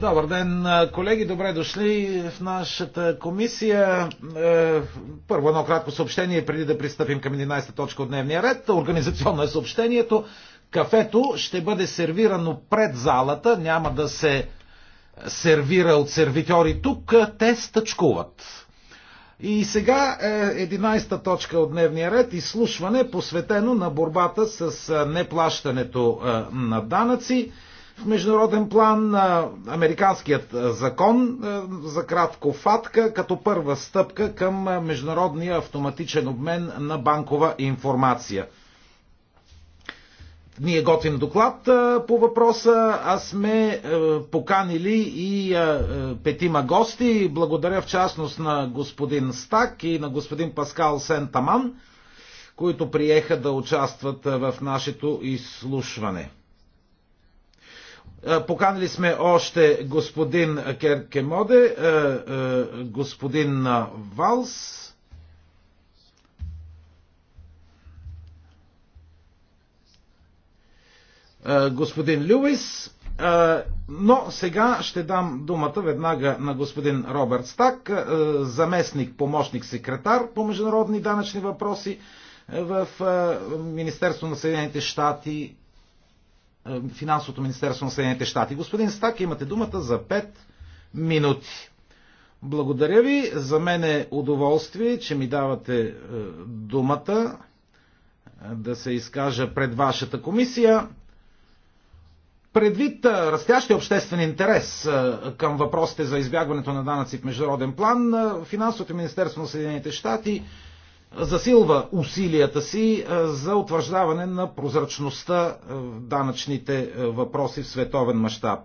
Добър ден, колеги. Добре дошли в нашата комисия. Е, първо едно кратко съобщение, преди да пристъпим към 11-та точка от дневния ред. Организационно е съобщението. Кафето ще бъде сервирано пред залата. Няма да се сервира от сервитьори тук. Те стъчкуват. И сега е 11-та точка от дневния ред изслушване посветено на борбата с е, неплащането е, на данъци. В международен план е, американският закон за кратко ФАТКА като първа стъпка към международния автоматичен обмен на банкова информация. Ние готвим доклад по въпроса, а сме е, поканили и е, е, петима гости. Благодаря в частност на господин Стак и на господин Паскал Сентаман, които приеха да участват в нашето изслушване. Поканили сме още господин Керкемоде, господин Валс, Е, господин Люис. Е, но сега ще дам думата веднага на господин Робърт Стак, е, заместник, помощник, секретар по международни данъчни въпроси в Министерство на Съединените щати, Финансовото Министерство на Съединените щати. Господин Стак, имате думата за 5 минути. Благодаря ви. За мен е удоволствие, че ми давате думата да се изкажа пред вашата комисия. Предвид растящия обществен интерес към въпросите за избягването на данъци в международен план, Финансовото министерство на Съединените щати засилва усилията си за утвърждаване на прозрачността в данъчните въпроси в световен мащаб.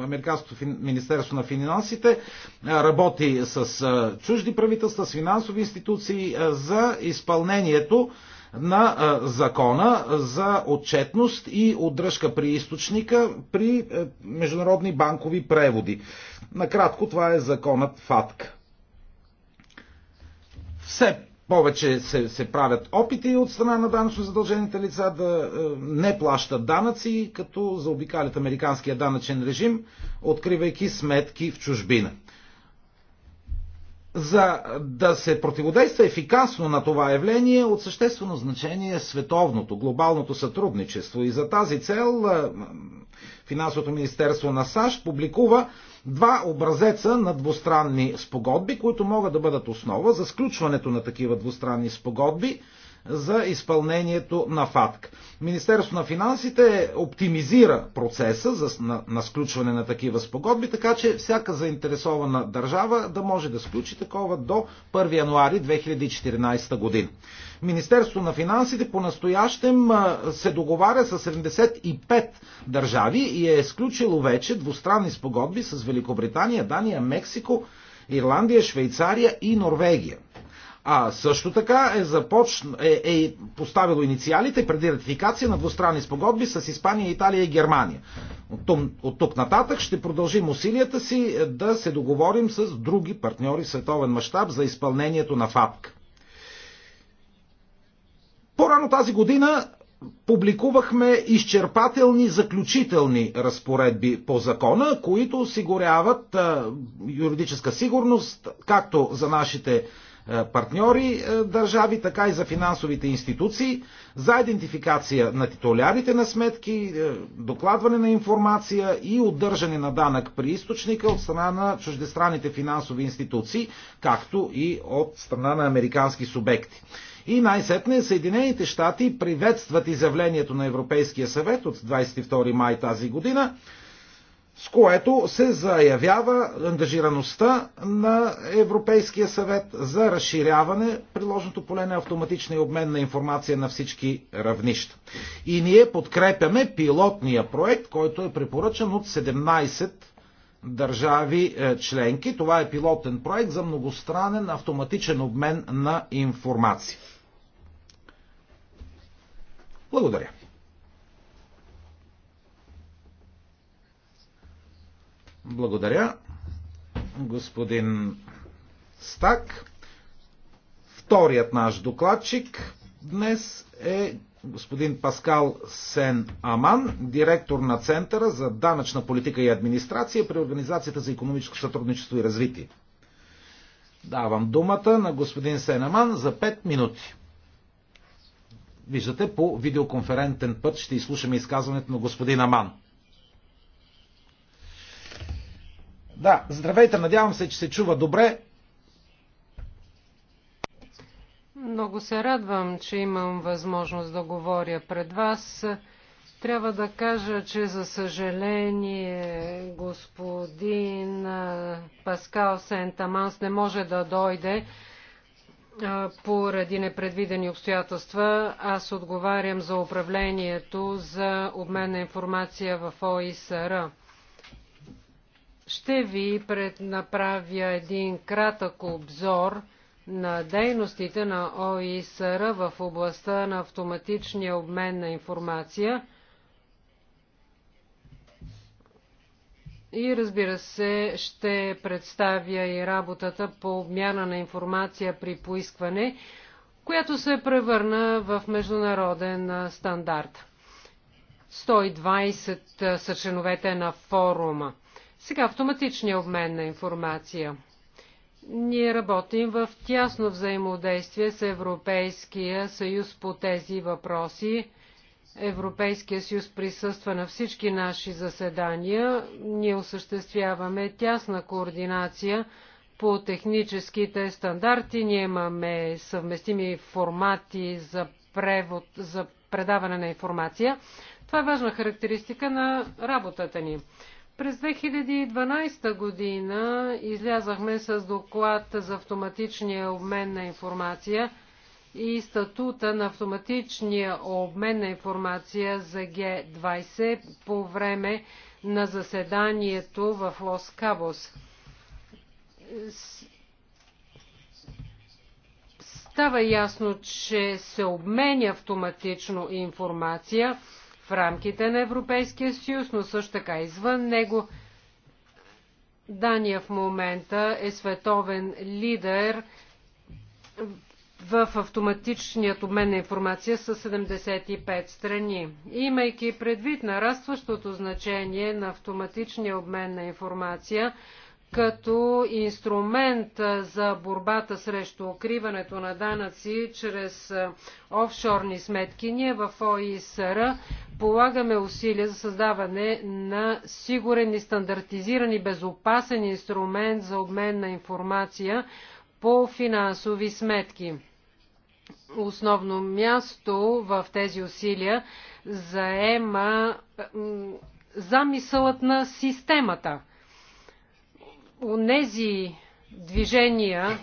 Американското Министерство на финансите работи с чужди правителства, с финансови институции за изпълнението на закона за отчетност и отдръжка при източника при международни банкови преводи. Накратко това е законът ФАТК. Все повече се, се правят опити от страна на данъчно задължените лица да е, не плащат данъци, като заобикалят американския данъчен режим, откривайки сметки в чужбина. За да се противодейства ефикасно на това явление, от съществено значение е световното, глобалното сътрудничество. И за тази цел Финансовото министерство на САЩ публикува два образеца на двустранни спогодби, които могат да бъдат основа за сключването на такива двустранни спогодби – за изпълнението на ФАТК. Министерството на финансите оптимизира процеса за, на, на сключване на такива спогодби, така че всяка заинтересована държава да може да сключи такова до 1 януари 2014 година. Министерството на финансите по-настоящем се договаря с 75 държави и е изключило вече двустранни спогодби с Великобритания, Дания, Мексико, Ирландия, Швейцария и Норвегия. А също така е, започн... е, е поставило инициалите преди ратификация на двустранни спогодби с Испания, Италия и Германия. От, тук, от тук нататък ще продължим усилията си е, да се договорим с други партньори в световен мащаб за изпълнението на ФАТК. По-рано тази година публикувахме изчерпателни заключителни разпоредби по закона, които осигуряват а, е, юридическа сигурност както за нашите е, партньори е, държави, така и за финансовите институции, за идентификация на титулярите на сметки, е, докладване на информация и отдържане на данък при източника от страна на чуждестранните финансови институции, както и от страна на американски субекти. И най-сетне Съединените щати приветстват изявлението на Европейския съвет от 22 май тази година, с което се заявява ангажираността на Европейския съвет за разширяване приложното поле на автоматичния обмен на информация на всички равнища. И ние подкрепяме пилотния проект, който е препоръчан от 17 държави е, членки. Това е пилотен проект за многостранен автоматичен обмен на информация. Благодаря. Благодаря. Господин Стак. Вторият наш докладчик днес е господин Паскал Сен Аман, директор на Центъра за данъчна политика и администрация при Организацията за економическо сътрудничество и развитие. Давам думата на господин Сен Аман за 5 минути. Виждате, по видеоконферентен път ще изслушаме изказването на господин Аман. Да, здравейте, надявам се, че се чува добре. Много се радвам, че имам възможност да говоря пред вас. Трябва да кажа, че за съжаление господин Паскал Сентаманс не може да дойде поради непредвидени обстоятелства. Аз отговарям за управлението за обмен на информация в ОИСР. Ще ви преднаправя един кратък обзор на дейностите на ОИСР в областта на автоматичния обмен на информация и разбира се ще представя и работата по обмяна на информация при поискване, която се превърна в международен стандарт. 120 са членовете на форума. Сега автоматичния обмен на информация. Ние работим в тясно взаимодействие с Европейския съюз по тези въпроси. Европейския съюз присъства на всички наши заседания. Ние осъществяваме тясна координация по техническите стандарти. Ние имаме съвместими формати за превод, за предаване на информация. Това е важна характеристика на работата ни. През 2012 година излязахме с доклад за автоматичния обмен на информация и статута на автоматичния обмен на информация за Г-20 по време на заседанието в Лос Кабос. Става ясно, че се обменя автоматично информация в рамките на Европейския съюз, но също така извън него. Дания в момента е световен лидер в автоматичният обмен на информация с 75 страни. Имайки предвид нарастващото значение на автоматичния обмен на информация като инструмент за борбата срещу укриването на данъци чрез офшорни сметки, ние в ОИСР полагаме усилия за създаване на сигурен и стандартизиран и безопасен инструмент за обмен на информация по финансови сметки. Основно място в тези усилия заема замисълът на системата. Онези движения,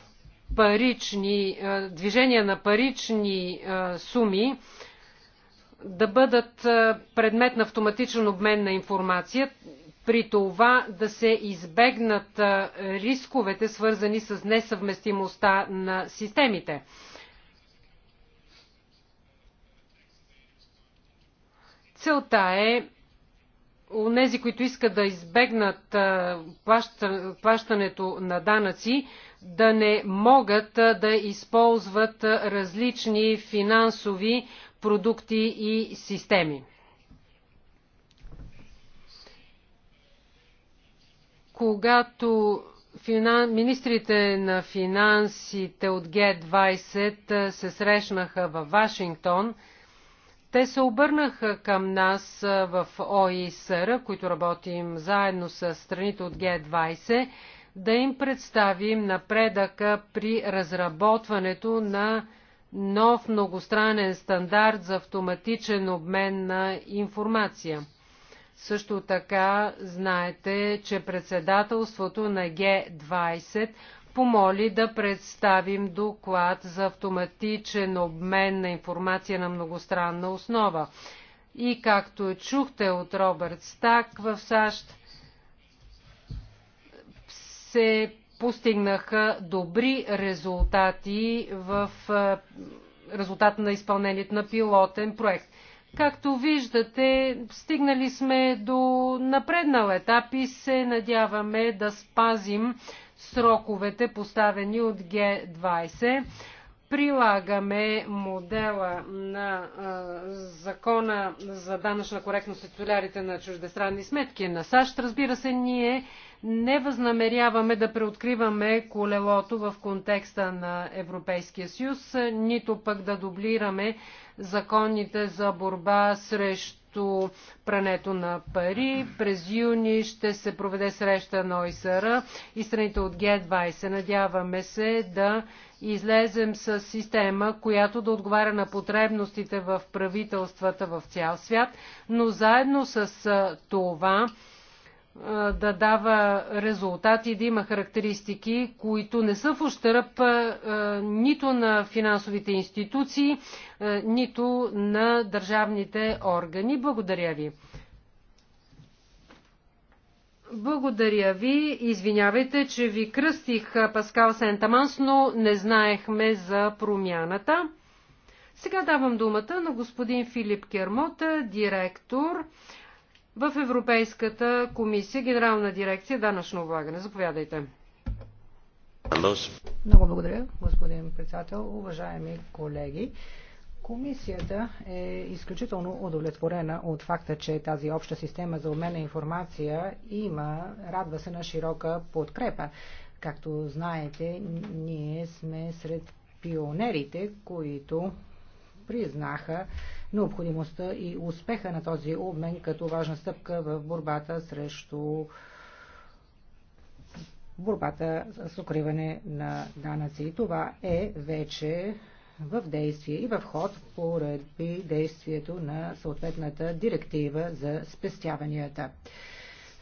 парични, движения на парични суми, да бъдат е, предмет на автоматичен обмен на информация, при това да се избегнат е, рисковете, свързани с несъвместимостта на системите. Целта е онези, които искат да избегнат е, плащането на данъци, да не могат да използват различни финансови продукти и системи. Когато финан... министрите на финансите от Г-20 се срещнаха във Вашингтон, те се обърнаха към нас в ОИСР, които работим заедно с страните от Г-20, да им представим напредъка при разработването на нов многостранен стандарт за автоматичен обмен на информация. Също така знаете, че председателството на Г-20 помоли да представим доклад за автоматичен обмен на информация на многостранна основа. И както чухте от Робърт Стак в САЩ, се постигнаха добри резултати в е, резултат на изпълнението на пилотен проект. Както виждате, стигнали сме до напреднал етап и се надяваме да спазим сроковете поставени от Г20. Прилагаме модела на а, е, закона за данъчна коректност и на чуждестранни сметки на САЩ. Разбира се, ние не възнамеряваме да преоткриваме колелото в контекста на Европейския съюз, нито пък да дублираме законите за борба срещу прането на пари. През юни ще се проведе среща на ОИСР и страните от Г20. Надяваме се да излезем с система, която да отговаря на потребностите в правителствата в цял свят, но заедно с това да дава резултати, да има характеристики, които не са в ущърп нито на финансовите институции, нито на държавните органи. Благодаря ви. Благодаря ви. Извинявайте, че ви кръстих Паскал Сентаманс, но не знаехме за промяната. Сега давам думата на господин Филип Кермота, директор в Европейската комисия, Генерална дирекция данъчно облагане. Заповядайте. Много благодаря, господин председател. Уважаеми колеги, Комисията е изключително удовлетворена от факта, че тази обща система за обмен на информация има, радва се на широка подкрепа. Както знаете, ние сме сред пионерите, които признаха необходимостта и успеха на този обмен като важна стъпка в борбата срещу борбата с укриване на данъци. И това е вече в действие и в ход поради действието на съответната директива за спестяванията.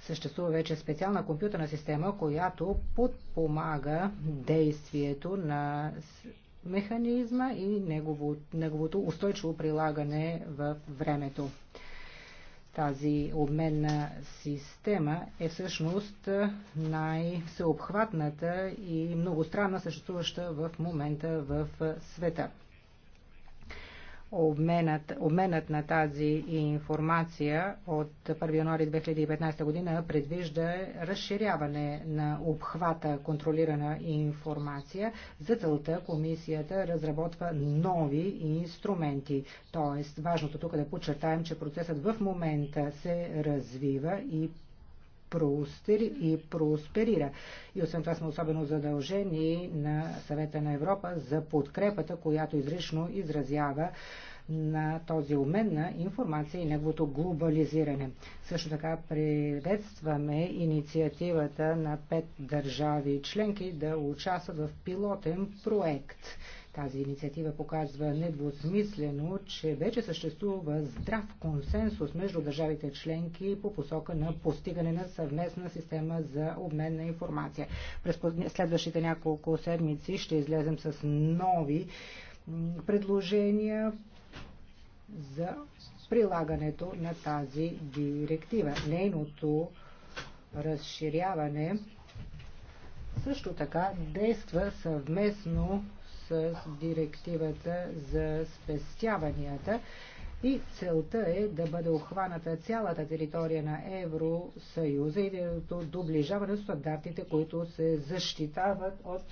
Съществува вече специална компютърна система, която подпомага действието на механизма и негово, неговото устойчиво прилагане в времето. Тази обменна система е всъщност най-всеобхватната и многостранна съществуваща в момента в света обменът, обменът на тази информация от 1 януари 2015 година предвижда разширяване на обхвата контролирана информация. За целта комисията разработва нови инструменти. Тоест, важното тук е да подчертаем, че процесът в момента се развива и просперира. И освен това сме особено задължени на съвета на Европа за подкрепата, която изрично изразява на този обмен на информация и неговото глобализиране. Също така приветстваме инициативата на пет държави членки да участват в пилотен проект тази инициатива показва недвусмислено, че вече съществува здрав консенсус между държавите членки по посока на постигане на съвместна система за обмен на информация. През следващите няколко седмици ще излезем с нови предложения за прилагането на тази директива. Нейното разширяване също така действа съвместно с директивата за спестяванията и целта е да бъде охваната цялата територия на Евросъюза и до доближаване на стандартите, които се защитават от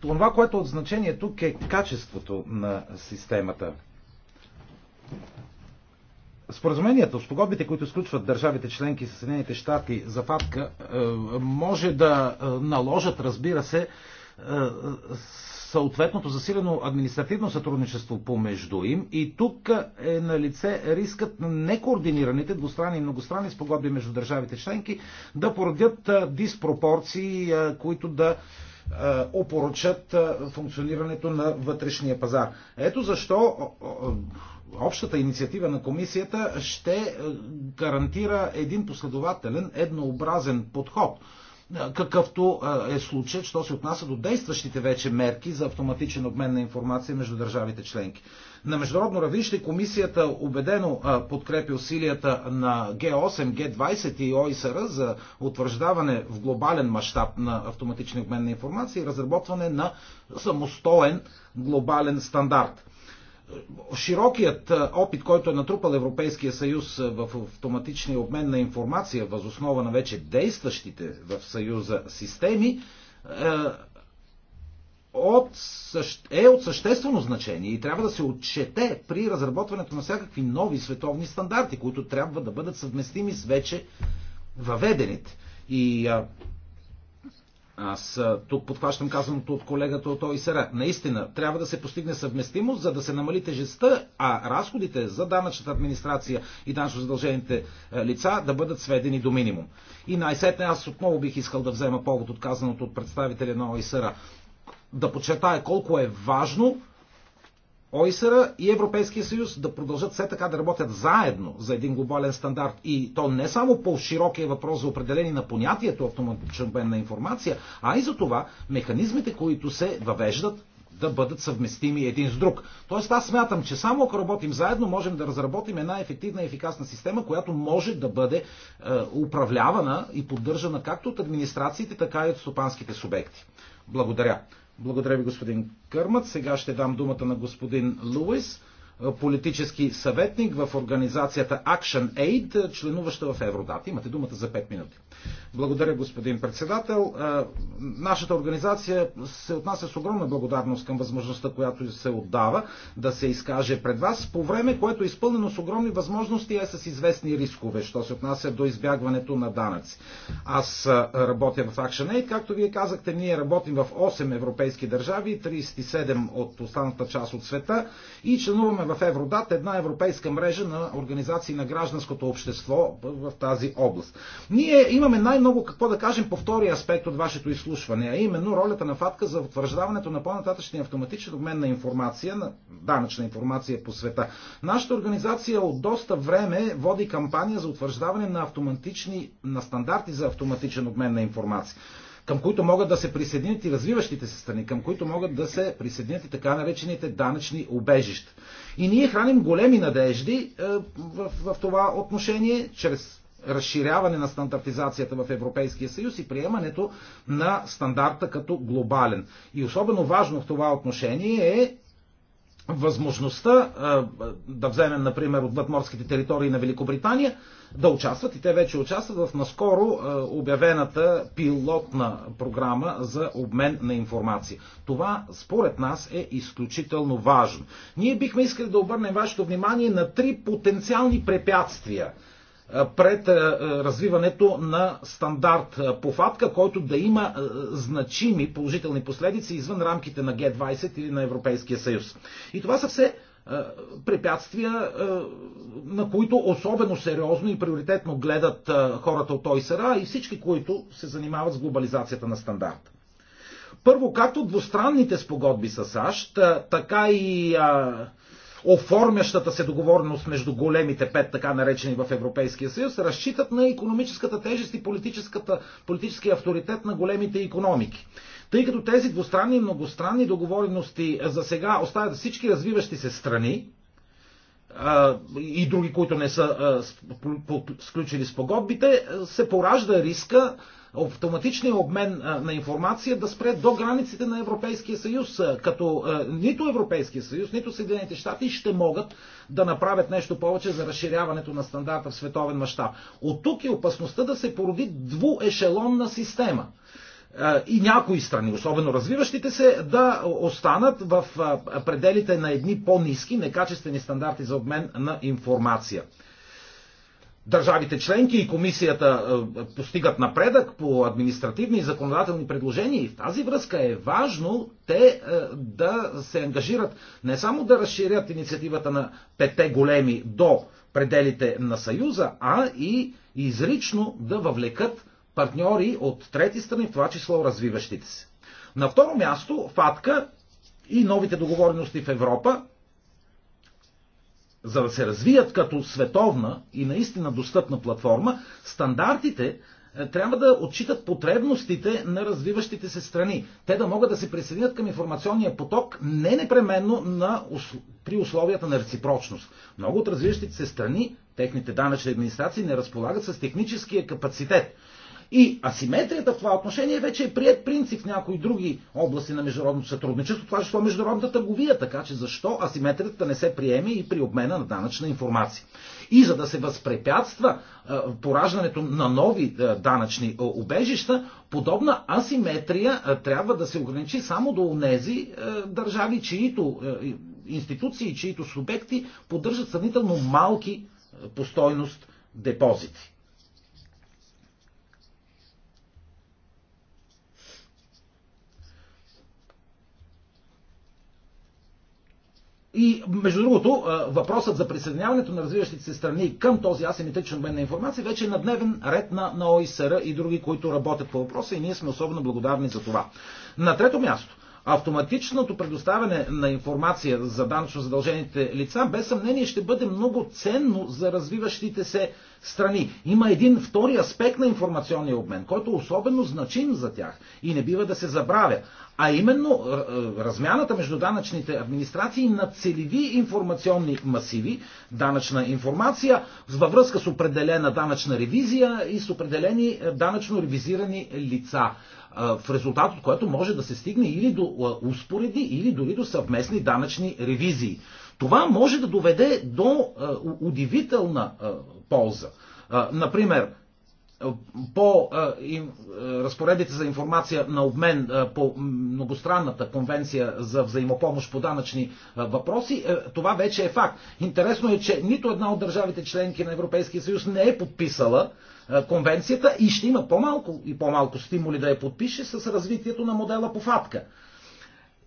това, което е от значение тук е качеството на системата. Споразумението, спогодбите, които сключват държавите членки с Съединените щати за фатка, е, може да е, наложат, разбира се, е, съответното засилено административно сътрудничество помежду им и тук е на лице рискът на некоординираните двустранни и многостранни спогодби между държавите членки да породят диспропорции, които да опорочат функционирането на вътрешния пазар. Ето защо общата инициатива на комисията ще е, гарантира един последователен, еднообразен подход е, какъвто е, е случай, що се отнася до действащите вече мерки за автоматичен обмен на информация между държавите членки. На международно равнище комисията убедено подкрепи усилията на Г8, Г20 и ОИСР за утвърждаване в глобален мащаб на автоматичен обмен на информация и разработване на самостоен глобален стандарт широкият опит, който е натрупал Европейския съюз в автоматичния обмен на информация, възоснова на вече действащите в съюза системи, е от съществено значение и трябва да се отчете при разработването на всякакви нови световни стандарти, които трябва да бъдат съвместими с вече въведените. И а, аз тук подхващам казаното от колегата от ОИСР. Наистина, трябва да се постигне съвместимост, за да се намали тежестта, а разходите за данъчната администрация и данъчно задължените лица да бъдат сведени до минимум. И най-сетне аз отново бих искал да взема повод от казаното от представителя на ОИСР. Да подчертая колко е важно ОИСР и Европейския съюз да продължат все така да работят заедно за един глобален стандарт и то не само по широкия въпрос за определение на понятието автоматичен обмен на информация, а и за това механизмите, които се въвеждат да бъдат съвместими един с друг. Тоест аз смятам, че само ако работим заедно, можем да разработим една ефективна и ефикасна система, която може да бъде е, управлявана и поддържана както от администрациите, така и от стопанските субекти. Благодаря. Благодаря ви, господин Кърмът. Сега ще дам думата на господин Луис политически съветник в организацията Action Aid, членуваща в Евродат. Имате думата за 5 минути. Благодаря, господин председател. Нашата организация се отнася с огромна благодарност към възможността, която се отдава да се изкаже пред вас, по време, което е изпълнено с огромни възможности, е с известни рискове, що се отнася до избягването на данъци. Аз работя в Action Aid. Както вие казахте, ние работим в 8 европейски държави, 37 от останата част от света и членуваме в Евродат една европейска мрежа на организации на гражданското общество в тази област. Ние имаме най-много какво да кажем по втория аспект от вашето изслушване, а именно ролята на ФАТКА за утвърждаването на по-нататъчния автоматичен обмен на информация, на данъчна информация по света. Нашата организация от доста време води кампания за утвърждаване на автоматични, на стандарти за автоматичен обмен на информация към които могат да се присъединят и развиващите се страни, към които могат да се присъединят и така наречените данъчни обежища. И ние храним големи надежди е, в, в това отношение, чрез разширяване на стандартизацията в Европейския съюз и приемането на стандарта като глобален. И особено важно в това отношение е възможността да вземем, например, от вътморските територии на Великобритания, да участват и те вече участват в наскоро обявената пилотна програма за обмен на информация. Това, според нас, е изключително важно. Ние бихме искали да обърнем вашето внимание на три потенциални препятствия – пред развиването на стандарт по фатка, който да има значими положителни последици извън рамките на Г20 или на Европейския съюз. И това са все препятствия, на които особено сериозно и приоритетно гледат хората от ОИСРА и всички, които се занимават с глобализацията на стандарта. Първо, както двустранните спогодби с САЩ, така и а, оформящата се договореност между големите пет, така наречени в Европейския съюз, разчитат на економическата тежест и политическия авторитет на големите економики. Тъй като тези двустранни и многостранни договорености за сега оставят всички развиващи се страни, и други, които не са сключили спогодбите, се поражда риска автоматичния обмен на информация да спре до границите на Европейския съюз, като нито Европейския съюз, нито Съединените щати ще могат да направят нещо повече за разширяването на стандарта в световен мащаб. От тук е опасността да се породи двуешелонна система и някои страни, особено развиващите се, да останат в пределите на едни по-низки, некачествени стандарти за обмен на информация държавите членки и комисията е, постигат напредък по административни и законодателни предложения и в тази връзка е важно те е, да се ангажират не само да разширят инициативата на пете големи до пределите на Съюза, а и изрично да въвлекат партньори от трети страни, в това число развиващите се. На второ място, ФАТКА и новите договорености в Европа за да се развият като световна и наистина достъпна платформа, стандартите е, трябва да отчитат потребностите на развиващите се страни. Те да могат да се присъединят към информационния поток не непременно на, при условията на реципрочност. Много от развиващите се страни, техните данъчни администрации не разполагат с техническия капацитет и асиметрията в това отношение вече е прият принцип в някои други области на международното сътрудничество, това е международната търговия, така че защо асиметрията не се приеме и при обмена на данъчна информация. И за да се възпрепятства пораждането на нови данъчни убежища, подобна асиметрия трябва да се ограничи само до тези държави, чието институции, чието субекти поддържат сравнително малки постойност депозити. И, между другото, въпросът за присъединяването на развиващите се страни към този асиметричен обмен на информация вече е на дневен ред на, на ОИСР и други, които работят по въпроса и ние сме особено благодарни за това. На трето място, автоматичното предоставяне на информация за данъчно задължените лица, без съмнение ще бъде много ценно за развиващите се страни. Има един втори аспект на информационния обмен, който е особено значим за тях и не бива да се забравя. А именно е, е, размяната между данъчните администрации на целеви информационни масиви, данъчна информация, във връзка с определена данъчна ревизия и с определени е, данъчно ревизирани лица в резултат от което може да се стигне или до успореди, или дори до съвместни данъчни ревизии. Това може да доведе до удивителна полза. Например, по разпоредите за информация на обмен по многостранната конвенция за взаимопомощ по данъчни въпроси, това вече е факт. Интересно е, че нито една от държавите членки на Европейския съюз не е подписала е, конвенцията и ще има по-малко и по-малко стимули да я подпише с развитието на модела по ФАТКА.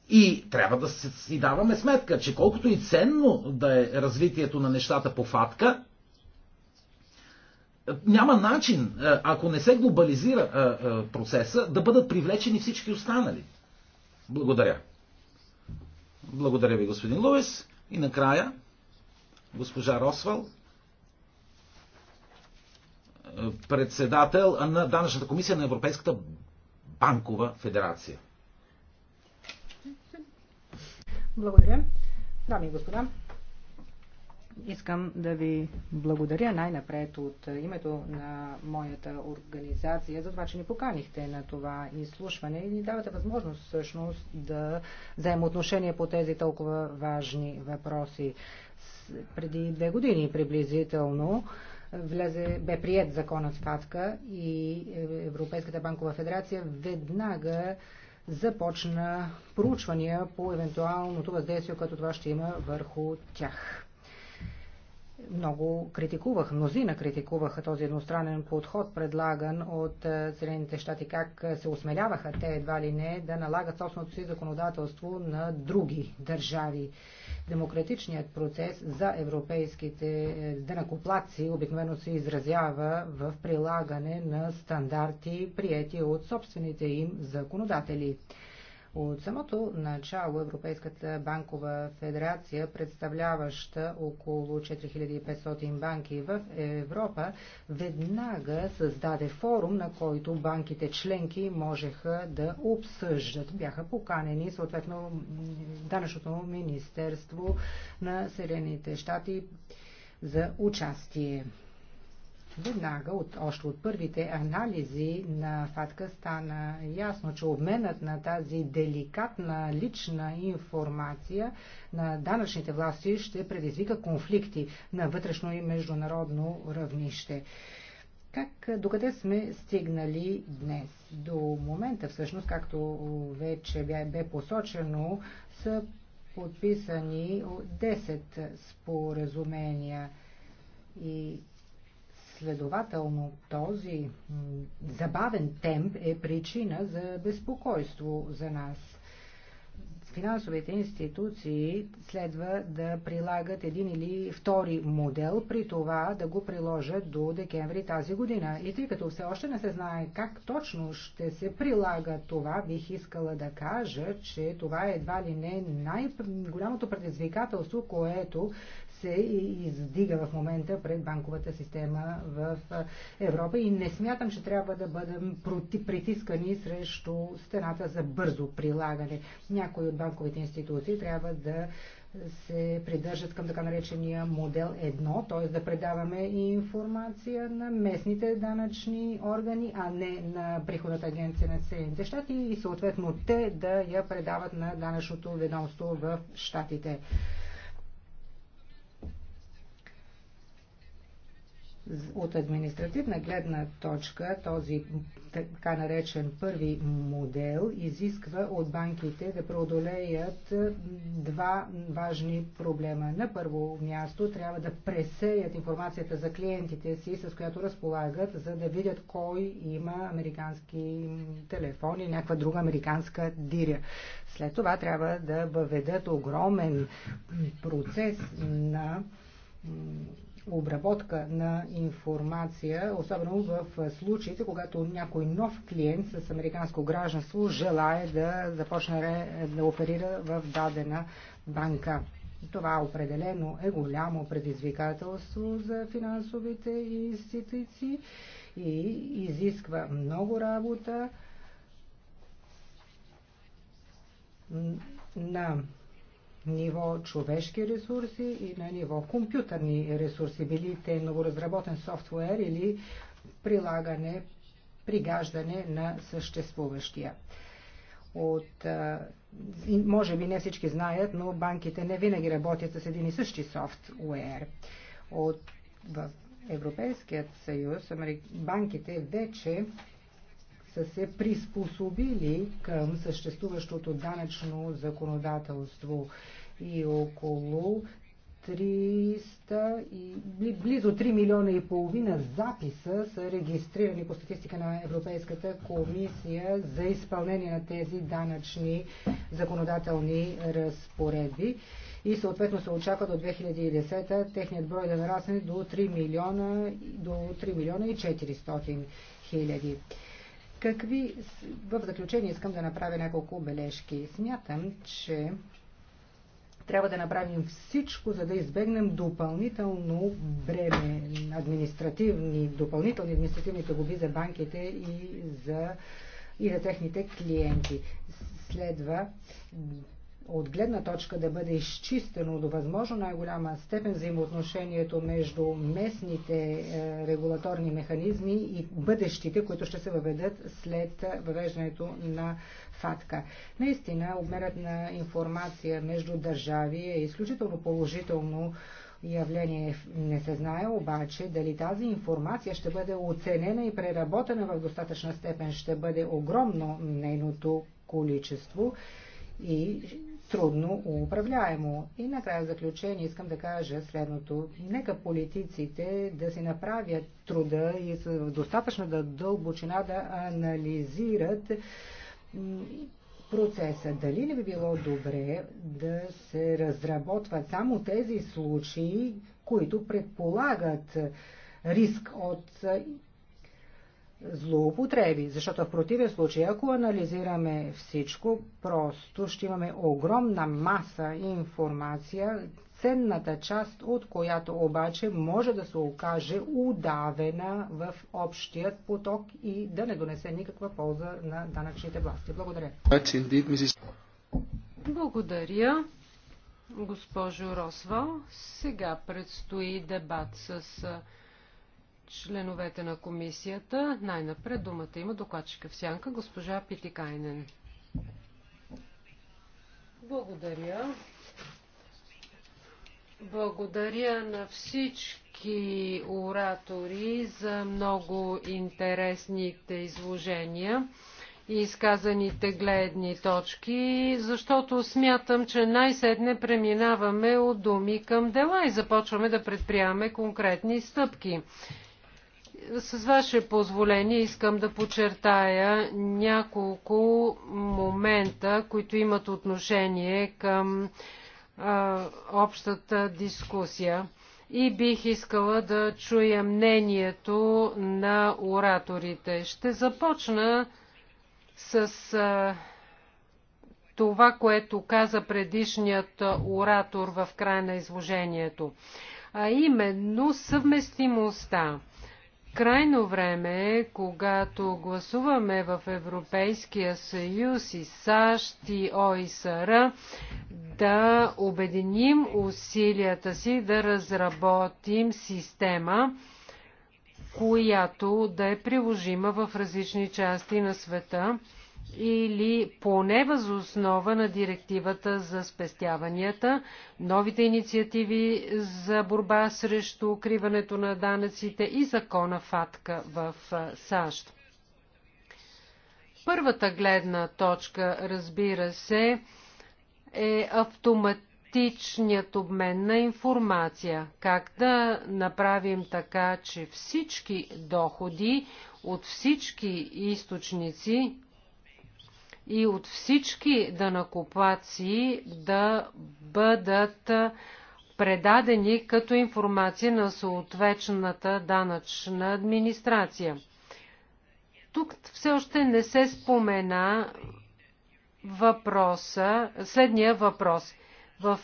И трябва да си даваме сметка, че колкото и ценно да е развитието на нещата по ФАТКА, няма начин, е, ако не се глобализира е, процеса, да бъдат привлечени всички останали. Благодаря. Благодаря ви, господин Луис. И накрая, госпожа Росвал председател на данъчната комисия на Европейската банкова федерация. Благодаря. Дами и господа, искам да ви благодаря най-напред от името на моята организация за това, че ни поканихте на това изслушване и ни давате възможност всъщност да вземем отношение по тези толкова важни въпроси. Преди две години приблизително влезе, бе прият законът ФАТКА и Европейската банкова федерация веднага започна проучвания по евентуалното въздействие, което това ще има върху тях много критикувах, мнозина критикуваха този едностранен подход, предлаган от е, Съединените щати, как е, се осмеляваха те едва ли не да налагат собственото си законодателство на други държави. Демократичният процес за европейските е, денакоплаци обикновено се изразява в прилагане на стандарти, приети от собствените им законодатели. От самото начало Европейската банкова федерация, представляваща около 4500 банки в Европа, веднага създаде форум, на който банките членки можеха да обсъждат. Бяха поканени съответно данъчното министерство на Съединените щати за участие. Веднага, от, още от първите анализи на ФАТКА стана ясно, че обменът на тази деликатна лична информация на данъчните власти ще предизвика конфликти на вътрешно и международно равнище. Как, докъде сме стигнали днес? До момента, всъщност, както вече бе посочено, са подписани 10 споразумения и Следователно този забавен темп е причина за безпокойство за нас. Финансовите институции следва да прилагат един или втори модел, при това да го приложат до декември тази година. И тъй като все още не се знае как точно ще се прилага това, бих искала да кажа, че това е едва ли не най-голямото предизвикателство, което се издига в момента пред банковата система в Европа и не смятам, че трябва да бъдем притискани срещу стената за бързо прилагане. Някои от банковите институции трябва да се придържат към така наречения модел 1, т.е. да предаваме информация на местните данъчни органи, а не на приходната агенция на Съединените щати и съответно те да я предават на данъчното ведомство в щатите. От административна гледна точка този така наречен първи модел изисква от банките да преодолеят два важни проблема. На първо място трябва да пресеят информацията за клиентите си, с която разполагат, за да видят кой има американски телефон или някаква друга американска диря. След това трябва да въведат огромен процес на обработка на информация, особено в случаите, когато някой нов клиент с американско гражданство желае да започне да оперира в дадена банка. Това определено е голямо предизвикателство за финансовите институции и изисква много работа на ниво човешки ресурси и на ниво компютърни ресурси, били те новоразработен софтуер или прилагане, пригаждане на съществуващия. От, може би не всички знаят, но банките не винаги работят с един и същи софтуер. От, в Европейският съюз банките вече са се приспособили към съществуващото данъчно законодателство и около 300 и близо 3 милиона и половина записа са регистрирани по статистика на Европейската комисия за изпълнение на тези данъчни законодателни разпоредби и съответно се очаква до 2010 техният брой да нарасне до 3 милиона, до 3 милиона и 400 хиляди. Какви, в заключение искам да направя няколко бележки. Смятам, че трябва да направим всичко, за да избегнем допълнително бреме, административни, допълнителни административни тъгуби за банките и за, и за техните клиенти. Следва от гледна точка да бъде изчистено до възможно най-голяма степен взаимоотношението между местните е, регулаторни механизми и бъдещите, които ще се въведат след въвеждането на ФАТКА. Наистина, обмерът на информация между държави е изключително положително явление. Не се знае обаче дали тази информация ще бъде оценена и преработена в достатъчна степен. Ще бъде огромно нейното количество и трудно управляемо. И накрая в заключение искам да кажа следното. Нека политиците да си направят труда и с достатъчно да дълбочина да анализират процеса. Дали не би било добре да се разработват само тези случаи, които предполагат риск от злоупотреби, защото в противен случай, ако анализираме всичко, просто ще имаме огромна маса информация, ценната част от която обаче може да се окаже удавена в общият поток и да не донесе никаква полза на данъчните власти. Благодаря. Благодаря, госпожо Росвал. Сега предстои дебат с членовете на комисията. Най-напред думата има докладчика в сянка, госпожа Питикайнен. Благодаря. Благодаря на всички оратори за много интересните изложения и изказаните гледни точки, защото смятам, че най-сетне преминаваме от думи към дела и започваме да предприемаме конкретни стъпки. С ваше позволение искам да подчертая няколко момента, които имат отношение към а, общата дискусия. И бих искала да чуя мнението на ораторите. Ще започна с а, това, което каза предишният оратор в края на изложението, а именно съвместимостта. Крайно време е, когато гласуваме в Европейския съюз и САЩ и ОИСР, да обединим усилията си да разработим система, която да е приложима в различни части на света или поне основа на директивата за спестяванията, новите инициативи за борба срещу укриването на данъците и закона ФАТКА в САЩ. Първата гледна точка, разбира се, е автоматичният обмен на информация. Как да направим така, че всички доходи от всички източници, и от всички данакоплаци да бъдат предадени като информация на съответната данъчна администрация. Тук все още не се спомена въпроса, следния въпрос. В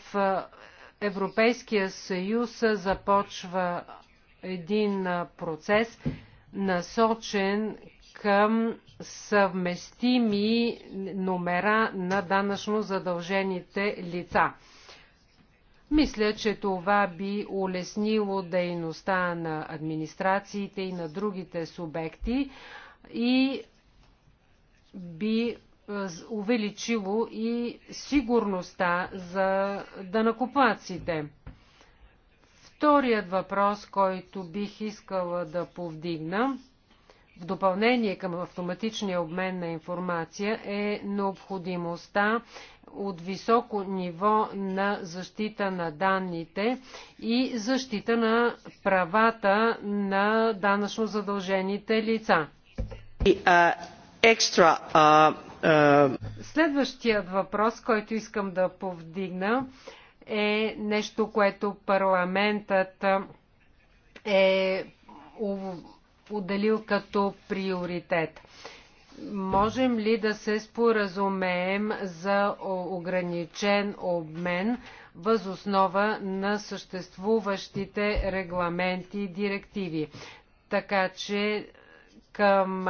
Европейския съюз започва един процес, насочен към съвместими номера на данъчно задължените лица. Мисля, че това би улеснило дейността на администрациите и на другите субекти и би е, увеличило и сигурността за данакоплаците. Вторият въпрос, който бих искала да повдигна, в допълнение към автоматичния обмен на информация е необходимостта от високо ниво на защита на данните и защита на правата на данъчно задължените лица. Следващият въпрос, който искам да повдигна, е нещо, което парламентът е отделил като приоритет. Можем ли да се споразумеем за ограничен обмен възоснова на съществуващите регламенти и директиви? Така че към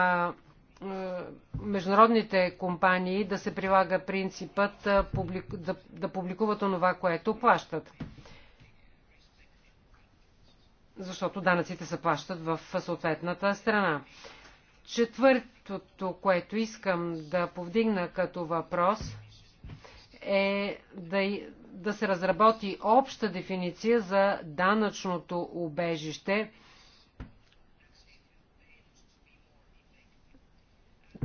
международните компании да се прилага принципът да публикуват онова, което плащат защото данъците се плащат в съответната страна. Четвъртото, което искам да повдигна като въпрос е да, да се разработи обща дефиниция за данъчното убежище.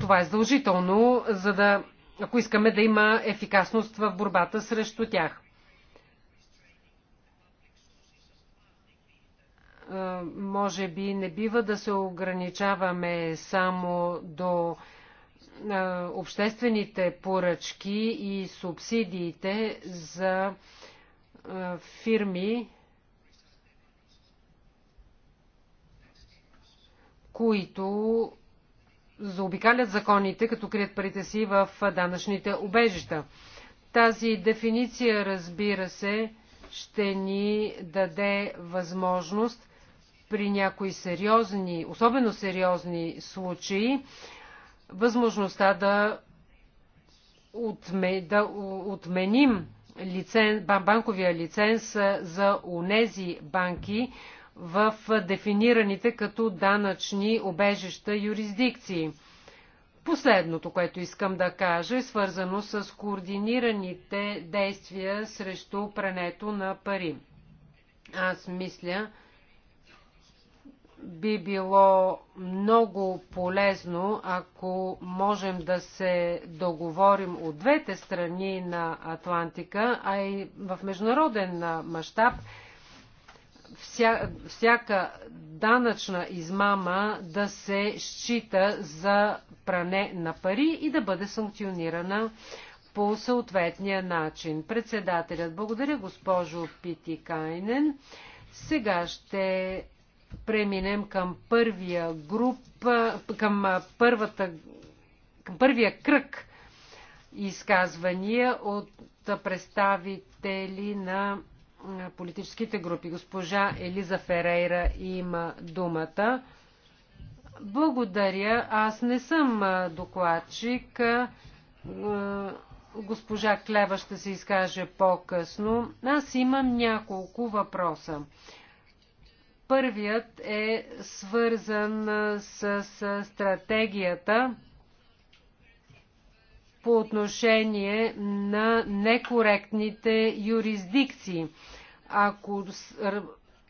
Това е задължително, за да, ако искаме да има ефикасност в борбата срещу тях. Е, може би не бива да се ограничаваме само до е, обществените поръчки и субсидиите за е, фирми, които заобикалят законите, като крият парите си в данъчните убежища. Тази дефиниция, разбира се, ще ни даде възможност при някои сериозни, особено сериозни случаи, възможността да, отме, да отменим лицен, банковия лиценз за унези банки в дефинираните като данъчни обежища юрисдикции. Последното, което искам да кажа, е свързано с координираните действия срещу прането на пари. Аз мисля, би било много полезно, ако можем да се договорим от двете страни на Атлантика, а и в международен мащаб, вся, всяка данъчна измама да се счита за пране на пари и да бъде санкционирана по съответния начин. Председателят, благодаря госпожо Пити Кайнен. Сега ще преминем към първия груп, към, първата, към първия кръг изказвания от представители на политическите групи. Госпожа Елиза Ферейра има думата. Благодаря. Аз не съм докладчик. Госпожа Клева ще се изкаже по-късно. Аз имам няколко въпроса. Първият е свързан с, с стратегията по отношение на некоректните юрисдикции. Ако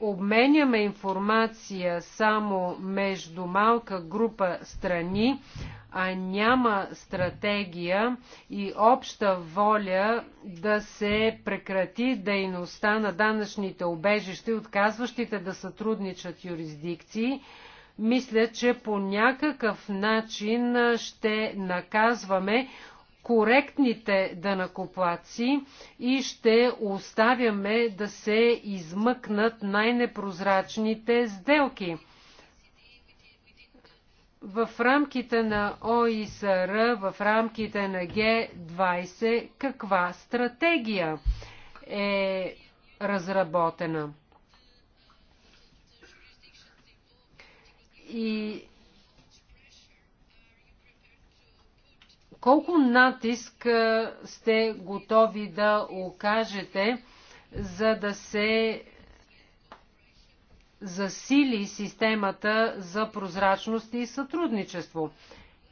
обменяме информация само между малка група страни, а няма стратегия и обща воля да се прекрати дейността на данъчните обежища и отказващите да сътрудничат юрисдикции, мисля, че по някакъв начин ще наказваме коректните данакоплаци и ще оставяме да се измъкнат най-непрозрачните сделки – в рамките на ОИСР, в рамките на Г20, каква стратегия е разработена? И колко натиск сте готови да окажете, за да се засили системата за прозрачност и сътрудничество.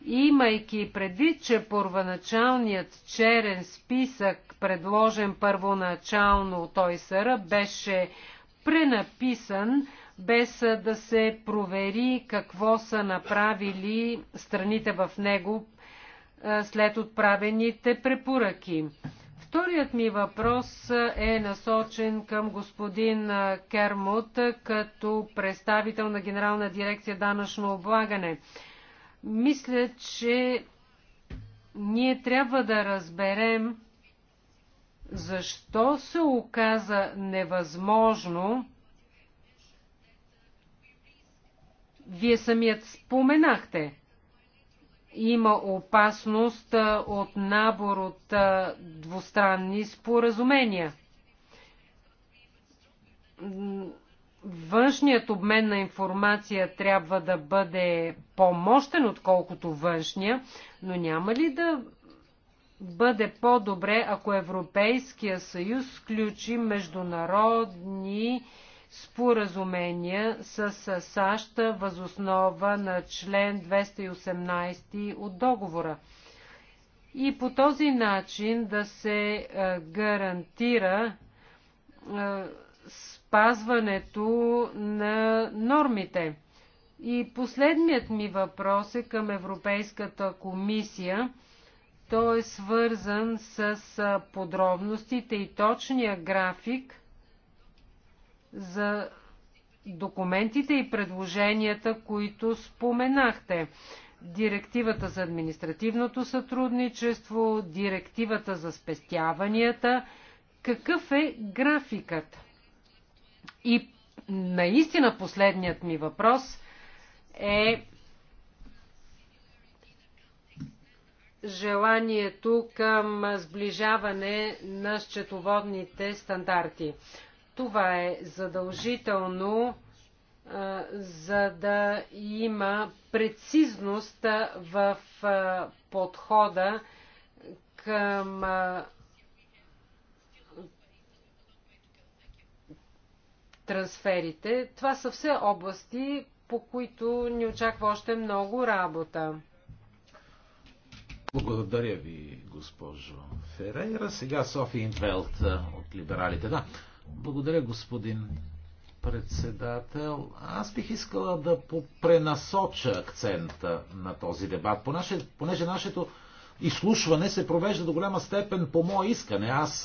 Имайки предвид, че първоначалният черен списък, предложен първоначално от ОИСР, беше пренаписан, без да се провери какво са направили страните в него след отправените препоръки. Вторият ми въпрос е насочен към господин Кермут като представител на Генерална дирекция данъчно облагане. Мисля, че ние трябва да разберем защо се оказа невъзможно вие самият споменахте, има опасност от набор от двустранни споразумения. Външният обмен на информация трябва да бъде по-мощен, отколкото външния, но няма ли да бъде по-добре, ако Европейския съюз включи международни споразумения с САЩ възоснова на член 218 от договора. И по този начин да се е, гарантира е, спазването на нормите. И последният ми въпрос е към Европейската комисия. Той е свързан с е, подробностите и точния график – за документите и предложенията, които споменахте. Директивата за административното сътрудничество, директивата за спестяванията. Какъв е графикът? И наистина последният ми въпрос е желанието към сближаване на счетоводните стандарти. Това е задължително, за да има прецизност в подхода към трансферите. Това са все области, по които ни очаква още много работа. Благодаря ви, госпожо Ферейра. Сега Софи Инфелт от Либералите. Да, благодаря, господин председател. Аз бих искала да пренасоча акцента на този дебат, понеже, понеже нашето изслушване се провежда до голяма степен по мое искане. Аз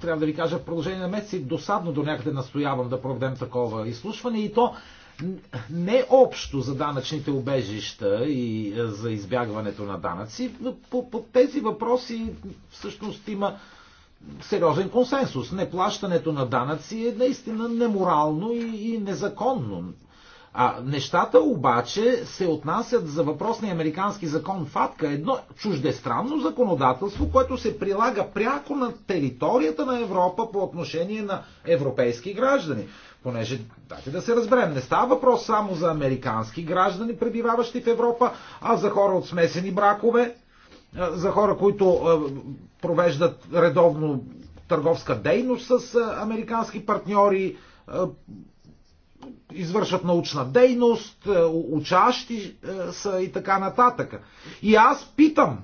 трябва да ви кажа, в продължение на месеци досадно до някъде настоявам да проведем такова изслушване и то не общо за данъчните обежища и за избягването на данъци. По, по тези въпроси всъщност има сериозен консенсус. Неплащането на данъци е наистина неморално и, и незаконно. А нещата обаче се отнасят за въпросния американски закон ФАТКА, едно чуждестранно законодателство, което се прилага пряко на територията на Европа по отношение на европейски граждани. Понеже, дайте да се разберем, не става въпрос само за американски граждани, пребиваващи в Европа, а за хора от смесени бракове, за хора, които провеждат редовно търговска дейност с американски партньори, извършват научна дейност, учащи са и така нататък. И аз питам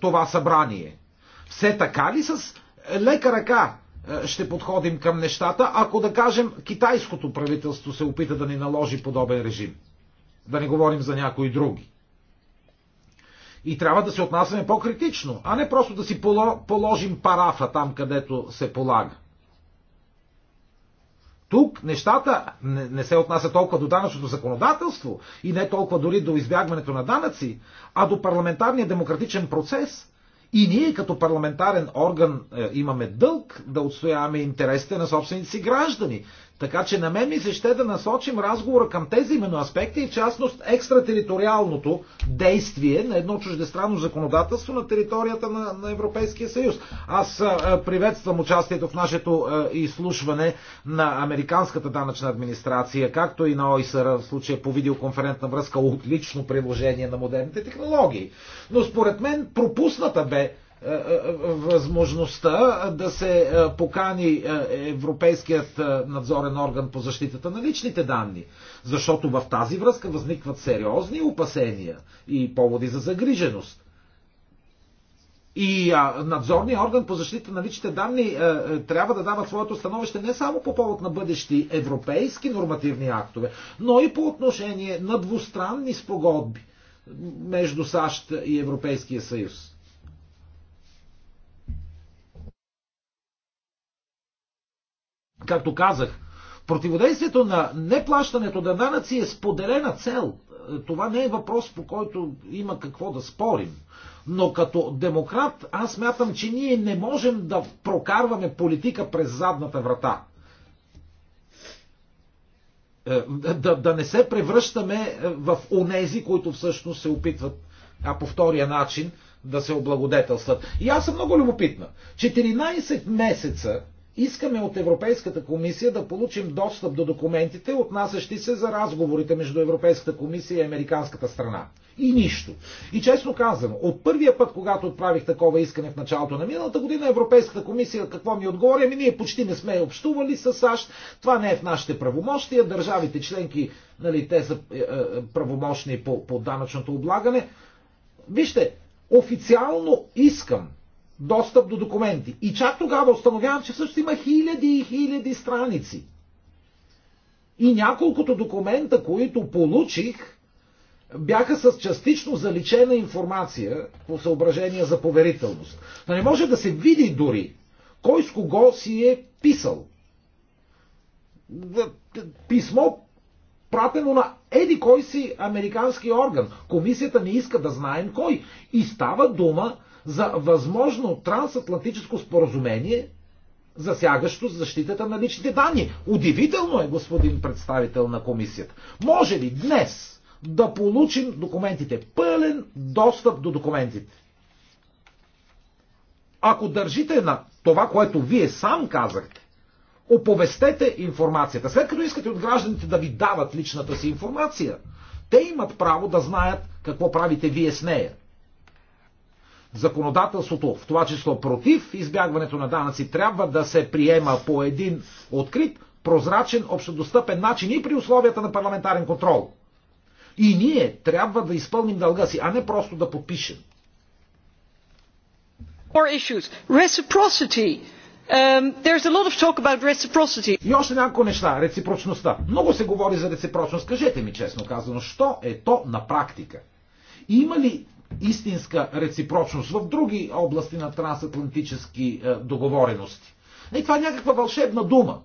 това събрание. Все така ли с лека ръка ще подходим към нещата, ако да кажем китайското правителство се опита да ни наложи подобен режим? Да не говорим за някои други. И трябва да се отнасяме по-критично, а не просто да си положим парафа там, където се полага. Тук нещата не, не се отнасят толкова до данъчното законодателство и не толкова дори до избягването на данъци, а до парламентарния демократичен процес. И ние като парламентарен орган е, имаме дълг да отстояваме интересите на собствените си граждани. Така че на мен ми се ще да насочим разговора към тези именно аспекти и в частност екстратериториалното действие на едно чуждестранно законодателство на територията на, на Европейския съюз. Аз а, приветствам участието в нашето а, изслушване на Американската данъчна администрация, както и на ОИСР в случая по видеоконферентна връзка отлично приложение на модерните технологии. Но според мен пропусната бе е, е, възможността да се е, покани Европейският надзорен орган по защитата на личните данни. Защото в тази връзка възникват сериозни опасения и поводи за загриженост. И надзорният орган по защита на личните данни трябва да дава своето становище не само по повод на бъдещи европейски нормативни актове, но и по отношение на двустранни спогодби между САЩ и Европейския съюз. Както казах, противодействието на неплащането на данъци е споделена цел. Е, това не е въпрос, по който има какво да спорим. Но като демократ аз мятам, че ние не можем да прокарваме политика през задната врата. Е, да, да не се превръщаме е, в онези, които всъщност се опитват а по втория начин да се облагодетелстват. И аз съм много любопитна. 14 месеца Искаме от Европейската комисия да получим достъп до документите, отнасящи се за разговорите между Европейската комисия и американската страна. И нищо. И честно казано, от първия път, когато отправих такова искане в началото на миналата година, Европейската комисия какво ми отговори? Ами ние почти не сме общували с САЩ, това не е в нашите правомощия, държавите членки, нали, те са е, е, правомощни по, по данъчното облагане. Вижте, официално искам достъп до документи. И чак тогава установявам, че също има хиляди и хиляди страници. И няколкото документа, които получих, бяха с частично заличена информация по съображение за поверителност. Но не може да се види дори кой с кого си е писал. Писмо пратено на еди кой си американски орган. Комисията не иска да знаем кой. И става дума за възможно трансатлантическо споразумение, засягащо защитата на личните данни. Удивително е, господин представител на комисията. Може ли днес да получим документите? Пълен достъп до документите. Ако държите на това, което вие сам казахте, оповестете информацията. След като искате от гражданите да ви дават личната си информация, те имат право да знаят какво правите вие с нея законодателството, в това число против избягването на данъци, трябва да се приема по един открит, прозрачен, общодостъпен начин и при условията на парламентарен контрол. И ние трябва да изпълним дълга си, а не просто да подпишем. Um, и още няколко неща. Реципрочността. Много се говори за реципрочност. Кажете ми честно казано, що е то на практика? Има ли истинска реципрочност в други области на трансатлантически е, договорености. И това е някаква вълшебна дума.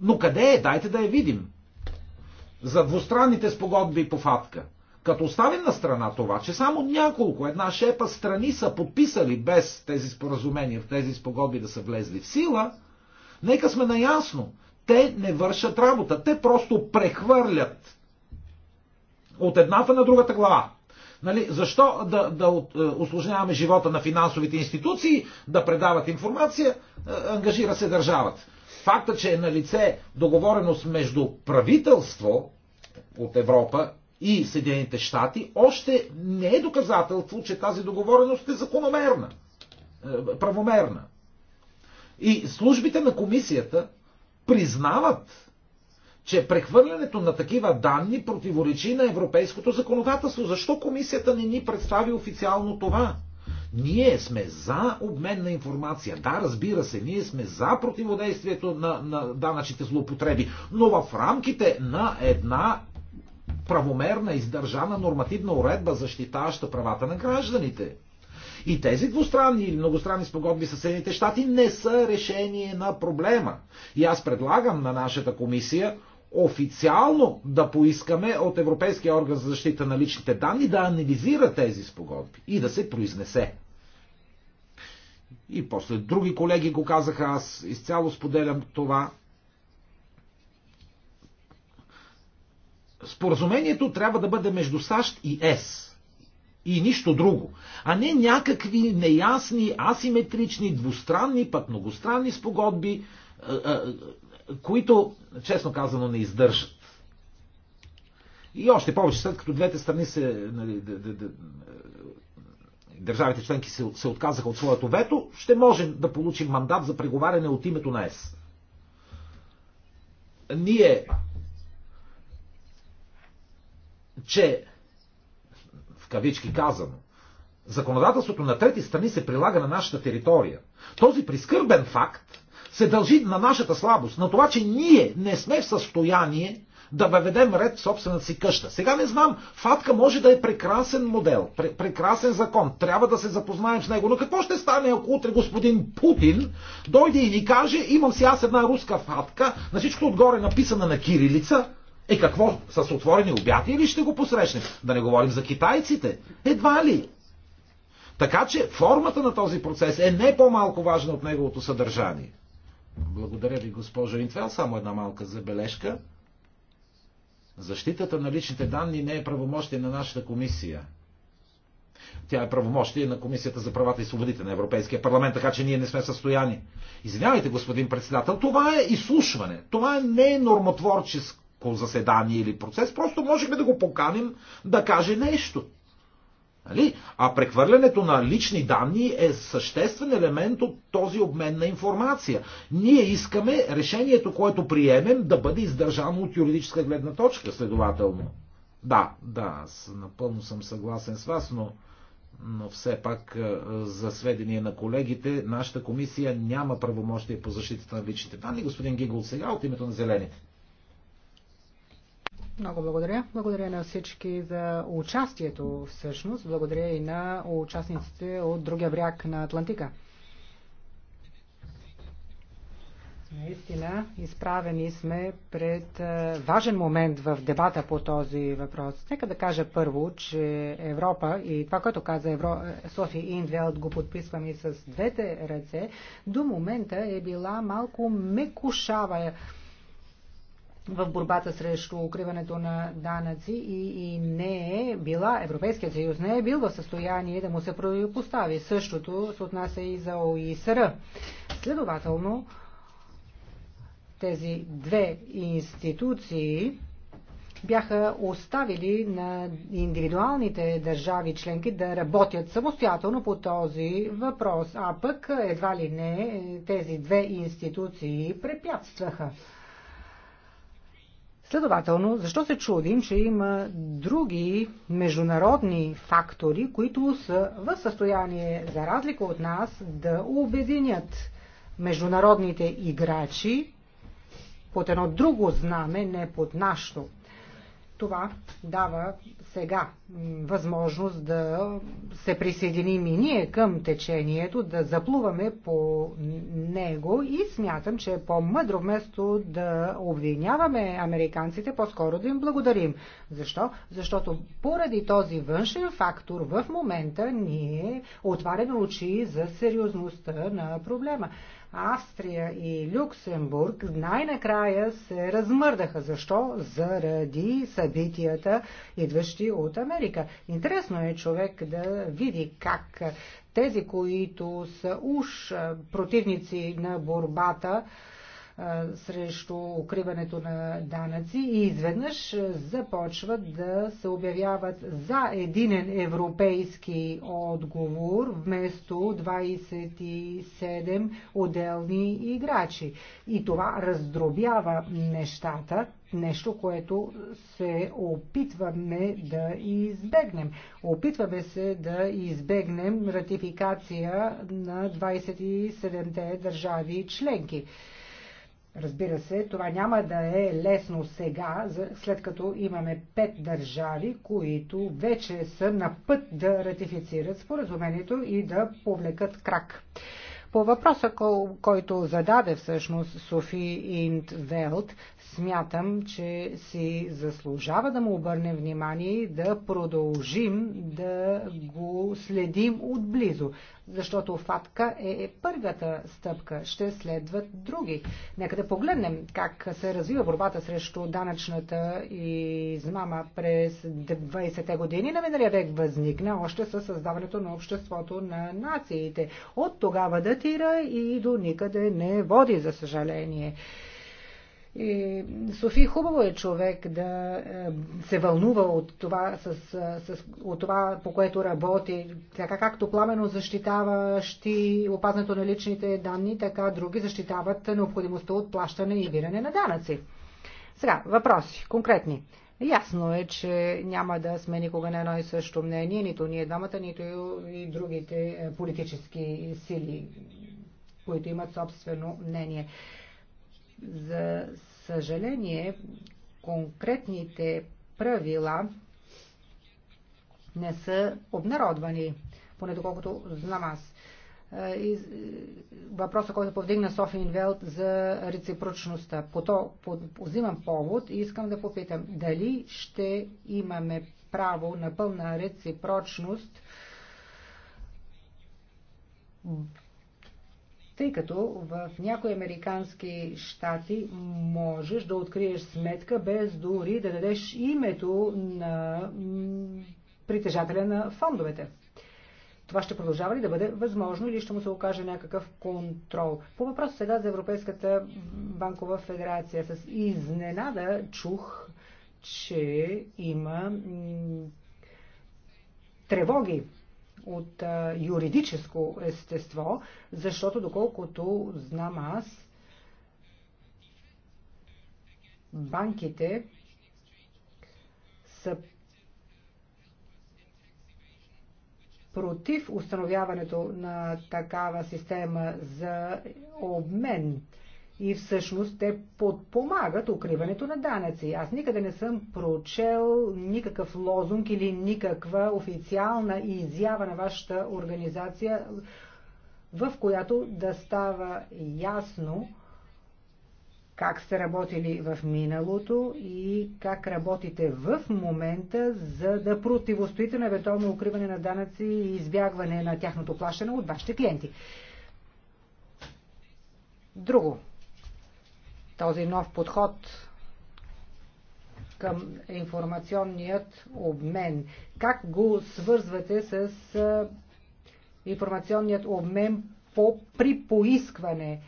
Но къде е? Дайте да я видим. За двустранните спогодби по фатка. Като оставим на страна това, че само няколко, една шепа страни са подписали без тези споразумения, в тези спогодби да са влезли в сила, нека сме наясно, те не вършат работа. Те просто прехвърлят от едната на другата глава Нали? Защо да, да осложняваме е, живота на финансовите институции, да предават информация, е, ангажира се държавата. Факта, че е на лице договореност между правителство от Европа и Съединените щати, още не е доказателство, че тази договореност е закономерна, е, правомерна. И службите на комисията признават че прехвърлянето на такива данни противоречи на европейското законодателство. Защо комисията не ни представи официално това? Ние сме за обмен на информация. Да, разбира се, ние сме за противодействието на, на данъчните злоупотреби, но в рамките на една правомерна, издържана нормативна уредба, защитаваща правата на гражданите. И тези двустранни или многостранни спогодби с Съединените щати не са решение на проблема. И аз предлагам на нашата комисия официално да поискаме от Европейския орган за защита на личните данни да анализира тези спогодби и да се произнесе. И после други колеги го казаха, аз изцяло споделям това. Споразумението трябва да бъде между САЩ и ЕС и нищо друго, а не някакви неясни, асиметрични, двустранни, пък многостранни спогодби, които, честно казано, не издържат. И още повече, след като двете страни се, нали, д, д, д, е, държавите членки се, се отказаха от своето вето, ще можем да получим мандат за преговаряне от името на ЕС. Ние, че, в кавички казано, законодателството на трети страни се прилага на нашата територия. Този прискърбен факт се дължи на нашата слабост, на това, че ние не сме в състояние да въведем ред в собствената си къща. Сега не знам, фатка може да е прекрасен модел, пр- прекрасен закон, трябва да се запознаем с него, но какво ще стане, ако утре господин Путин дойде и ни каже, имам си аз една руска фатка, на всичко отгоре написана на кирилица, е какво, с отворени обяти или ще го посрещнем? Да не говорим за китайците. Едва ли. Така че формата на този процес е не по-малко важна от неговото съдържание. Благодаря ви, госпожо Интвел. Само една малка забележка. Защитата на личните данни не е правомощие на нашата комисия. Тя е правомощие на Комисията за правата и свободите на Европейския парламент, така че ние не сме състояни. Извинявайте, господин председател, това е изслушване. Това не е нормотворческо заседание или процес. Просто можехме да го поканим да каже нещо. Нали? А прехвърлянето на лични данни е съществен елемент от този обмен на информация. Ние искаме решението, което приемем, да бъде издържано от юридическа гледна точка, следователно. Да, да, аз напълно съм съгласен с вас, но, но все пак е, за сведение на колегите, нашата комисия няма правомощие по защитата на личните данни. Господин Гигол, сега от името на Зелените. Много благодаря. Благодаря на всички за участието всъщност. Благодаря и на участниците от другия бряг на Атлантика. Наистина, изправени сме пред важен момент в дебата по този въпрос. Нека да кажа първо, че Европа и това, което каза Евро... Е, Софи Индвелд, го подписвам и с двете ръце, до момента е била малко мекушава в борбата срещу укриването на данъци и, и не е била, Европейският съюз не е бил в състояние да му се противопостави. Същото се отнася и за ОИСР. Следователно, тези две институции бяха оставили на индивидуалните държави членки да работят самостоятелно по този въпрос, а пък едва ли не тези две институции препятстваха Следователно, защо се чудим, че има други международни фактори, които са в състояние, за разлика от нас, да обединят международните играчи под едно друго знаме, не под нашето. Това дава сега възможност да се присъединим и ние към течението, да заплуваме по него и смятам, че е по-мъдро вместо да обвиняваме американците, по-скоро да им благодарим. Защо? Защото поради този външен фактор в момента ние отваряме очи за сериозността на проблема. Австрия и Люксембург най-накрая се размърдаха. Защо? Заради събитията, идващи от Америка. Интересно е човек да види как тези, които са уж противници на борбата, срещу укриването на данъци и изведнъж започват да се обявяват за единен европейски отговор вместо 27 отделни играчи. И това раздробява нещата, нещо, което се опитваме да избегнем. Опитваме се да избегнем ратификация на 27-те държави членки. Разбира се, това няма да е лесно сега, след като имаме пет държави, които вече са на път да ратифицират споразумението и да повлекат крак. По въпроса, който зададе всъщност Софи Индвелт, смятам, че си заслужава да му обърнем внимание и да продължим да го следим отблизо, защото ФАТКА е първата стъпка, ще следват други. Нека да погледнем как се развива борбата срещу данъчната измама през 20-те години на миналия век възникна още със създаването на обществото на нациите. От тогава датира и до никъде не води, за съжаление. И, Софи, хубаво е човек да е, се вълнува от това, с, е, с, от това, по което работи, така както пламено защитаващи опазването на личните данни, така други защитават необходимостта от плащане и виране на данъци. Сега, въпроси, конкретни. Ясно е, че няма да сме никога на едно и също мнение, нито ние двамата, нито и другите е, политически сили, които имат собствено мнение. За съжаление, конкретните правила не са обнародвани, поне доколкото знам аз. Е, и е, въпроса, който повдигна Софи Инвелт за реципрочността. По то, по, взимам повод и искам да попитам дали ще имаме право на пълна реципрочност тъй като в някои американски щати можеш да откриеш сметка без дори да дадеш името на притежателя на фондовете. Това ще продължава ли да бъде възможно или ще му се окаже някакъв контрол? По въпрос сега за Европейската банкова федерация с изненада чух, че има тревоги от а, юридическо естество, защото доколкото знам аз, банките са против установяването на такава система за обмен и всъщност те подпомагат укриването на данъци. Аз никъде не съм прочел никакъв лозунг или никаква официална изява на вашата организация, в която да става ясно как сте работили в миналото и как работите в момента, за да противостоите на евентуално укриване на данъци и избягване на тяхното плащане от вашите клиенти. Друго, този нов подход към информационният обмен. Как го свързвате с информационният обмен по, при поискване?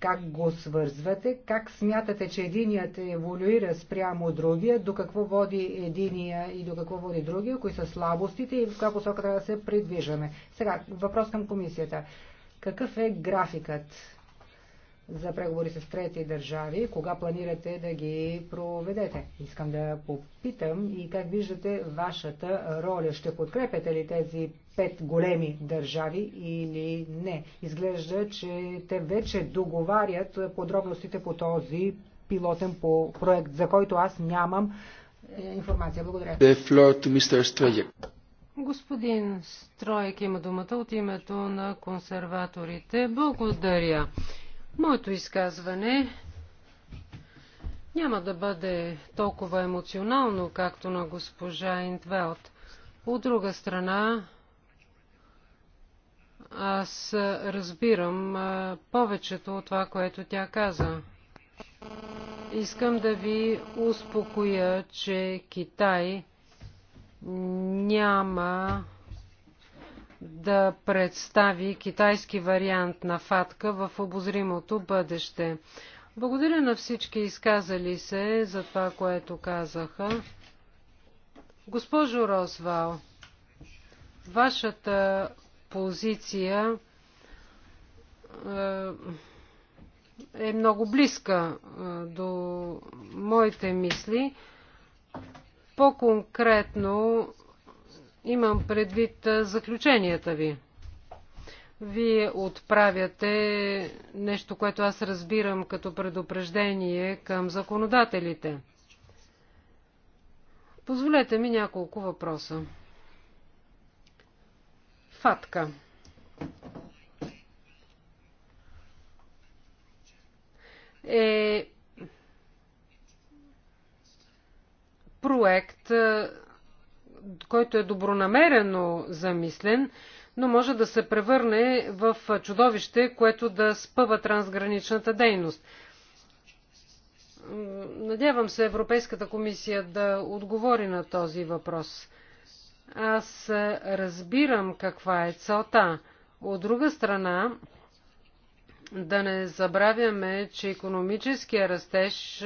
Как го свързвате? Как смятате, че единият еволюира спрямо другия? До какво води единия и до какво води другия? Кои са слабостите и в каква посока трябва да се придвижваме? Сега, въпрос към комисията. Какъв е графикът? за преговори с трети държави, кога планирате да ги проведете? Искам да попитам и как виждате вашата роля. Ще подкрепяте ли тези пет големи държави или не? Изглежда, че те вече договарят подробностите по този пилотен по проект, за който аз нямам е, информация. Благодаря. The floor to Mr. Господин Строек има думата от името на консерваторите. Благодаря. Моето изказване няма да бъде толкова емоционално, както на госпожа Интвелт. От друга страна, аз разбирам повечето от това, което тя каза. Искам да ви успокоя, че Китай няма да представи китайски вариант на ФАТКА в обозримото бъдеще. Благодаря на всички изказали се за това, което казаха. Госпожо Розвал, вашата позиция е, е много близка е, до моите мисли. По-конкретно Имам предвид заключенията ви. Вие отправяте нещо, което аз разбирам като предупреждение към законодателите. Позволете ми няколко въпроса. Фатка. Е проект който е добронамерено замислен, но може да се превърне в чудовище, което да спъва трансграничната дейност. Надявам се Европейската комисия да отговори на този въпрос. Аз разбирам каква е целта. От друга страна, да не забравяме, че економическия растеж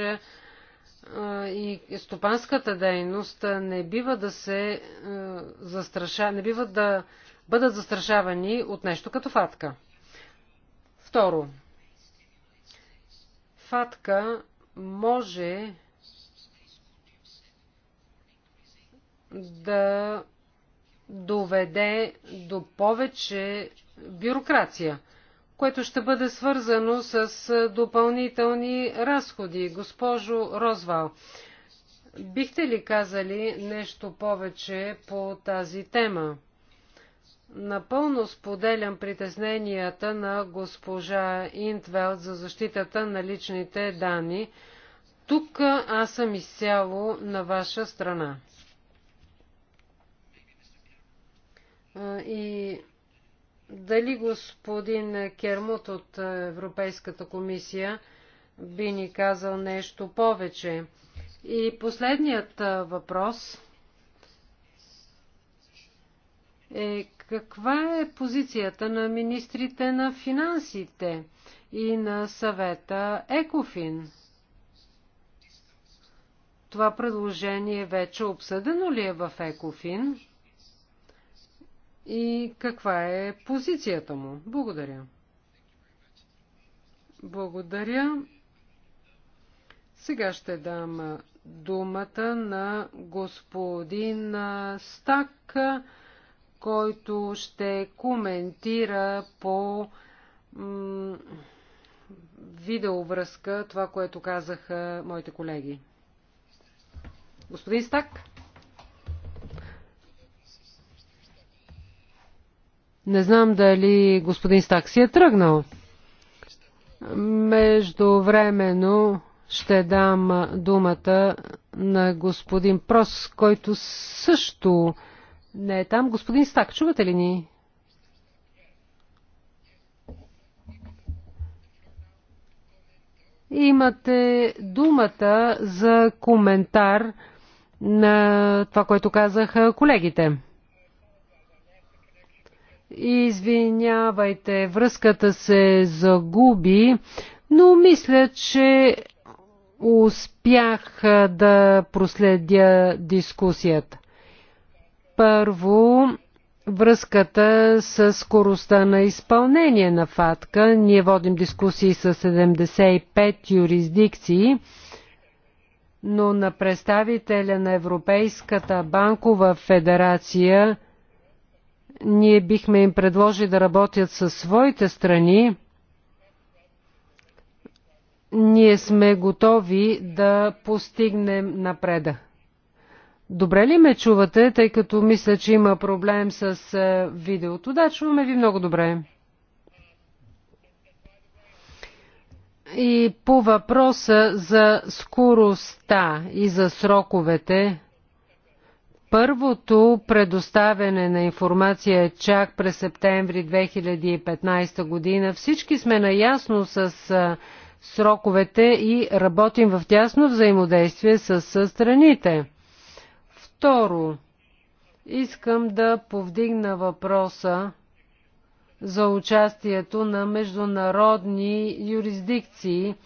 и стопанската дейност не бива да се застраша, не бива да бъдат застрашавани от нещо като фатка. Второ, фатка може да доведе до повече бюрокрация – което ще бъде свързано с допълнителни разходи. Госпожо Розвал, бихте ли казали нещо повече по тази тема? Напълно споделям притесненията на госпожа Интвелд за защитата на личните данни. Тук аз съм изцяло на ваша страна. И дали господин Кермут от Европейската комисия би ни казал нещо повече? И последният въпрос е каква е позицията на министрите на финансите и на съвета ЕКОФИН? Това предложение вече обсъдено ли е в ЕКОФИН? и каква е позицията му. Благодаря. Благодаря. Сега ще дам думата на господин Стак, който ще коментира по видеовръзка това, което казаха моите колеги. Господин Стак? Не знам дали господин Стакси е тръгнал. Междувременно ще дам думата на господин Прос, който също не е там. Господин Стак, чувате ли ни? Имате думата за коментар на това, което казаха колегите. Извинявайте, връзката се загуби, но мисля, че успях да проследя дискусията. Първо, връзката с скоростта на изпълнение на ФАТКА. Ние водим дискусии с 75 юрисдикции, но на представителя на Европейската банкова федерация – ние бихме им предложили да работят със своите страни, ние сме готови да постигнем напреда. Добре ли ме чувате, тъй като мисля, че има проблем с е, видеото? Да, чуваме ви много добре. И по въпроса за скоростта и за сроковете, Първото предоставяне на информация е чак през септември 2015 година. Всички сме наясно с сроковете и работим в тясно взаимодействие с страните. Второ, искам да повдигна въпроса за участието на международни юрисдикции –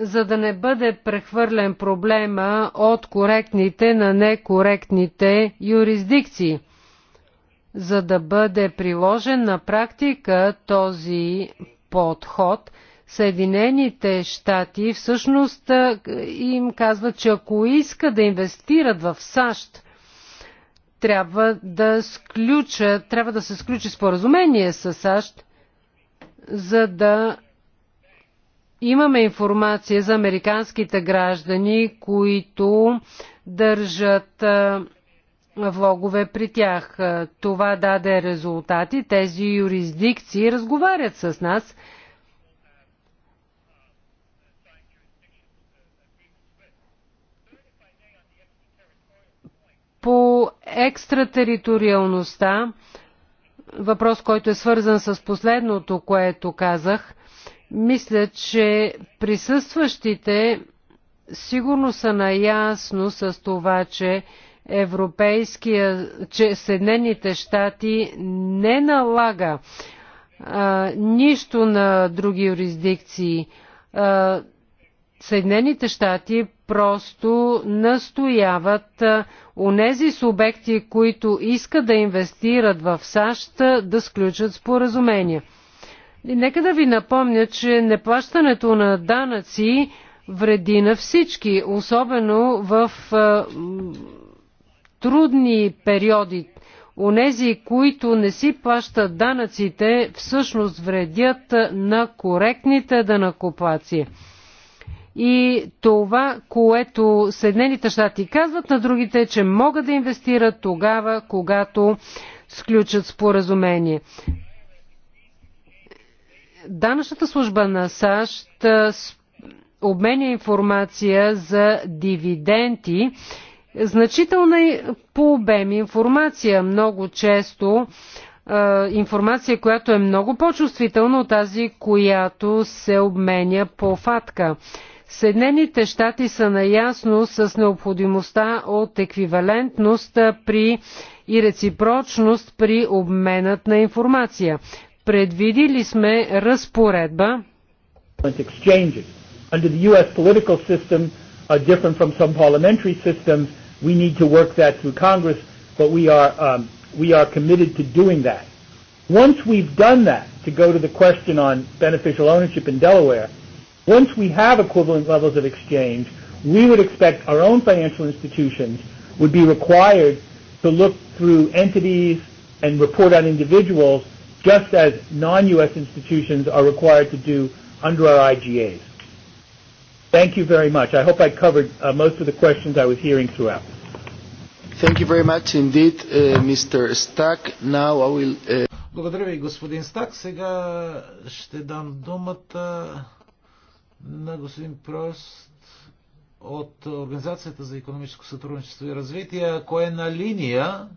за да не бъде прехвърлен проблема от коректните на некоректните юрисдикции. За да бъде приложен на практика този подход, Съединените щати всъщност им казват, че ако иска да инвестират в САЩ, трябва да, сключа, трябва да се сключи споразумение с САЩ, за да имаме информация за американските граждани, които държат влогове при тях. Това даде резултати. Тези юрисдикции разговарят с нас. По екстратериториалността, въпрос, който е свързан с последното, което казах – мисля, че присъстващите сигурно са наясно с това, че Европейския, че Съединените щати не налага а, нищо на други юрисдикции. А, Съединените щати просто настояват нези субекти, които искат да инвестират в САЩ, да сключат споразумения. И нека да ви напомня, че неплащането на данъци вреди на всички, особено в а, трудни периоди. Онези, които не си плащат данъците, всъщност вредят на коректните данъкоплаци. И това, което Съединените щати казват на другите, е, че могат да инвестират тогава, когато сключат споразумение. Данъчната служба на САЩ обменя информация за дивиденти. Значителна е по обем информация. Много често информация, която е много по-чувствителна от тази, която се обменя по фатка. Съединените щати са наясно с необходимостта от еквивалентност при и реципрочност при обменът на информация. Предвидили сме разпоредба, Under the U.S. political system, uh, different from some parliamentary systems, we need to work that through Congress, but we are, um, we are committed to doing that. Once we've done that, to go to the question on beneficial ownership in Delaware, once we have equivalent levels of exchange, we would expect our own financial institutions would be required to look through entities and report on individuals just as non-U.S. institutions are required to do under our IGAs. Thank you very much. I hope I covered uh, most of the questions I was hearing throughout. Thank you very much indeed, uh, Mr. Stack. Now I will... Uh... Благодаря ви, господин Стак. Сега ще дам думата на господин Прост от Организацията за економическо сътрудничество и развитие, ако е на линия,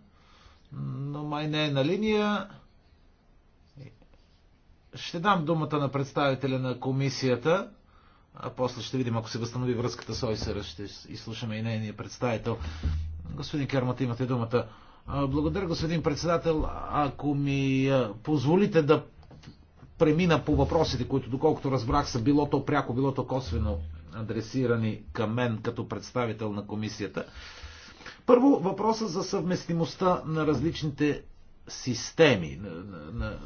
но май не е на линия. Ще дам думата на представителя на комисията, а после ще видим, ако се възстанови връзката с ОИСР, ще изслушаме и нейния представител. Господин Кермат, имате думата. Благодаря, господин председател. Ако ми позволите да премина по въпросите, които доколкото разбрах са било то пряко, било то косвено адресирани към мен като представител на комисията. Първо, въпроса за съвместимостта на различните системи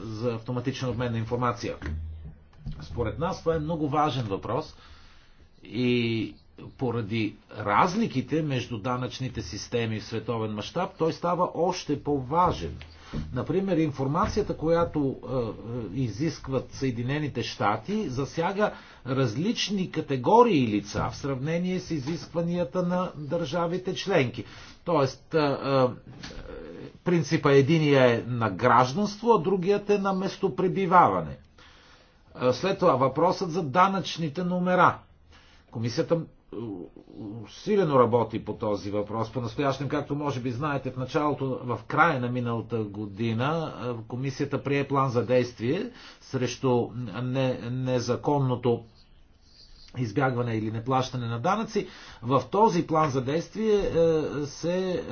за автоматичен обмен на информация. Според нас това е много важен въпрос и поради разликите между данъчните системи в световен мащаб, той става още по-важен. Например, информацията, която е, е изискват Съединените щати, засяга различни категории лица в сравнение с изискванията на държавите членки. Тоест, е, е, принципа единия е на гражданство, а другият е на местопребиваване. След това въпросът за данъчните номера. Комисията усилено работи по този въпрос. По-настоящем, както може би знаете, в началото, в края на миналата година, комисията прие план за действие срещу незаконното избягване или неплащане на данъци, в този план за действие е, се е,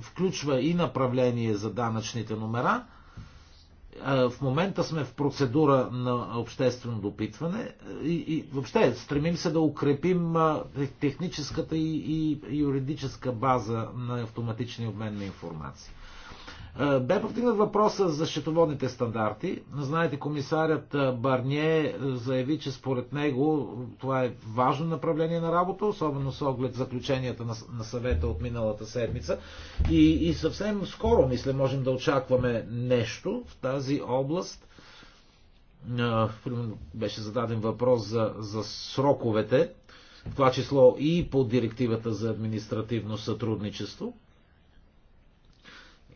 включва и направление за данъчните номера. Е, в момента сме в процедура на обществено допитване и, и въобще стремим се да укрепим техническата и, и юридическа база на автоматичния обмен на информация. Е, бе повдигнат въпроса за счетоводните стандарти. Знаете, комисарят е, Барние е, заяви, че според него това е важно направление на работа, особено с оглед заключенията на съвета от миналата седмица. И, и съвсем скоро, мисля, можем да очакваме нещо в тази област. беше зададен въпрос за, за сроковете, в това число и по директивата за административно сътрудничество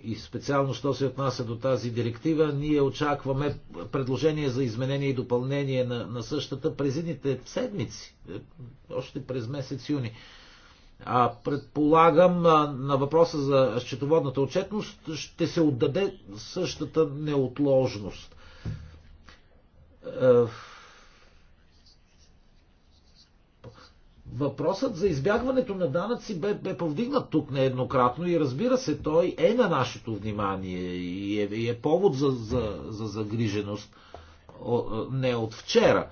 и специално, що се отнася до тази директива, ние очакваме предложение за изменение и допълнение на, на същата през едните седмици, е, още през месец юни. А, предполагам, на въпроса за счетоводната отчетност ще се отдаде същата неотложност. Е, въпросът за избягването на данъци бе, бе повдигнат тук нееднократно и разбира се, той е на нашето внимание и е, и е повод за, за, за загриженост не от вчера.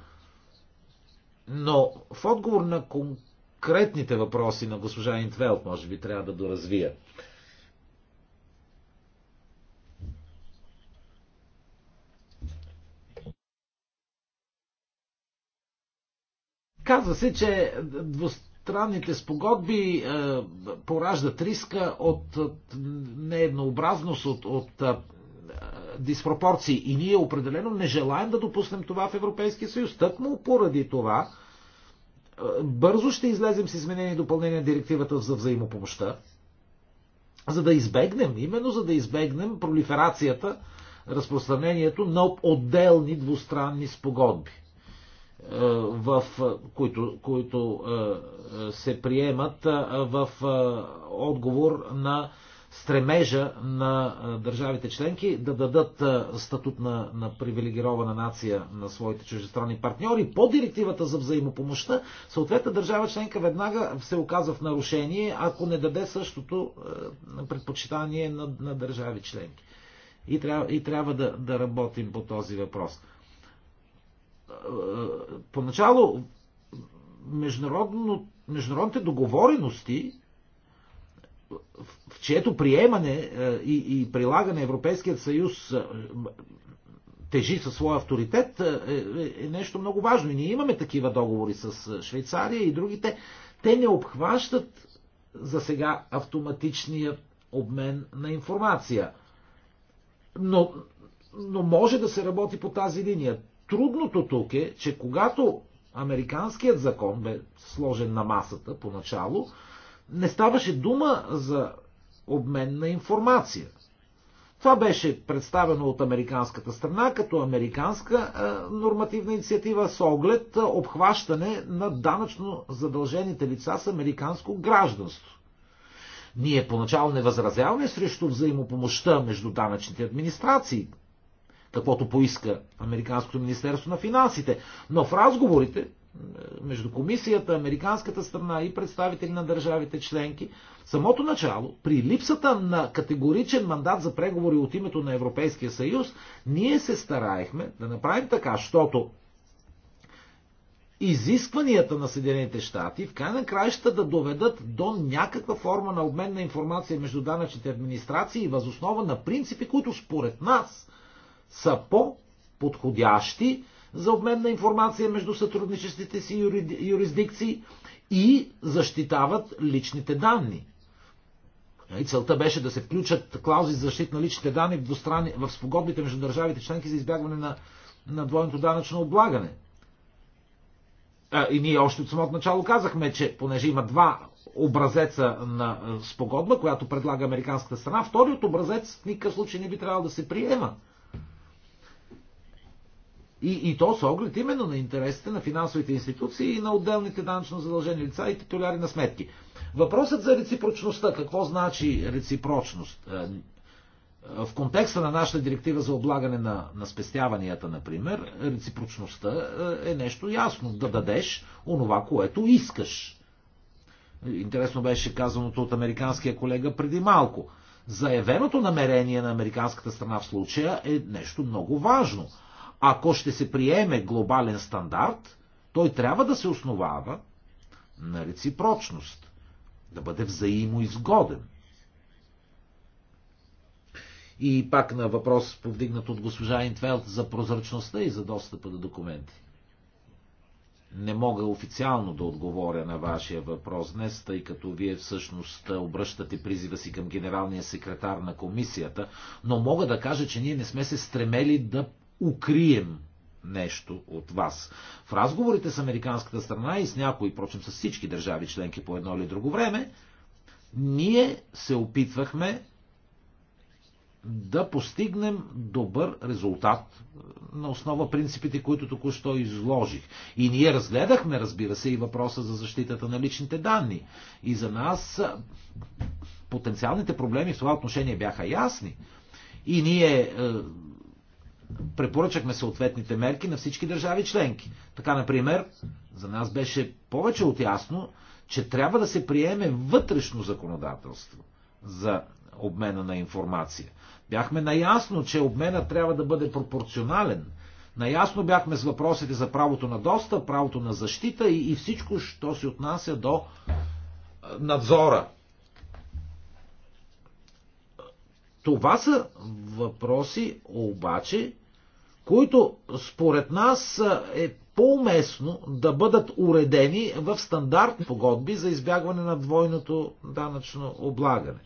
Но в отговор на конкретните въпроси на госпожа Интвелт, може би трябва да доразвия. Казва се, че двустранните спогодби е, пораждат риска от нееднообразност, от, от е, диспропорции. И ние определено не желаем да допуснем това в Европейския съюз. Тъкмо поради това, е, бързо ще излезем с изменение и допълнение на директивата за взаимопомощта, за да избегнем, именно за да избегнем пролиферацията, разпространението на отделни двустранни спогодби. Е, в, които, които е, се приемат е, в отговор на стремежа на държавите членки да дадат статут на, на привилегирована нация на своите чужестранни партньори по директивата за взаимопомощта, съответна държава членка веднага се оказва в нарушение, ако не даде същото предпочитание на, на държави членки. И трябва, и трябва да, да работим по този въпрос. Е, е, поначало международните договорености, в чието приемане е, и, и прилагане Европейският съюз тежи със своя авторитет, е, е нещо много важно. И ние имаме такива договори с Швейцария и другите. Те не обхващат за сега автоматичния обмен на информация. Но, но може да се работи по тази линия. Трудното тук е, че когато американският закон бе сложен на масата поначало, не ставаше дума за обмен на информация. Това беше представено от американската страна като американска е, нормативна инициатива с оглед е, обхващане на данъчно задължените лица с американско гражданство. Ние поначало не възразяваме срещу взаимопомощта между данъчните администрации, каквото поиска Американското министерство на финансите. Но в разговорите между комисията, американската страна и представители на държавите членки, самото начало, при липсата на категоричен мандат за преговори от името на Европейския съюз, ние се стараехме да направим така, защото изискванията на Съединените щати в край на краища да доведат до някаква форма на обмен на информация между данъчните администрации и възоснова на принципи, които според нас са по-подходящи за обмен на информация между сътрудничестите си юрисдикции и защитават личните данни. И целта беше да се включат клаузи за защита на личните данни в, двустрани, в спогодбите между държавите членки за избягване на, на двойното данъчно облагане. А, и ние още от самото начало казахме, че понеже има два образеца на спогодба, която предлага американската страна, вторият образец в никакъв случай не би трябвало да се приема и, и то с оглед именно на интересите на финансовите институции и на отделните данъчно задължени лица и титуляри на сметки. Въпросът за реципрочността. Какво значи реципрочност? Е, е, в контекста на нашата директива за облагане на, на спестяванията, например, реципрочността е, е нещо ясно. Да дадеш онова, което искаш. Интересно беше казаното от американския колега преди малко. Заявеното намерение на американската страна в случая е нещо много важно – ако ще се приеме глобален стандарт, той трябва да се основава на реципрочност, да бъде взаимоизгоден. И пак на въпрос, повдигнат от госпожа Интвелт за прозрачността и за достъпа до документи. Не мога официално да отговоря на вашия въпрос днес, тъй като вие всъщност обръщате призива си към генералния секретар на комисията, но мога да кажа, че ние не сме се стремели да укрием нещо от вас. В разговорите с американската страна и с някои, прочим с всички държави членки по едно или друго време, ние се опитвахме да постигнем добър резултат на основа принципите, които току-що изложих. И ние разгледахме, разбира се, и въпроса за защитата на личните данни. И за нас потенциалните проблеми в това отношение бяха ясни. И ние е, препоръчахме съответните мерки на всички държави членки. Така, например, за нас беше повече от ясно, че трябва да се приеме вътрешно законодателство за обмена на информация. Бяхме наясно, че обмена трябва да бъде пропорционален. Наясно бяхме с въпросите за правото на достъп, правото на защита и, и всичко, що се отнася до надзора Това са въпроси обаче, които според нас е по-уместно да бъдат уредени в стандарт погодби за избягване на двойното данъчно облагане.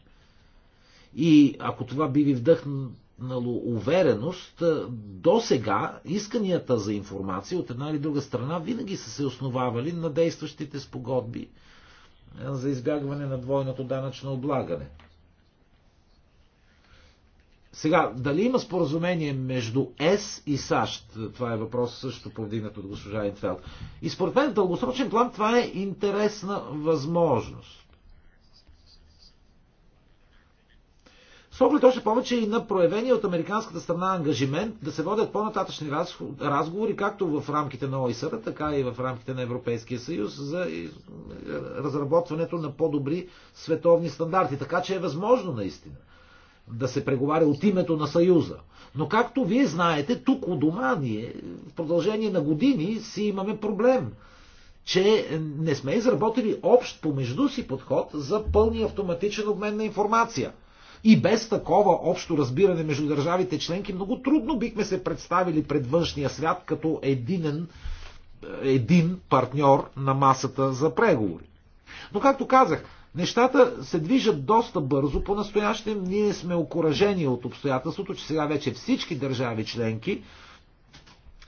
И ако това би ви вдъхнало увереност, до сега исканията за информация от една или друга страна винаги са се основавали на действащите спогодби за избягване на двойното данъчно облагане. Сега, дали има споразумение между ЕС и САЩ? Това е въпрос също повдигнат от госпожа Инфелд. И според мен в дългосрочен план това е интересна възможност. С оглед още повече и на проявения от американската страна ангажимент да се водят по-нататъчни разговори, както в рамките на ОИСР, така и в рамките на Европейския съюз за разработването на по-добри световни стандарти. Така че е възможно наистина да се преговаря от името на Съюза. Но както вие знаете, тук у дома ние в продължение на години си имаме проблем, че не сме изработили общ помежду си подход за пълни автоматичен обмен на информация. И без такова общо разбиране между държавите членки много трудно бихме се представили пред външния свят като единен, един партньор на масата за преговори. Но както казах, Нещата се движат доста бързо. По-настоящем ние сме окоръжени от обстоятелството, че сега вече всички държави членки,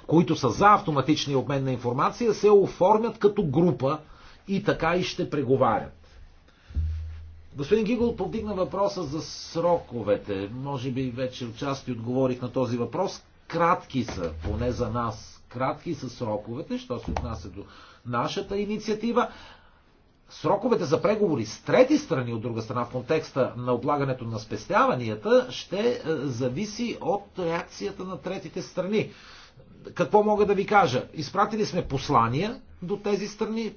които са за автоматичния обмен на информация, се оформят като група и така и ще преговарят. Господин Гигол повдигна въпроса за сроковете. Може би вече отчасти отговорих на този въпрос. Кратки са, поне за нас, кратки са сроковете, що се отнася до нашата инициатива. Сроковете за преговори с трети страни, от друга страна, в контекста на облагането на спестяванията, ще е, зависи от реакцията на третите страни. Какво мога да ви кажа? Изпратили сме послания до тези страни,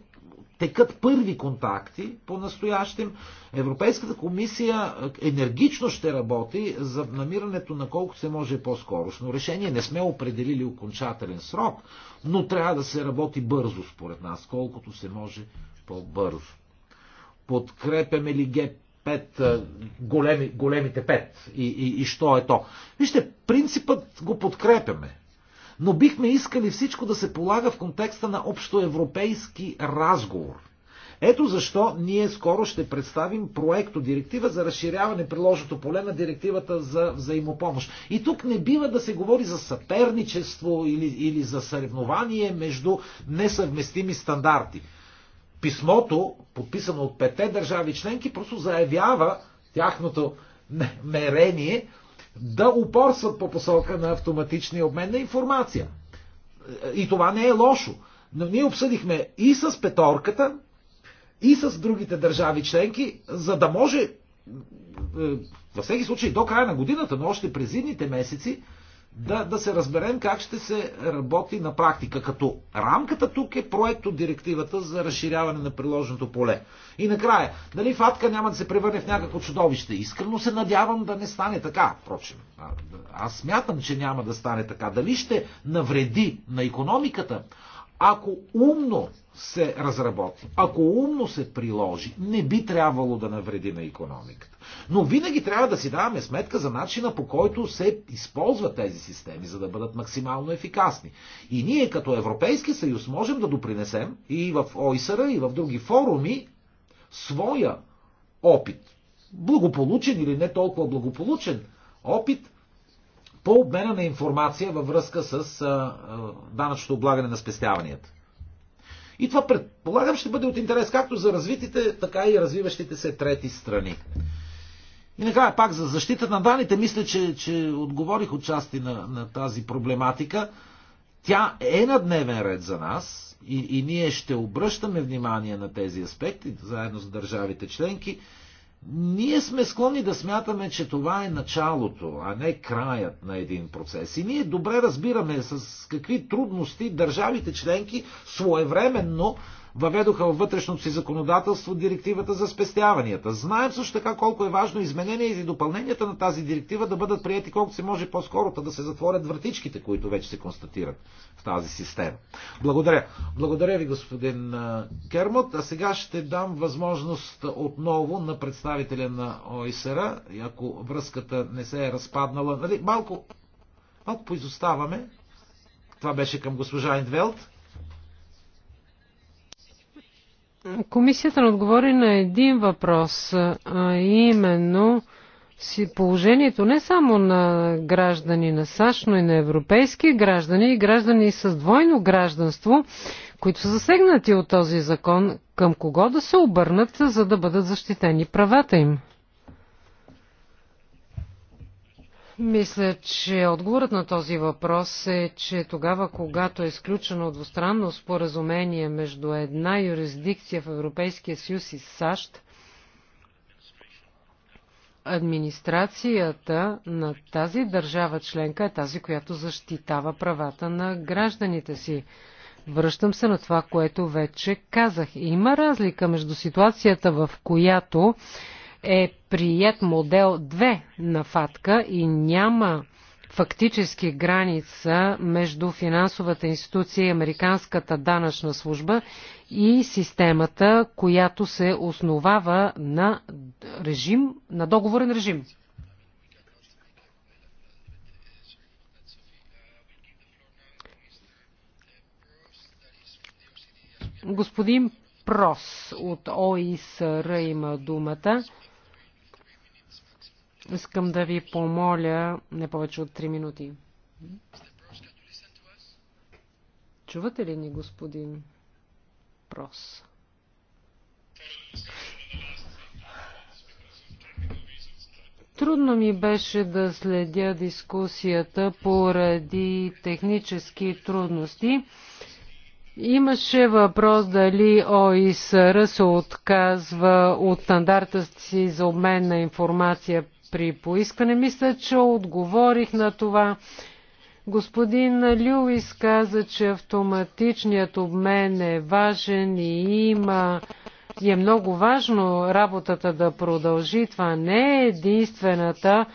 текат първи контакти по настоящим. Европейската комисия енергично ще работи за намирането на колкото се може по-скорошно решение. Не сме определили окончателен срок, но трябва да се работи бързо, според нас, колкото се може по-бързо. Подкрепяме ли ге пет, големи, големите пет и, и, и що е то? Вижте, принципът го подкрепяме. Но бихме искали всичко да се полага в контекста на общоевропейски разговор. Ето защо ние скоро ще представим проекто директива за разширяване приложното поле на директивата за взаимопомощ. И тук не бива да се говори за съперничество или, или за съревнование между несъвместими стандарти писмото, подписано от пете държави членки, просто заявява тяхното мерение да упорстват по посока на автоматичния обмен на информация. И това не е лошо. Но ние обсъдихме и с петорката, и с другите държави членки, за да може във всеки случай до края на годината, но още през зимните месеци, да, да се разберем как ще се работи на практика. Като рамката тук е проект от директивата за разширяване на приложеното поле. И накрая, дали фатка няма да се превърне в някакво чудовище? Искрено се надявам да не стане така. Впрочем, аз смятам, че няма да стане така. Дали ще навреди на економиката, ако умно се разработи, ако умно се приложи, не би трябвало да навреди на економиката. Но винаги трябва да си даваме сметка за начина по който се използват тези системи, за да бъдат максимално ефикасни. И ние като Европейски съюз можем да допринесем и в ОИСРА, и в други форуми своя опит, благополучен или не толкова благополучен опит по обмена на информация във връзка с данъчното облагане на спестяванията. И това предполагам ще бъде от интерес както за развитите, така и развиващите се трети страни. И накрая пак за защита на данните, мисля, че, че отговорих отчасти на, на тази проблематика. Тя е на дневен ред за нас и, и ние ще обръщаме внимание на тези аспекти, заедно с държавите членки. Ние сме склонни да смятаме, че това е началото, а не краят на един процес. И ние добре разбираме с какви трудности държавите членки своевременно въведоха във вътрешното си законодателство директивата за спестяванията. Знаем също така колко е важно изменение и допълненията на тази директива да бъдат прияти колкото се може по-скоро, да се затворят вратичките, които вече се констатират в тази система. Благодаря. Благодаря ви, господин Кермот. А сега ще дам възможност отново на представителя на ОСР, ако връзката не се е разпаднала. Нали, малко, малко поизоставаме. Това беше към госпожа Индвелт. Комисията не отговори на един въпрос, а именно положението не само на граждани на САЩ, но и на европейски граждани и граждани с двойно гражданство, които са засегнати от този закон, към кого да се обърнат, за да бъдат защитени правата им. Мисля, че отговорът на този въпрос е, че тогава, когато е изключено двустранно споразумение между една юрисдикция в Европейския съюз и САЩ, администрацията на тази държава членка е тази, която защитава правата на гражданите си. Връщам се на това, което вече казах. Има разлика между ситуацията, в която е прият модел 2 на ФАТКА и няма фактически граница между финансовата институция и Американската данъчна служба и системата, която се основава на режим, на договорен режим. Господин въпрос от ОИСР има думата. Искам да ви помоля не повече от 3 минути. Чувате ли ни, господин Прос? Трудно ми беше да следя дискусията поради технически трудности. Имаше въпрос дали ОИСР се отказва от стандарта си за обмен на информация при поискане. Мисля, че отговорих на това. Господин Люис каза, че автоматичният обмен е важен и има и е много важно работата да продължи. Това не е единствената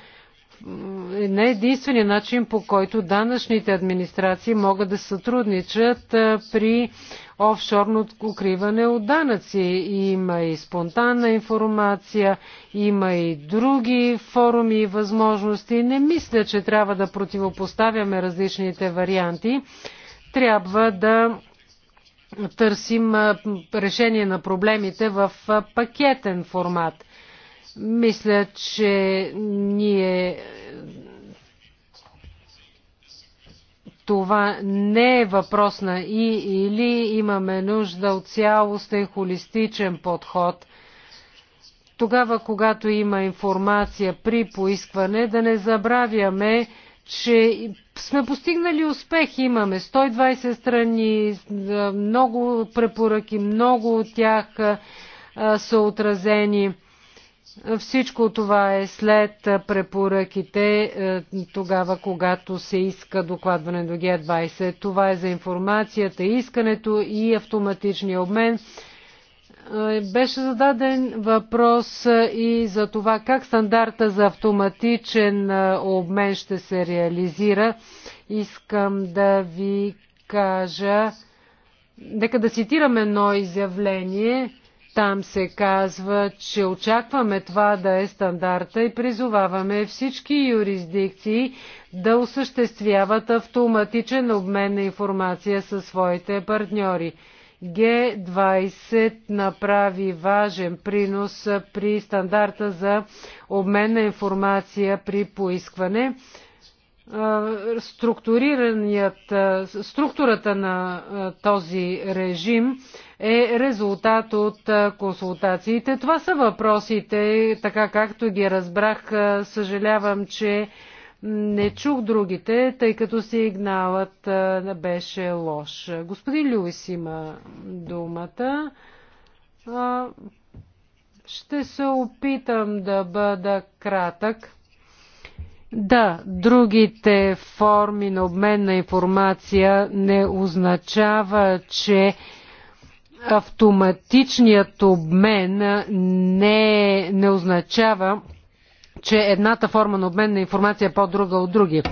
е не е единствения начин, по който данъчните администрации могат да сътрудничат при офшорно укриване от данъци. Има и спонтанна информация, има и други форуми и възможности. Не мисля, че трябва да противопоставяме различните варианти. Трябва да търсим решение на проблемите в пакетен формат – мисля, че ние това не е въпрос на и или имаме нужда от цялостен холистичен подход. Тогава, когато има информация при поискване, да не забравяме, че сме постигнали успех. Имаме 120 страни, много препоръки, много от тях са отразени. Всичко това е след препоръките, е, тогава когато се иска докладване до Г20. Това е за информацията, искането и автоматичния обмен. Е, беше зададен въпрос е, и за това как стандарта за автоматичен обмен ще се реализира. Искам да ви кажа, нека да цитирам едно изявление там се казва, че очакваме това да е стандарта и призоваваме всички юрисдикции да осъществяват автоматичен обмен на информация със своите партньори. Г20 направи важен принос при стандарта за обмен на информация при поискване. Структурираният, структурата на този режим е резултат от консултациите. Това са въпросите, така както ги разбрах. Съжалявам, че не чух другите, тъй като сигналът беше лош. Господин Люис има думата. Ще се опитам да бъда кратък. Да, другите форми на обмен на информация не означава, че автоматичният обмен не, не означава, че едната форма на обмен на информация е по-друга от други.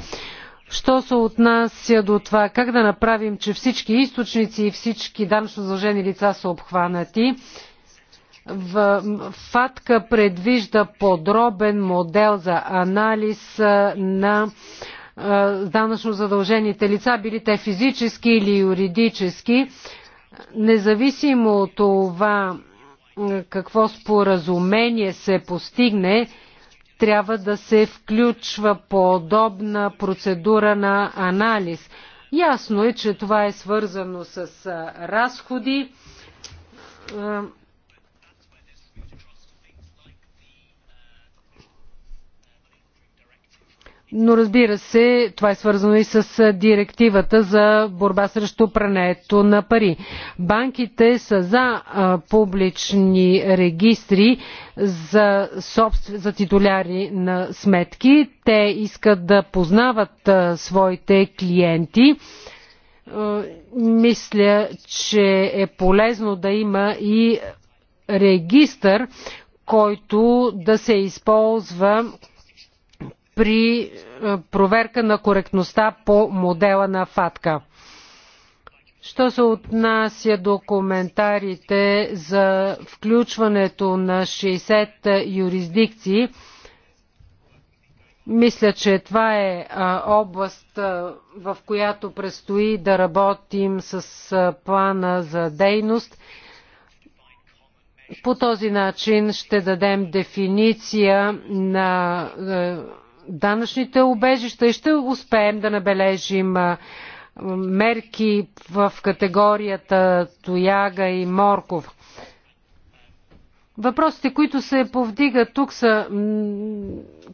Що се отнася до това как да направим, че всички източници и всички данъчно задължени лица са обхванати, в ФАТКА предвижда подробен модел за анализ на данъчно задължените лица, били те физически или юридически Независимо от това какво споразумение се постигне, трябва да се включва подобна процедура на анализ. Ясно е, че това е свързано с разходи Но разбира се, това е свързано и с директивата за борба срещу прането на пари. Банките са за публични регистри за, собствен, за титуляри на сметки. Те искат да познават своите клиенти. Мисля, че е полезно да има и регистър, който да се използва при е, проверка на коректността по модела на ФАТКА. Що се отнася до коментарите за включването на 60 е, юрисдикции, мисля, че това е, е област, в която предстои да работим с плана за дейност. По този начин ще дадем дефиниция на данъчните обежища и ще успеем да набележим мерки в категорията Тояга и Морков. Въпросите, които се повдигат тук са,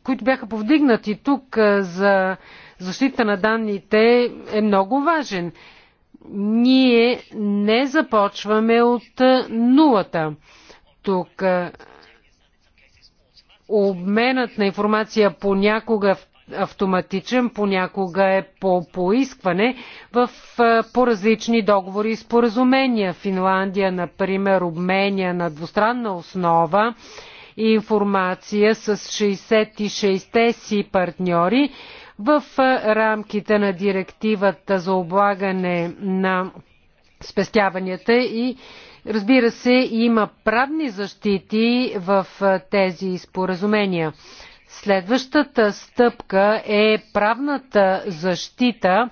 които бяха повдигнати тук за защита на данните е много важен. Ние не започваме от нулата. Тук Обменът на информация понякога автоматичен, понякога е по поискване в, по различни договори и споразумения. Финландия, например, обменя на двустранна основа и информация с 66-те си партньори в рамките на директивата за облагане на спестяванията и Разбира се, има правни защити в тези споразумения. Следващата стъпка е правната защита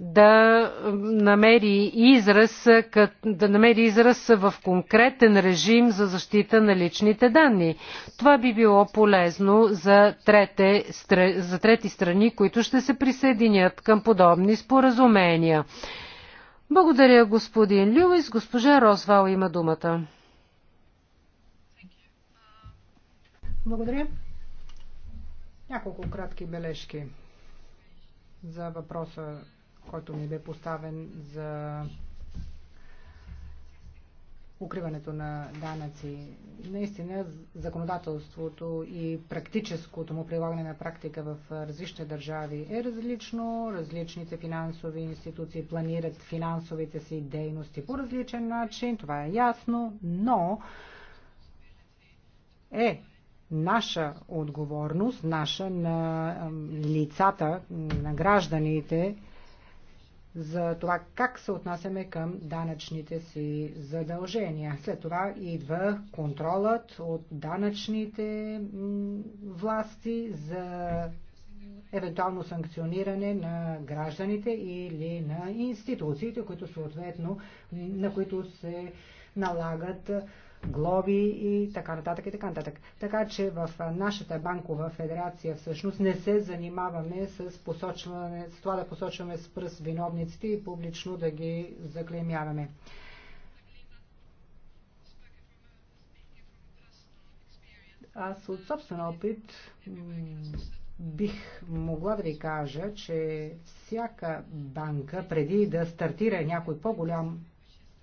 да намери израз, да намери израз в конкретен режим за защита на личните данни. Това би било полезно за, трете, за трети страни, които ще се присъединят към подобни споразумения. Благодаря, господин Люис. Госпожа Розвал има думата. Благодаря. Няколко кратки бележки за въпроса, който ми бе поставен за укриването на данъци. Наистина, законодателството и практическото му прилагане на практика в различни държави е различно. Различните финансови институции планират финансовите си дейности по различен начин, това е ясно, но е наша отговорност, наша на лицата, на гражданите, за това как се отнасяме към данъчните си задължения. След това идва контролът от данъчните власти за евентуално санкциониране на гражданите или на институциите, които съответно, на които се налагат глоби и така нататък и така нататък. Така че в нашата банкова федерация всъщност не се занимаваме с, посочване, с това да посочваме с пръст виновниците и публично да ги заклеймяваме. Аз от собствен опит бих могла да ви кажа, че всяка банка преди да стартира някой по-голям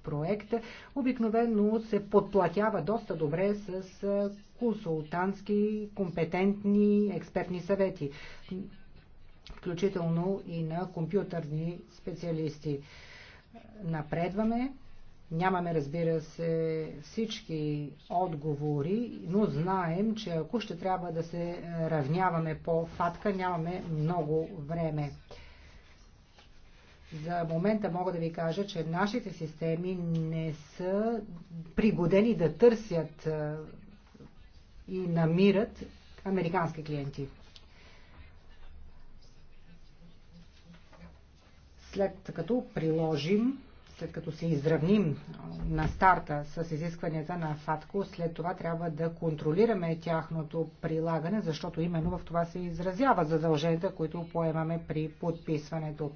проекта, обикновено се подплатява доста добре с консултантски, компетентни, експертни съвети, включително и на компютърни специалисти. Напредваме, Нямаме, разбира се, всички отговори, но знаем, че ако ще трябва да се равняваме по фатка, нямаме много време. За момента мога да ви кажа, че нашите системи не са пригодени да търсят и намират американски клиенти. След като приложим след като се изравним на старта с изискванията на ФАТКО, след това трябва да контролираме тяхното прилагане, защото именно в това се изразява задълженията, които поемаме при подписването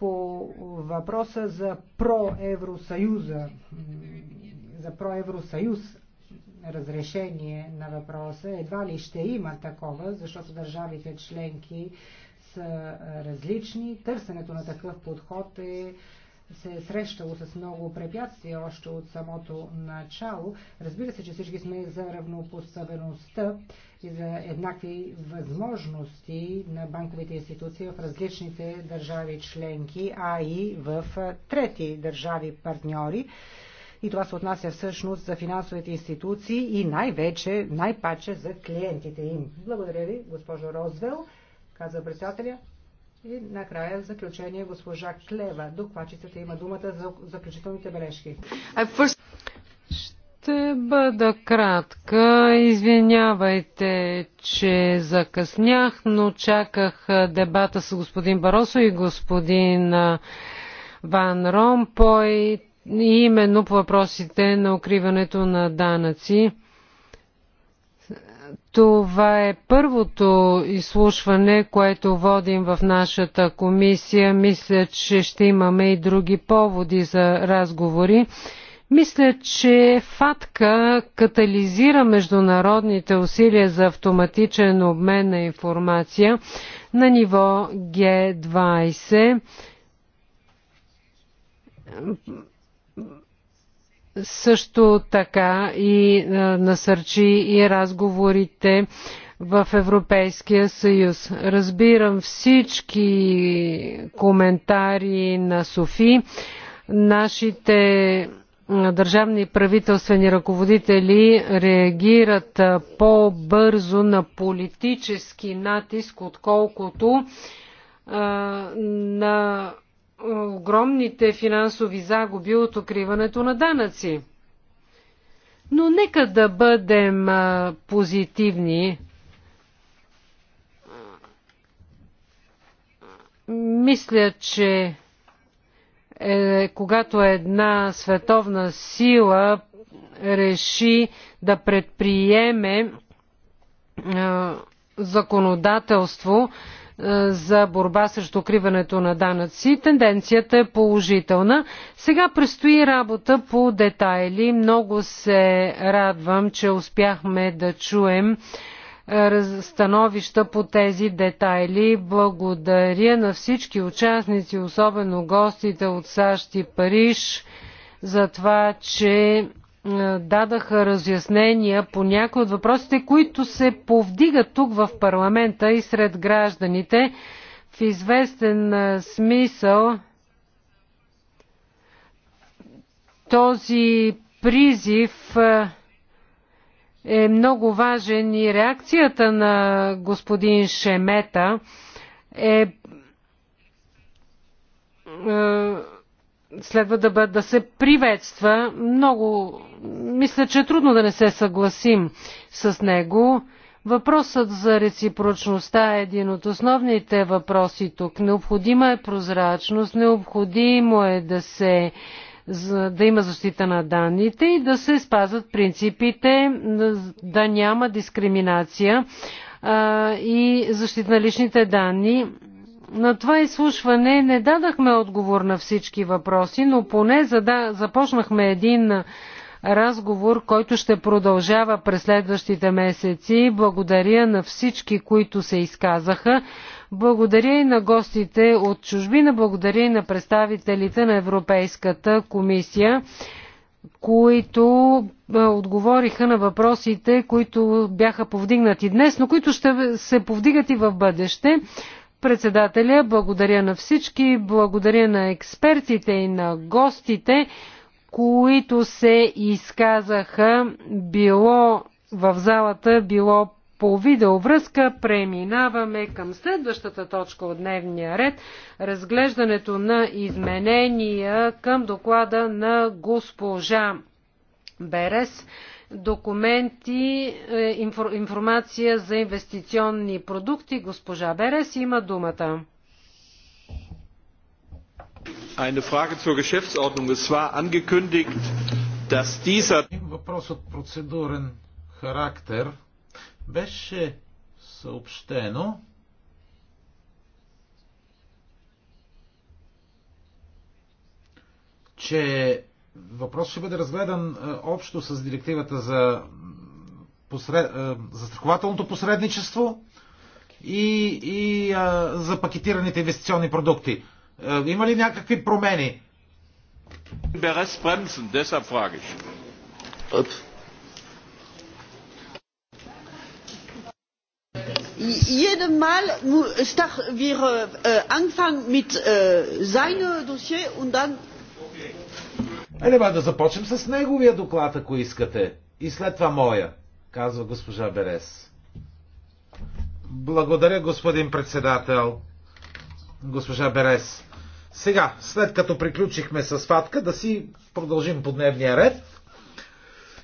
по въпроса за проевросъюза, за проевросъюз разрешение на въпроса. Едва ли ще има такова, защото държавите членки са различни. Търсенето на такъв подход е се е срещало с много препятствия още от самото начало. Разбира се, че всички сме за равнопоставеността и за еднакви възможности на банковите институции в различните държави членки, а и в трети държави партньори. И това се отнася всъщност за финансовите институции и най-вече, най-паче за клиентите им. Благодаря ви, госпожо Розвел, каза председателя. И накрая в заключение госпожа Клева. Докладчицата има думата за заключителните бележки. Ще бъда кратка. Извинявайте, че закъснях, но чаках дебата с господин Баросо и господин Ван Ромпой, именно по въпросите на укриването на данъци. Това е първото изслушване, което водим в нашата комисия. Мисля, че ще имаме и други поводи за разговори. Мисля, че ФАТКА катализира международните усилия за автоматичен обмен на информация на ниво Г20 също така и насърчи и разговорите в Европейския съюз. Разбирам всички коментари на Софи. Нашите държавни правителствени ръководители реагират по-бързо на политически натиск, отколкото на огромните финансови загуби от укриването на данъци. Но нека да бъдем позитивни. Мисля, че е, когато една световна сила реши да предприеме е, законодателство, е, за борба срещу укриването на данъци. Тенденцията е положителна. Сега предстои работа по детайли. Много се радвам, че успяхме да чуем е, становища по тези детайли. Благодаря на всички участници, особено гостите от САЩ и Париж, за това, че е, дадаха разяснения по някои от въпросите, които се повдигат тук в парламента и сред гражданите. В известен е, смисъл този призив е, е много важен и реакцията на господин Шемета е следва да, бъд, да се приветства. Много мисля, че е трудно да не се съгласим с него. Въпросът за реципрочността е един от основните въпроси тук. Необходима е прозрачност, необходимо е да се да има защита на данните и да се спазват принципите да няма дискриминация а, и защита на личните данни на това изслушване не дадахме отговор на всички въпроси, но поне да започнахме един разговор, който ще продължава през следващите месеци. Благодаря на всички, които се изказаха. Благодаря и на гостите от чужбина, благодаря и на представителите на Европейската комисия, които отговориха на въпросите, които бяха повдигнати днес, но които ще се повдигат и в бъдеще. Председателя, благодаря на всички, благодаря на експертите и на гостите, които се изказаха било в залата, било по видеовръзка преминаваме към следващата точка от дневния ред – разглеждането на изменения към доклада на госпожа Берес документи, е, информация за инвестиционни продукти. Госпожа Берес има думата. Eine Frage zur Geschäftsordnung. Es war angekündigt, dass dieser... Въпрос от процедурен характер беше съобщено, че въпрос ще бъде разгледан е, общо с директивата за посред... Е, застрахователното посредничество и, и а, е, за пакетираните инвестиционни продукти. А, има ли някакви промени? Берес Mal deshalb ich. Jedemal wir äh, anfangen mit äh, seinem Dossier und dann Елева нали, да започнем с неговия доклад, ако искате. И след това моя, казва госпожа Берес. Благодаря, господин председател. Госпожа Берес. Сега, след като приключихме с фатка, да си продължим по дневния ред.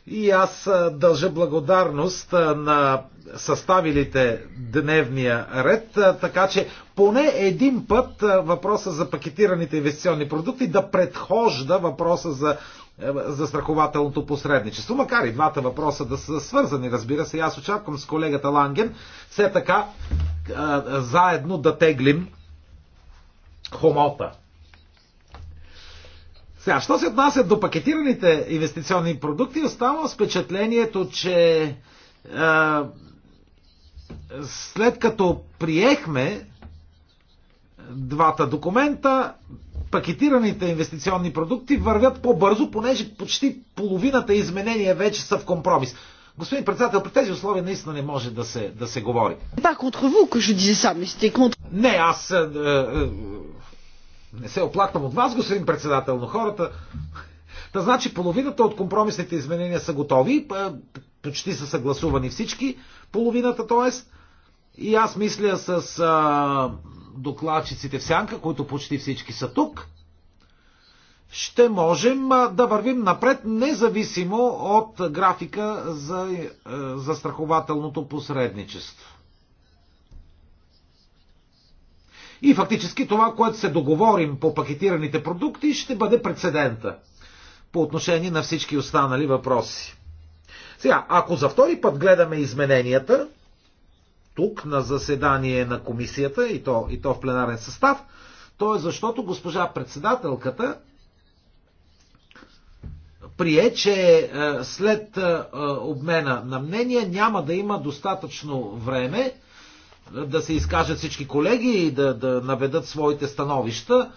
И аз дължа благодарност на съставилите дневния ред, така че поне един път въпроса за пакетираните инвестиционни продукти да предхожда въпроса за за страхователното посредничество. Макар и двата въпроса да са свързани, разбира се, аз очаквам с колегата Ланген все така заедно да теглим хомота. Сега, що се отнася до пакетираните инвестиционни продукти, остава с впечатлението, че е, след като приехме двата документа, пакетираните инвестиционни продукти вървят по-бързо, понеже почти половината изменения вече са в компромис. Господин председател, при тези условия наистина не може да се, да се говори. Не, аз е, е, не се оплаквам от вас, господин председател, но хората... Та значи половината от компромисните изменения са готови, почти са съгласувани всички, половината т.е. И аз мисля с а, докладчиците в сянка, които почти всички са тук, ще можем да вървим напред, независимо от графика за застрахователното посредничество. И фактически това, което се договорим по пакетираните продукти, ще бъде прецедента по отношение на всички останали въпроси. Сега, ако за втори път гледаме измененията, тук на заседание на комисията и то, и то в пленарен състав, то е защото госпожа председателката прие, че е, след е, е, обмена на мнения няма да има достатъчно време да се изкажат всички колеги и да, да наведат своите становища.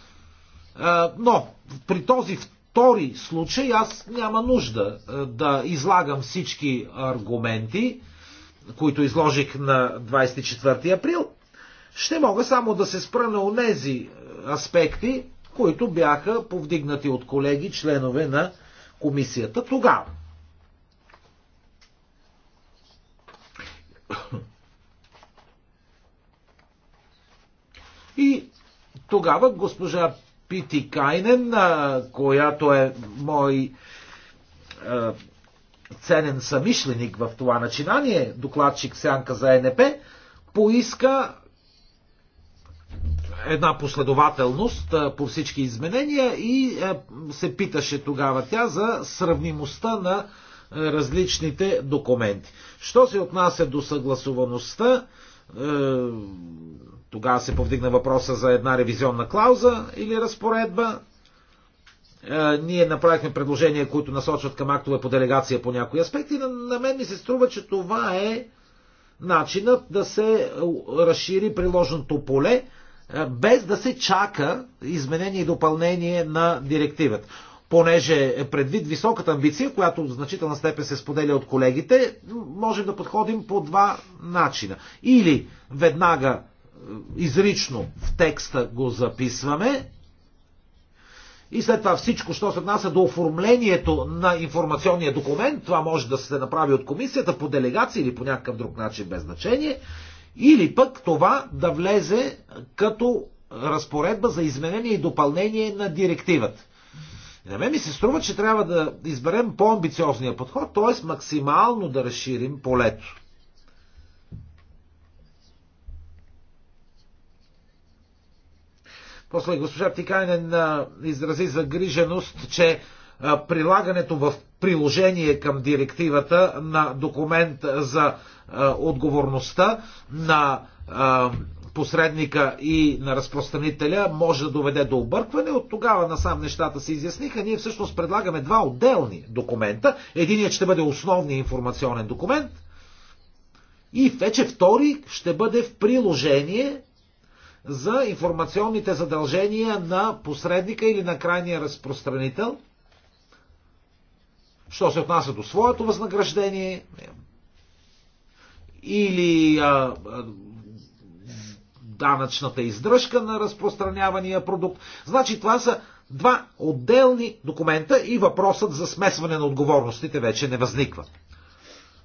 Но при този втори случай аз няма нужда да излагам всички аргументи, които изложих на 24 април. Ще мога само да се спра на онези аспекти, които бяха повдигнати от колеги, членове на комисията тогава. И тогава госпожа Пити Кайнен, която е мой ценен самишленик в това начинание, докладчик Сянка за е НП, поиска една последователност по всички изменения и се питаше тогава тя за сравнимостта на различните документи. Що се отнася до съгласуваността, тогава се повдигна въпроса за една ревизионна клауза или разпоредба. Е, ние направихме предложения, които насочват към актове по делегация по някои аспекти. На мен ми се струва, че това е начинът да се разшири приложното поле, е, без да се чака изменение и допълнение на директивата. Понеже предвид високата амбиция, която в значителна степен се споделя от колегите, можем да подходим по два начина. Или веднага изрично в текста го записваме. И след това всичко, що се отнася до оформлението на информационния документ, това може да се направи от комисията по делегация или по някакъв друг начин, без значение, или пък това да влезе като разпоредба за изменение и допълнение на директивата. на мен ми се струва, че трябва да изберем по-амбициозния подход, т.е. максимално да разширим полето. После госпожа Тикайнен изрази загриженост, че прилагането в приложение към директивата на документ за отговорността на посредника и на разпространителя може да доведе до объркване. От тогава насам нещата се изясниха. Ние всъщност предлагаме два отделни документа. Единият ще бъде основният информационен документ и вече втори ще бъде в приложение за информационните задължения на посредника или на крайния разпространител. Що се отнася до своето възнаграждение или а, а, данъчната издръжка на разпространявания продукт. Значи това са два отделни документа и въпросът за смесване на отговорностите вече не възниква.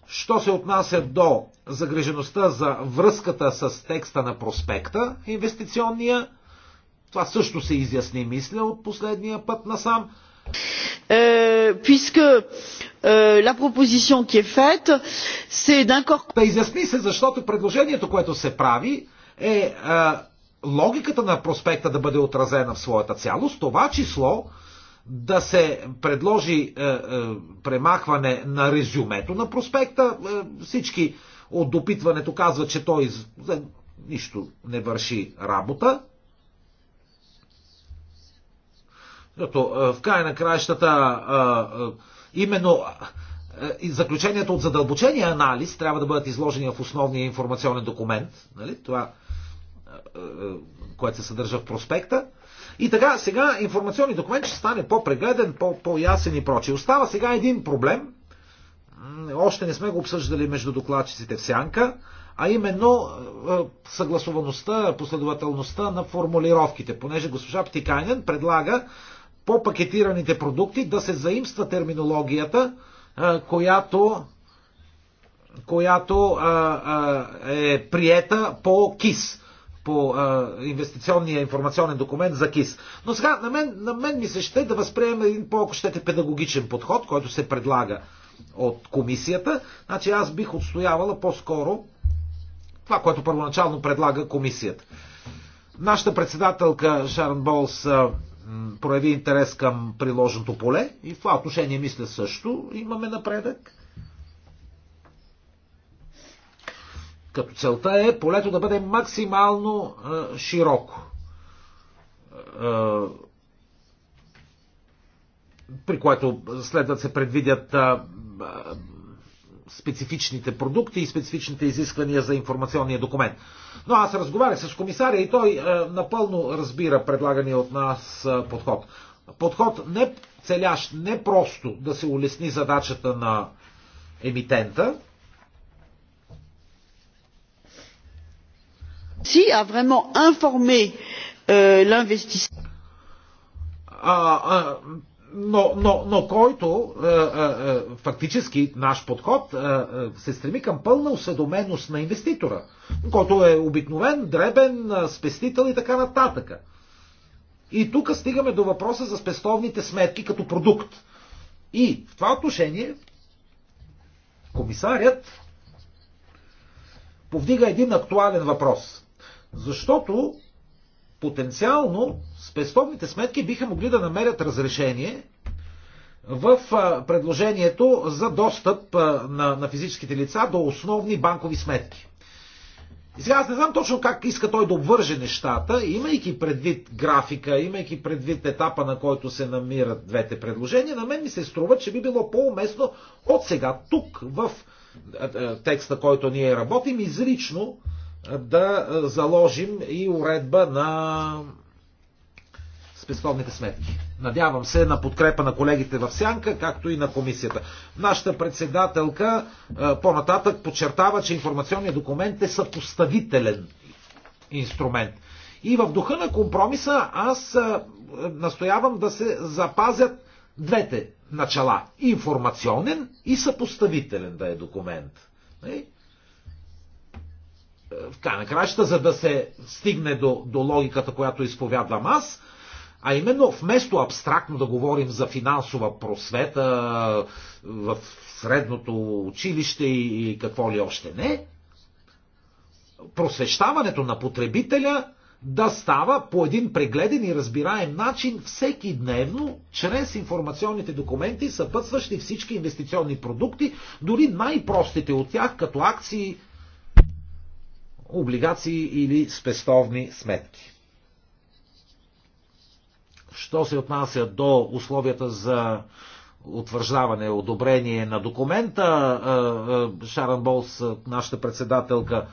Що се отнася до загрежеността за връзката с текста на проспекта, инвестиционния, това също се изясни, мисля, от последния път насам. Е, Писка е, la пропозицион ки е фет, се Да изясни се, защото предложението, което се прави, е, е логиката на проспекта да бъде отразена в своята цялост, това число да се предложи е, е, премахване на резюмето на проспекта. Е, всички от допитването казват, че той из... нищо не върши работа. е, в края на краищата е, е, именно е, заключението от задълбочения анализ трябва да бъдат изложени в основния информационен документ, нали? това, което се съдържа в проспекта, и така, сега информационният документ ще стане по-прегледен, по-ясен и прочи. Остава сега един проблем, още не сме го обсъждали между докладчиците в сянка, а именно е, е, съгласуваността, последователността на формулировките, понеже госпожа Птикайнен предлага по пакетираните продукти да се заимства терминологията, е, която, която е приета по КИС по а, инвестиционния информационен документ за КИС. Но сега на мен, на мен ми се ще да възприемем един по-ако щете педагогичен подход, който се предлага от комисията. Значи аз бих отстоявала по-скоро това, което първоначално предлага комисията. Нашата председателка Шарон Болс а, прояви интерес към приложното поле и в това отношение мисля също имаме напредък. като целта е полето да бъде максимално е, широко. Е, при което следва да се предвидят е, е, специфичните продукти и специфичните изисквания за информационния документ. Но аз разговарях с комисаря и той е, напълно разбира предлагания от нас е, подход. Подход не целящ не просто да се улесни задачата на емитента, si a vraiment informé euh, l'investisseur. Но, който е, е, е, фактически наш подход се стреми към пълна на инвеститора, който е обикновен, дребен, спестител и така нататък. И тук стигаме до въпроса за спестовните сметки като продукт. И в това отношение комисарят повдига един актуален въпрос. Защото потенциално спестовните сметки биха могли да намерят разрешение в предложението за достъп на, на физическите лица до основни банкови сметки. И сега аз не знам точно как иска той да обвърже нещата, имайки предвид графика, имайки предвид етапа, на който се намират двете предложения, на мен ми се струва, че би било по-уместно от сега, тук, в текста, който ние работим, изрично да заложим и уредба на спестовните сметки. Надявам се на подкрепа на колегите в Сянка, както и на комисията. Нашата председателка е, по-нататък подчертава, че информационният документ е съпоставителен инструмент. И в духа на компромиса аз е, настоявам да се запазят двете начала. Информационен и съпоставителен да е документ. Нали? в края на краща, за да се стигне до, до логиката, която изповядвам аз, а именно, вместо абстрактно да говорим за финансова просвета в средното училище и какво ли още не, просвещаването на потребителя да става по един прегледен и разбираем начин всеки дневно, чрез информационните документи, съпътстващи всички инвестиционни продукти, дори най-простите от тях, като акции, облигации или спестовни сметки. Що се отнася до условията за утвърждаване, одобрение на документа, Шаран Болс, нашата председателка,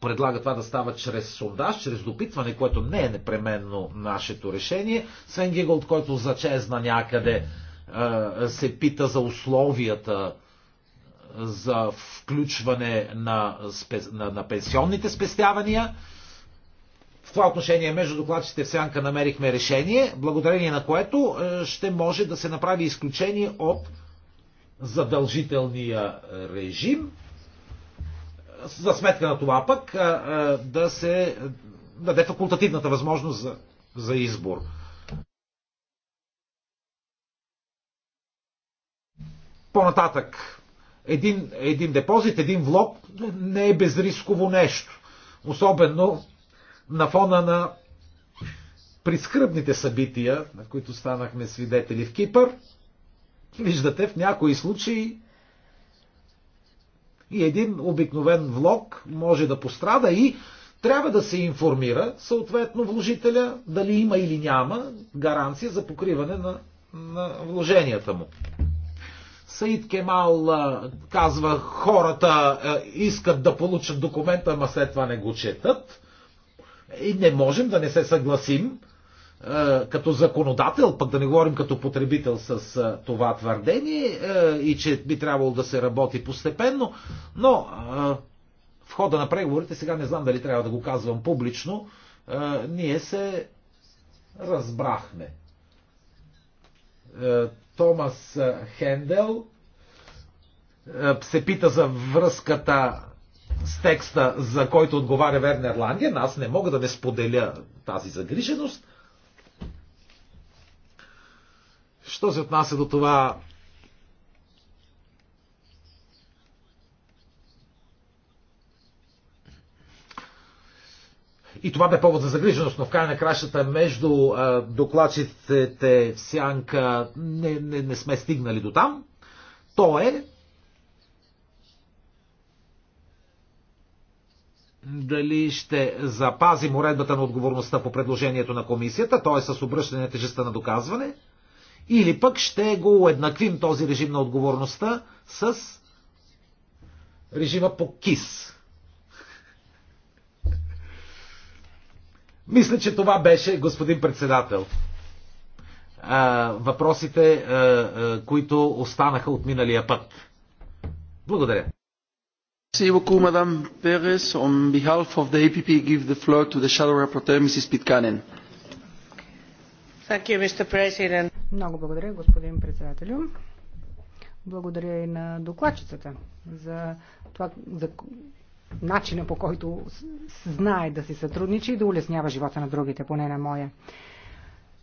предлага това да става чрез сондаж, чрез допитване, което не е непременно нашето решение. Свен Гиголд, който зачезна някъде, се пита за условията за включване на, на, на пенсионните спестявания. В това отношение между докладчите в Сянка намерихме решение, благодарение на което е, ще може да се направи изключение от задължителния режим. За сметка на това пък е, е, да се даде факултативната възможност за, за избор. По-нататък един, един депозит, един влог не е безрисково нещо. Особено на фона на прискръбните събития, на които станахме свидетели в Кипър. Виждате в някои случаи и един обикновен влог може да пострада и трябва да се информира съответно вложителя дали има или няма гаранция за покриване на, на вложенията му. Саид Кемал казва, хората искат да получат документа, ама след това не го четат. И не можем да не се съгласим като законодател, пък да не говорим като потребител с това твърдение и че би трябвало да се работи постепенно, но в хода на преговорите, сега не знам дали трябва да го казвам публично, ние се разбрахме. Томас Хендел се пита за връзката с текста, за който отговаря Вернер Ланген. Аз не мога да не споделя тази загриженост. Що се отнася до това И това бе повод за загриженост, но в края на кращата между докладчиците в Сянка не, не, не сме стигнали до там. То е дали ще запазим уредбата на отговорността по предложението на комисията, т.е. с обръщане на тежеста на доказване, или пък ще го уеднаквим този режим на отговорността с режима по КИС. Мисля, че това беше, господин председател. Въпросите, които останаха от миналия път. Благодаря. On behalf of the give the floor to the Shadow Rapporteur, Mrs. Pitkanen. Thank you, Mr. President. Много благодаря, господин председателю. Благодаря и на докладчицата за това, за начина по който знае да си сътрудничи и да улеснява живота на другите, поне на моя.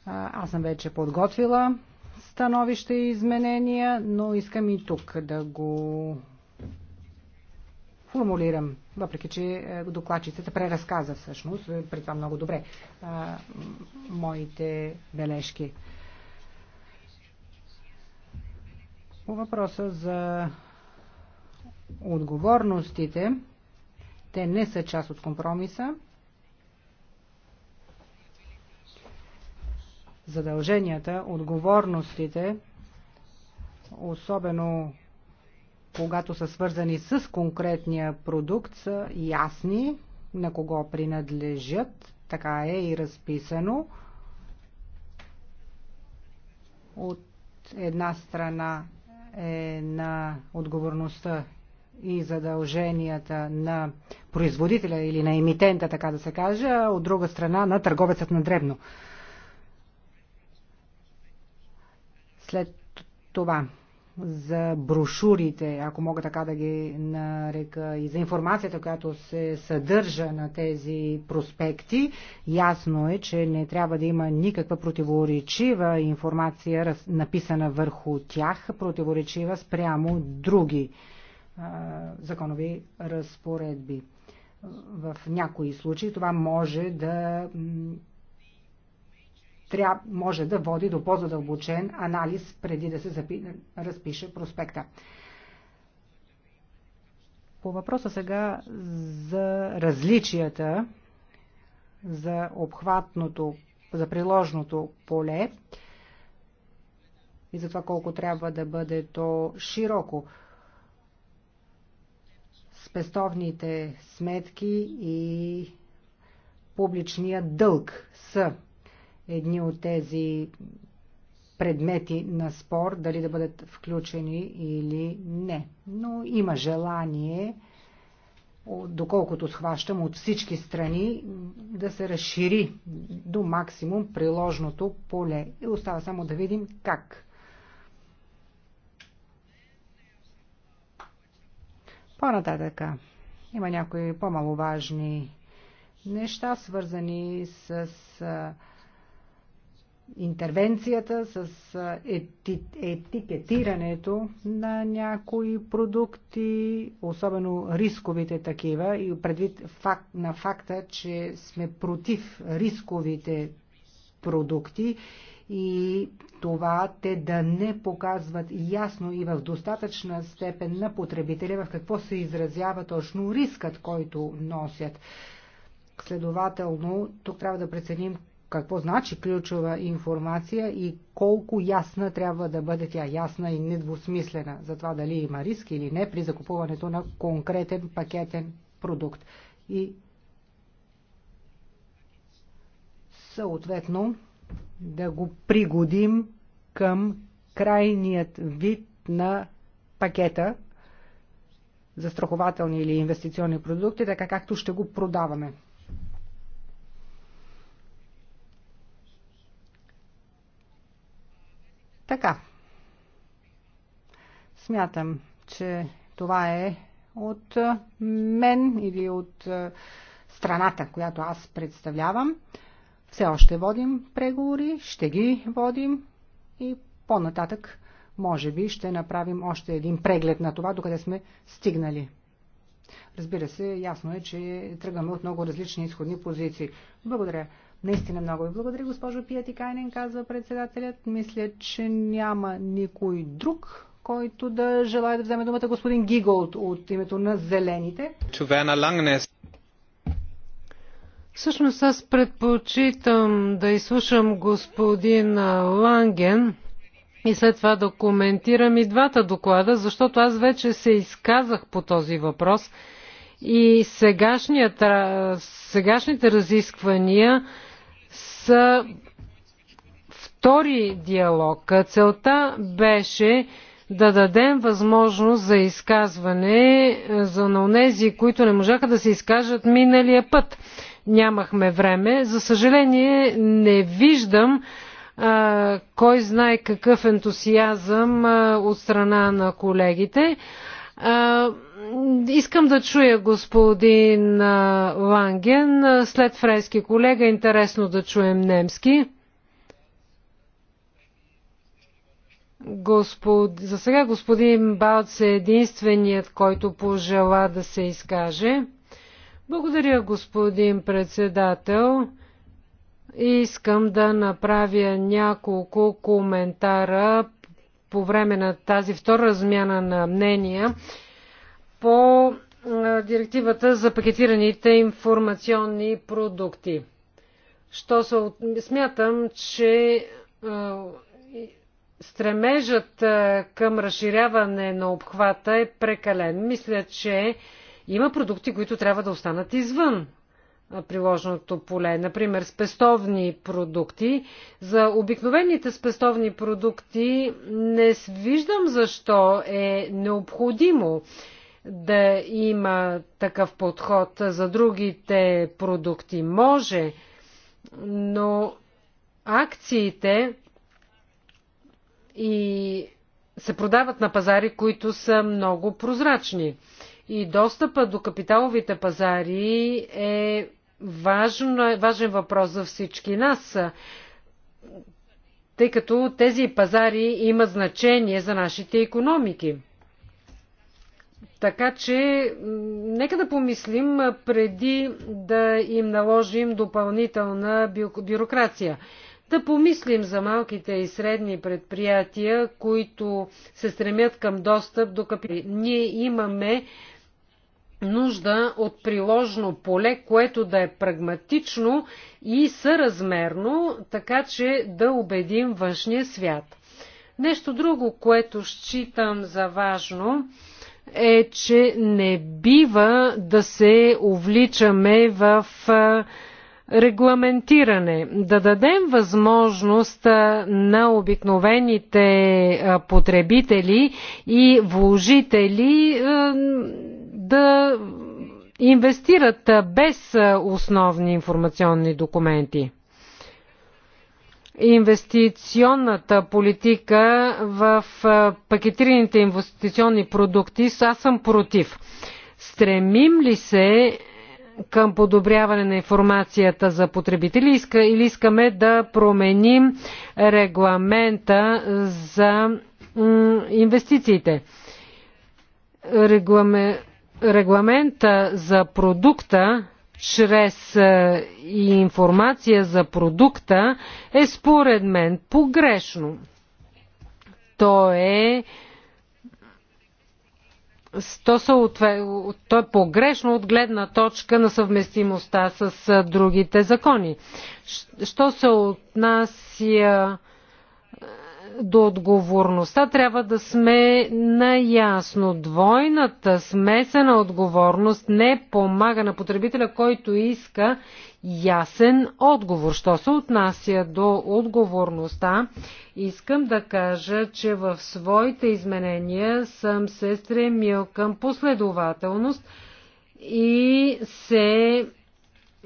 Аз съм вече подготвила становище и изменения, но искам и тук да го формулирам, въпреки че е, докладчицата преразказа всъщност, е, при това много добре, моите бележки. По въпроса за отговорностите, те не са част от компромиса. Задълженията, отговорностите, особено когато са свързани с конкретния продукт, са ясни на кого принадлежат. Така е и разписано. От една страна е на отговорността и задълженията на производителя или на емитента, така да се каже, а от друга страна на търговецът на дребно. След това за брошурите, ако мога така да ги нарека, и за информацията, която се съдържа на тези проспекти, ясно е, че не трябва да има никаква противоречива информация, написана върху тях, противоречива спрямо други законови разпоредби. В някои случаи това може да може да води до по-задълбочен анализ преди да се запи, разпише проспекта. По въпроса сега за различията, за обхватното, за приложното поле и за това колко трябва да бъде то широко спестовните сметки и публичния дълг са едни от тези предмети на спор, дали да бъдат включени или не. Но има желание, доколкото схващам от всички страни, да се разшири до максимум приложното поле. И остава само да видим как по нататък има някои по-маловажни неща, свързани с интервенцията, с ети, етикетирането на някои продукти, особено рисковите такива и предвид факт, на факта, че сме против рисковите продукти и това те да не показват ясно и в достатъчна степен на потребителя в какво се изразява точно рискът, който носят. Следователно, тук трябва да преценим какво значи ключова информация и колко ясна трябва да бъде тя, ясна и недвусмислена за това дали има риск или не при закупуването на конкретен пакетен продукт. И съответно да го пригодим към крайният вид на пакета за страхователни или инвестиционни продукти, така както ще го продаваме. Така. Смятам, че това е от мен или от е, страната, която аз представлявам. Все още водим преговори, ще ги водим и по-нататък може би ще направим още един преглед на това, докъде сме стигнали. Разбира се, ясно е, че тръгваме от много различни изходни позиции. Благодаря. Наистина много ви благодаря, госпожо Пияти Кайнен, казва председателят. Мисля, че няма никой друг, който да желая да вземе думата господин Гиголд от името на Зелените. Чувена Лангнес. Всъщност аз предпочитам да изслушам господин Ланген и след това да коментирам и двата доклада, защото аз вече се изказах по този въпрос и сегашните разисквания са втори диалог. Целта беше да дадем възможност за изказване за на онези, които не можаха да се изкажат миналия път нямахме време. За съжаление, не виждам а, кой знае какъв ентусиазъм а, от страна на колегите. А, искам да чуя господин а, Ланген, след френски колега, интересно да чуем немски. Господ... За сега господин Балц е единственият, който пожела да се изкаже. Благодаря, господин председател. Искам да направя няколко коментара по време на тази втора размяна на мнения по директивата за пакетираните информационни продукти. Що се от... Смятам, че стремежът към разширяване на обхвата е прекален. Мисля, че има продукти, които трябва да останат извън приложеното поле. Например, спестовни продукти. За обикновените спестовни продукти не виждам защо е необходимо да има такъв подход за другите продукти. Може, но акциите и се продават на пазари, които са много прозрачни. И достъпа до капиталовите пазари е важен, важен въпрос за всички нас, тъй като тези пазари имат значение за нашите економики. Така че, нека да помислим преди да им наложим допълнителна бюрокрация да помислим за малките и средни предприятия, които се стремят към достъп до капитали. Ние имаме нужда от приложно поле, което да е прагматично и съразмерно, така че да убедим външния свят. Нещо друго, което считам за важно, е, че не бива да се увличаме в регламентиране, да дадем възможност на обикновените потребители и вложители да инвестират без основни информационни документи. Инвестиционната политика в пакетираните инвестиционни продукти, аз съм против. Стремим ли се към подобряване на информацията за потребители или искаме да променим регламента за инвестициите. регламента за продукта чрез е, информация за продукта е според мен погрешно. То е то, са отве... то е погрешно от гледна точка на съвместимостта с другите закони. Що се отнася до отговорността трябва да сме наясно. Двойната смесена отговорност не помага на потребителя, който иска ясен отговор. Що се отнася до отговорността, искам да кажа, че в своите изменения съм се стремил към последователност и се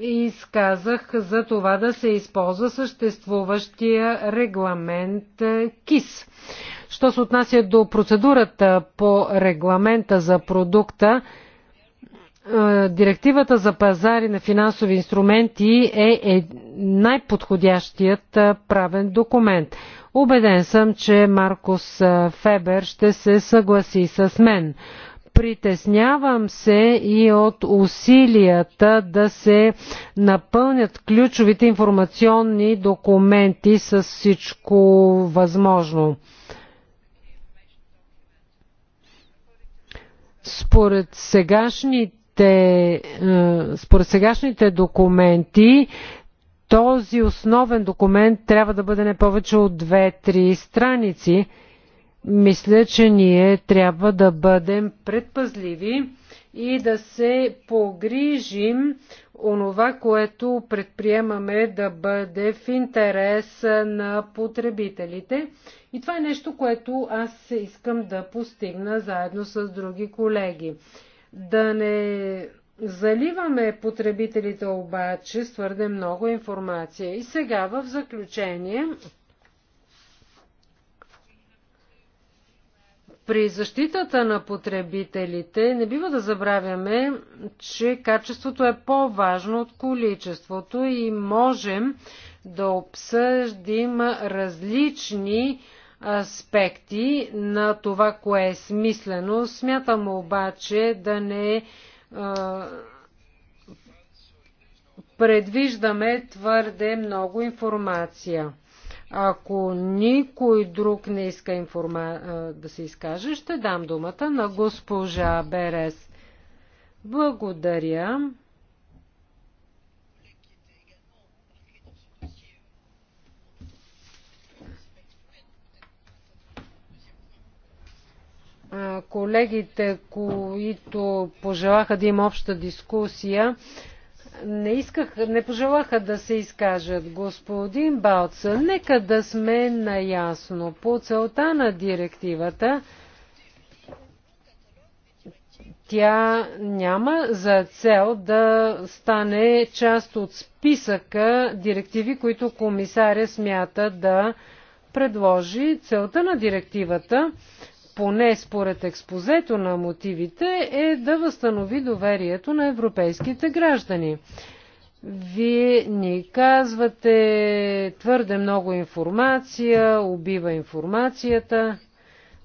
изказах за това да се използва съществуващия регламент е, КИС. Що се отнася до процедурата по регламента за продукта, е, директивата за пазари на финансови инструменти е, е най-подходящият правен документ. Убеден съм, че Маркус Фебер ще се съгласи с мен. Притеснявам се и от усилията да се напълнят ключовите информационни документи с всичко възможно. Според сегашните, е, според сегашните документи, този основен документ трябва да бъде не повече от 2-3 страници мисля, че ние трябва да бъдем предпазливи и да се погрижим онова, което предприемаме да бъде в интерес на потребителите. И това е нещо, което аз искам да постигна заедно с други колеги. Да не заливаме потребителите обаче с твърде много информация. И сега в заключение При защитата на потребителите не бива да забравяме, че качеството е по-важно от количеството и можем да обсъждим различни аспекти на това, кое е смислено. Смятам обаче да не предвиждаме твърде много информация. Ако никой друг не иска информа... да се изкаже, ще дам думата на госпожа Берес. Благодаря. колегите, които пожелаха да има обща дискусия, не, исках, не пожелаха да се изкажат. Господин Балца, нека да сме наясно. По целта на директивата тя няма за цел да стане част от списъка директиви, които комисаря смята да предложи. Целта на директивата поне според експозето на мотивите, е да възстанови доверието на европейските граждани. Вие ни казвате твърде много информация, убива информацията.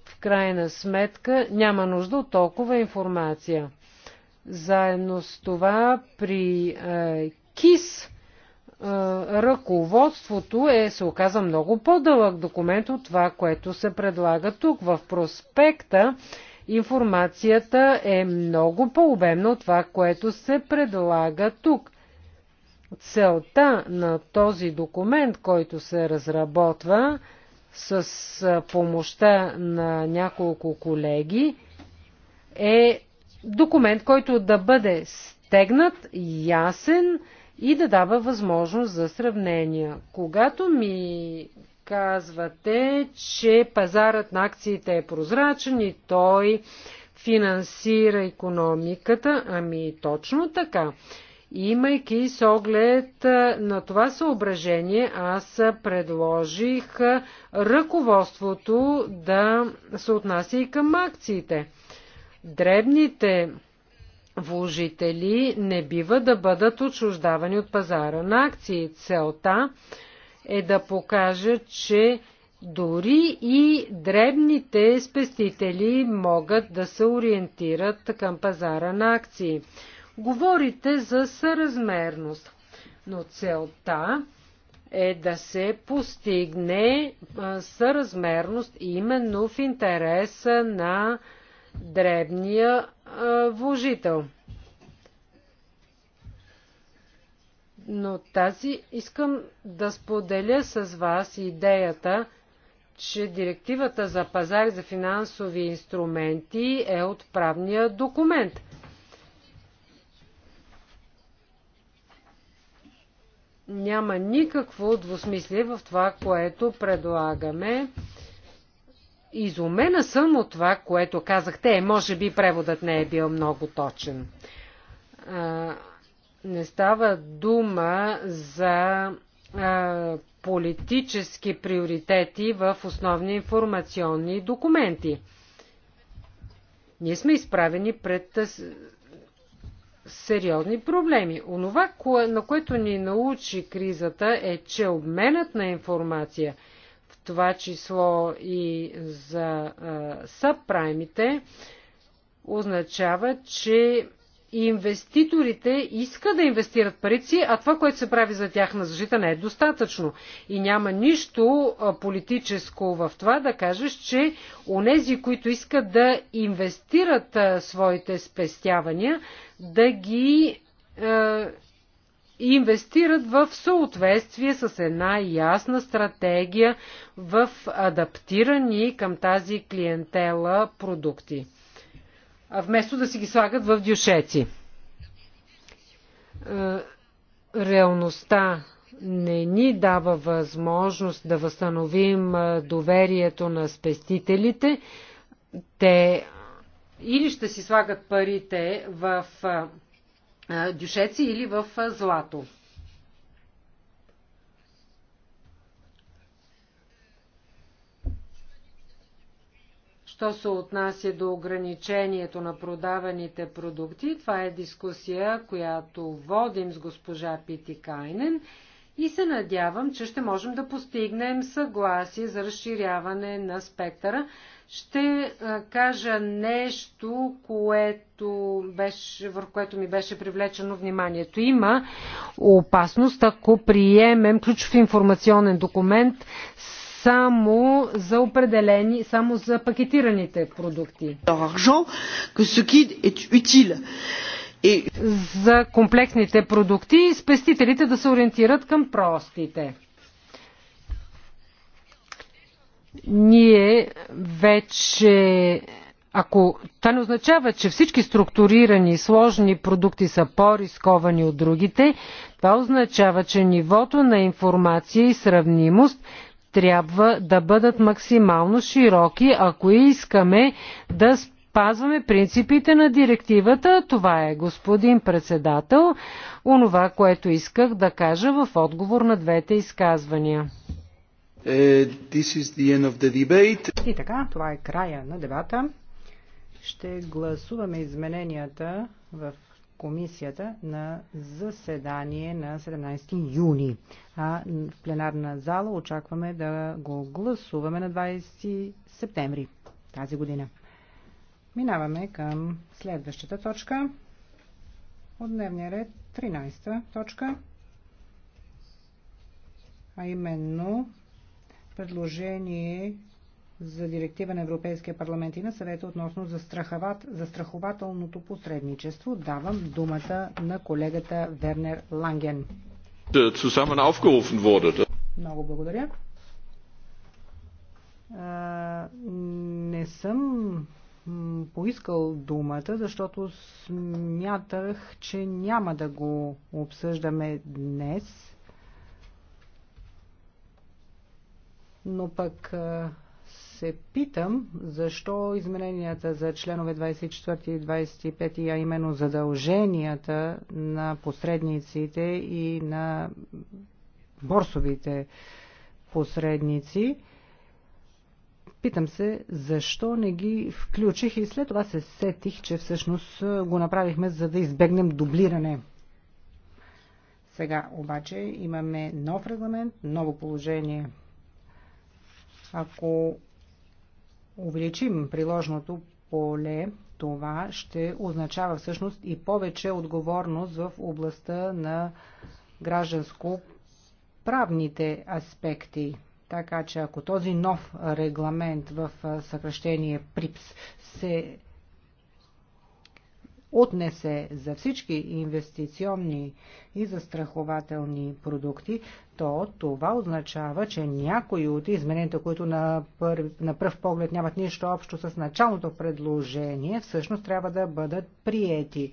В крайна сметка няма нужда от толкова информация. Заедно с това при е, КИС ръководството е, се оказа много по-дълъг документ от това, което се предлага тук. В проспекта информацията е много по-обемна от това, което се предлага тук. Целта на този документ, който се разработва с помощта на няколко колеги, е документ, който да бъде стегнат, ясен, и да дава възможност за сравнения. Когато ми казвате, че пазарът на акциите е прозрачен и той финансира економиката, ами точно така. Имайки с оглед на това съображение, аз предложих ръководството да се отнася и към акциите. Дребните вложители не бива да бъдат отчуждавани от пазара на акции. Целта е да покажа, че дори и дребните спестители могат да се ориентират към пазара на акции. Говорите за съразмерност, но целта е да се постигне съразмерност именно в интереса на дребния вложител. Но тази искам да споделя с вас идеята, че директивата за пазари за финансови инструменти е от правния документ. Няма никакво двусмислие в това, което предлагаме. Изумена съм от това, което казахте. Е, може би преводът не е бил много точен. А, не става дума за а, политически приоритети в основни информационни документи. Ние сме изправени пред сериозни проблеми. Онова, на което ни научи кризата е, че обменът на информация – това число и за съпраймите, означава, че инвеститорите искат да инвестират парици, а това, което се прави за тяхна защита, не е достатъчно. И няма нищо политическо в това да кажеш, че онези, които искат да инвестират своите спестявания, да ги инвестират в съответствие с една ясна стратегия в адаптирани към тази клиентела продукти, вместо да си ги слагат в дюшеци. Е, реалността не ни дава възможност да възстановим е, доверието на спестителите. Те или ще си слагат парите в е, дюшеци или в злато. Що се отнася до ограничението на продаваните продукти, това е дискусия, която водим с госпожа Пити Кайнен и се надявам, че ще можем да постигнем съгласие за разширяване на спектъра, ще е, кажа нещо, което беше, върху което ми беше привлечено вниманието. Има опасност, ако приемем ключов информационен документ само за определени, само за пакетираните продукти. За комплексните продукти спестителите да се ориентират към простите. Ние вече ако това не означава, че всички структурирани сложни продукти са по-рисковани от другите, това означава, че нивото на информация и сравнимост трябва да бъдат максимално широки, ако искаме да спазваме принципите на директивата. Това е, господин председател, онова, което исках да кажа в отговор на двете изказвания. Uh, И така, това е края на дебата. Ще гласуваме измененията в комисията на заседание на 17 юни. А в пленарна зала очакваме да го гласуваме на 20 септември тази година. Минаваме към следващата точка от дневния ред, 13 точка, а именно предложение за директива на Европейския парламент и на съвета относно застрахователното посредничество. Давам думата на колегата Вернер Ланген. Е, Много благодаря. А, не съм поискал думата, защото смятах, че няма да го обсъждаме днес но пък се питам защо измененията за членове 24 и 25, а именно задълженията на посредниците и на борсовите посредници, Питам се, защо не ги включих и след това се сетих, че всъщност го направихме, за да избегнем дублиране. Сега обаче имаме нов регламент, ново положение – ако увеличим приложното поле, това ще означава всъщност и повече отговорност в областта на гражданско-правните аспекти. Така че ако този нов регламент в съкръщение ПРИПС се отнесе за всички инвестиционни и застрахователни продукти, то това означава, че някои от измененията, които на, пър... на пръв поглед нямат нищо общо с началното предложение, всъщност трябва да бъдат приети.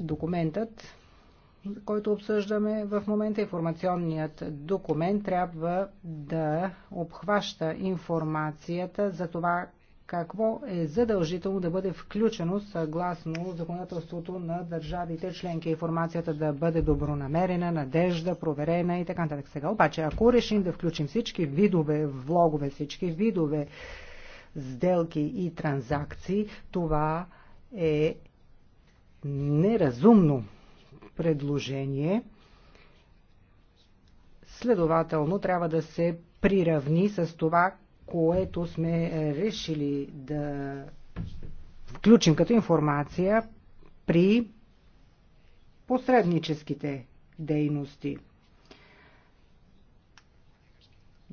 Документът който обсъждаме в момента, информационният документ трябва да обхваща информацията за това какво е задължително да бъде включено съгласно законодателството на държавите членки. Информацията да бъде добронамерена, надежда, проверена и така нататък. Сега обаче, ако решим да включим всички видове влогове, всички видове сделки и транзакции, това е неразумно предложение, следователно трябва да се приравни с това, което сме решили да включим като информация при посредническите дейности.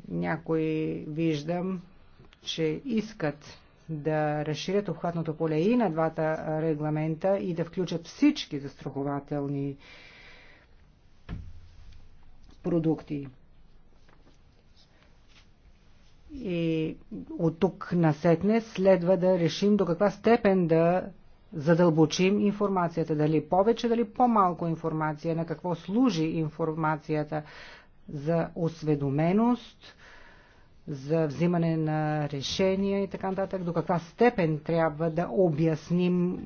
Някои виждам, че искат да разширят обхватното поле и на двата регламента и да включат всички застрахователни продукти. И от тук насетне следва да решим до каква степен да задълбочим информацията. Дали повече, дали по-малко информация, на какво служи информацията за осведоменост, за взимане на решения и така нататък, до каква степен трябва да обясним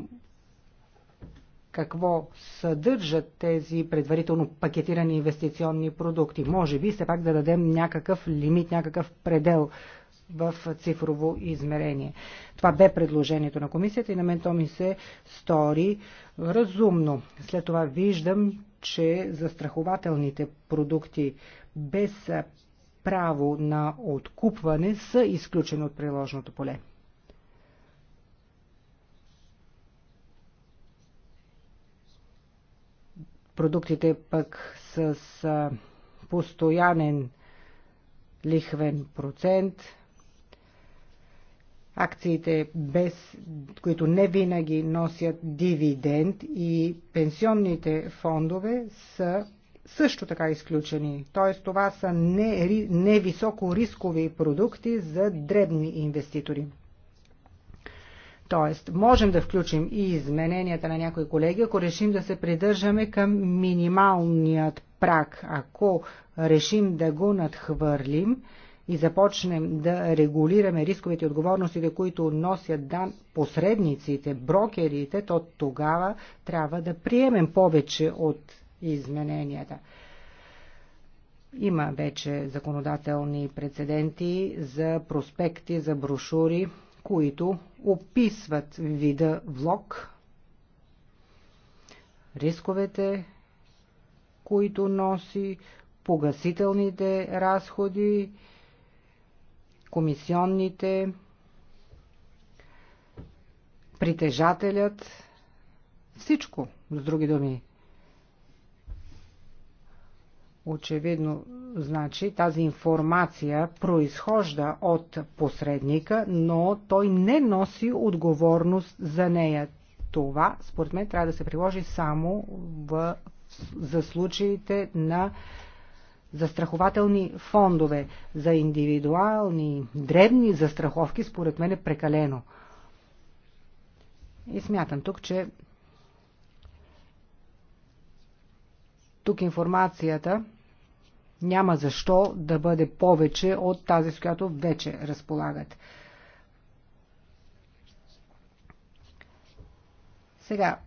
какво съдържат тези предварително пакетирани инвестиционни продукти. Може би все пак да дадем някакъв лимит, някакъв предел в цифрово измерение. Това бе предложението на комисията и на мен то ми се стори разумно. След това виждам, че застрахователните продукти без право на откупване са изключени от приложното поле. Продуктите пък с постоянен лихвен процент, акциите, без, които не винаги носят дивиденд и пенсионните фондове са също така изключени. Т.е. това са невисоко не рискови продукти за дребни инвеститори. Тоест, можем да включим и измененията на някои колеги, ако решим да се придържаме към минималният прак. Ако решим да го надхвърлим и започнем да регулираме рисковите отговорностите, които носят дан посредниците, брокерите, то тогава трябва да приемем повече от измененията. Има вече законодателни прецеденти за проспекти, за брошури, които описват вида влог, рисковете, които носи, погасителните разходи, комисионните, притежателят, всичко, с други думи очевидно значи тази информация произхожда от посредника, но той не носи отговорност за нея. Това, според мен, трябва да се приложи само в, за случаите на застрахователни фондове. За индивидуални, дребни застраховки, според мен, е прекалено. И смятам тук, че тук информацията няма защо да бъде повече от тази, с която вече разполагат. Сега,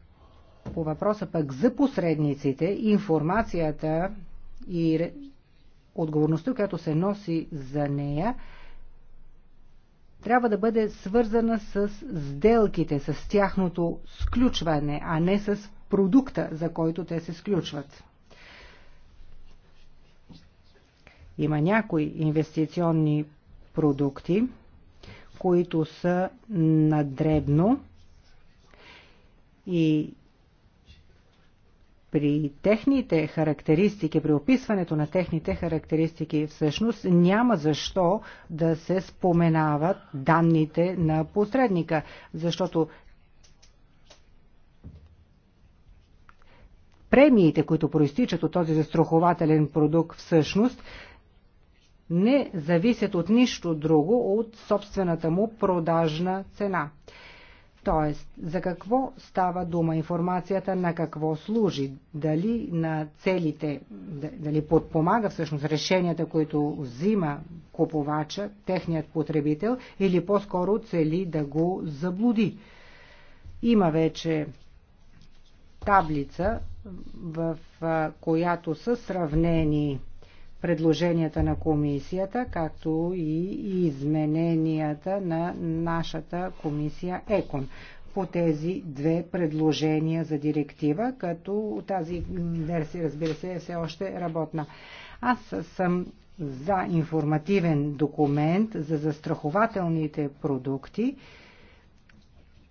по въпроса пък за посредниците, информацията и отговорността, която се носи за нея, трябва да бъде свързана с сделките, с тяхното сключване, а не с продукта, за който те се сключват. Има някои инвестиционни продукти, които са надребно и при техните характеристики, при описването на техните характеристики всъщност няма защо да се споменават данните на посредника, защото премиите, които проистичат от този застрахователен продукт всъщност не зависят от нищо друго от собствената му продажна цена. Тоест, за какво става дума информацията, на какво служи, дали на целите, дали подпомага всъщност решенията, които взима купувача, техният потребител, или по-скоро цели да го заблуди. Има вече таблица, в която са сравнени предложенията на комисията, както и измененията на нашата комисия ЕКОН по тези две предложения за директива, като тази версия, разбира се, е все още работна. Аз съм за информативен документ за застрахователните продукти,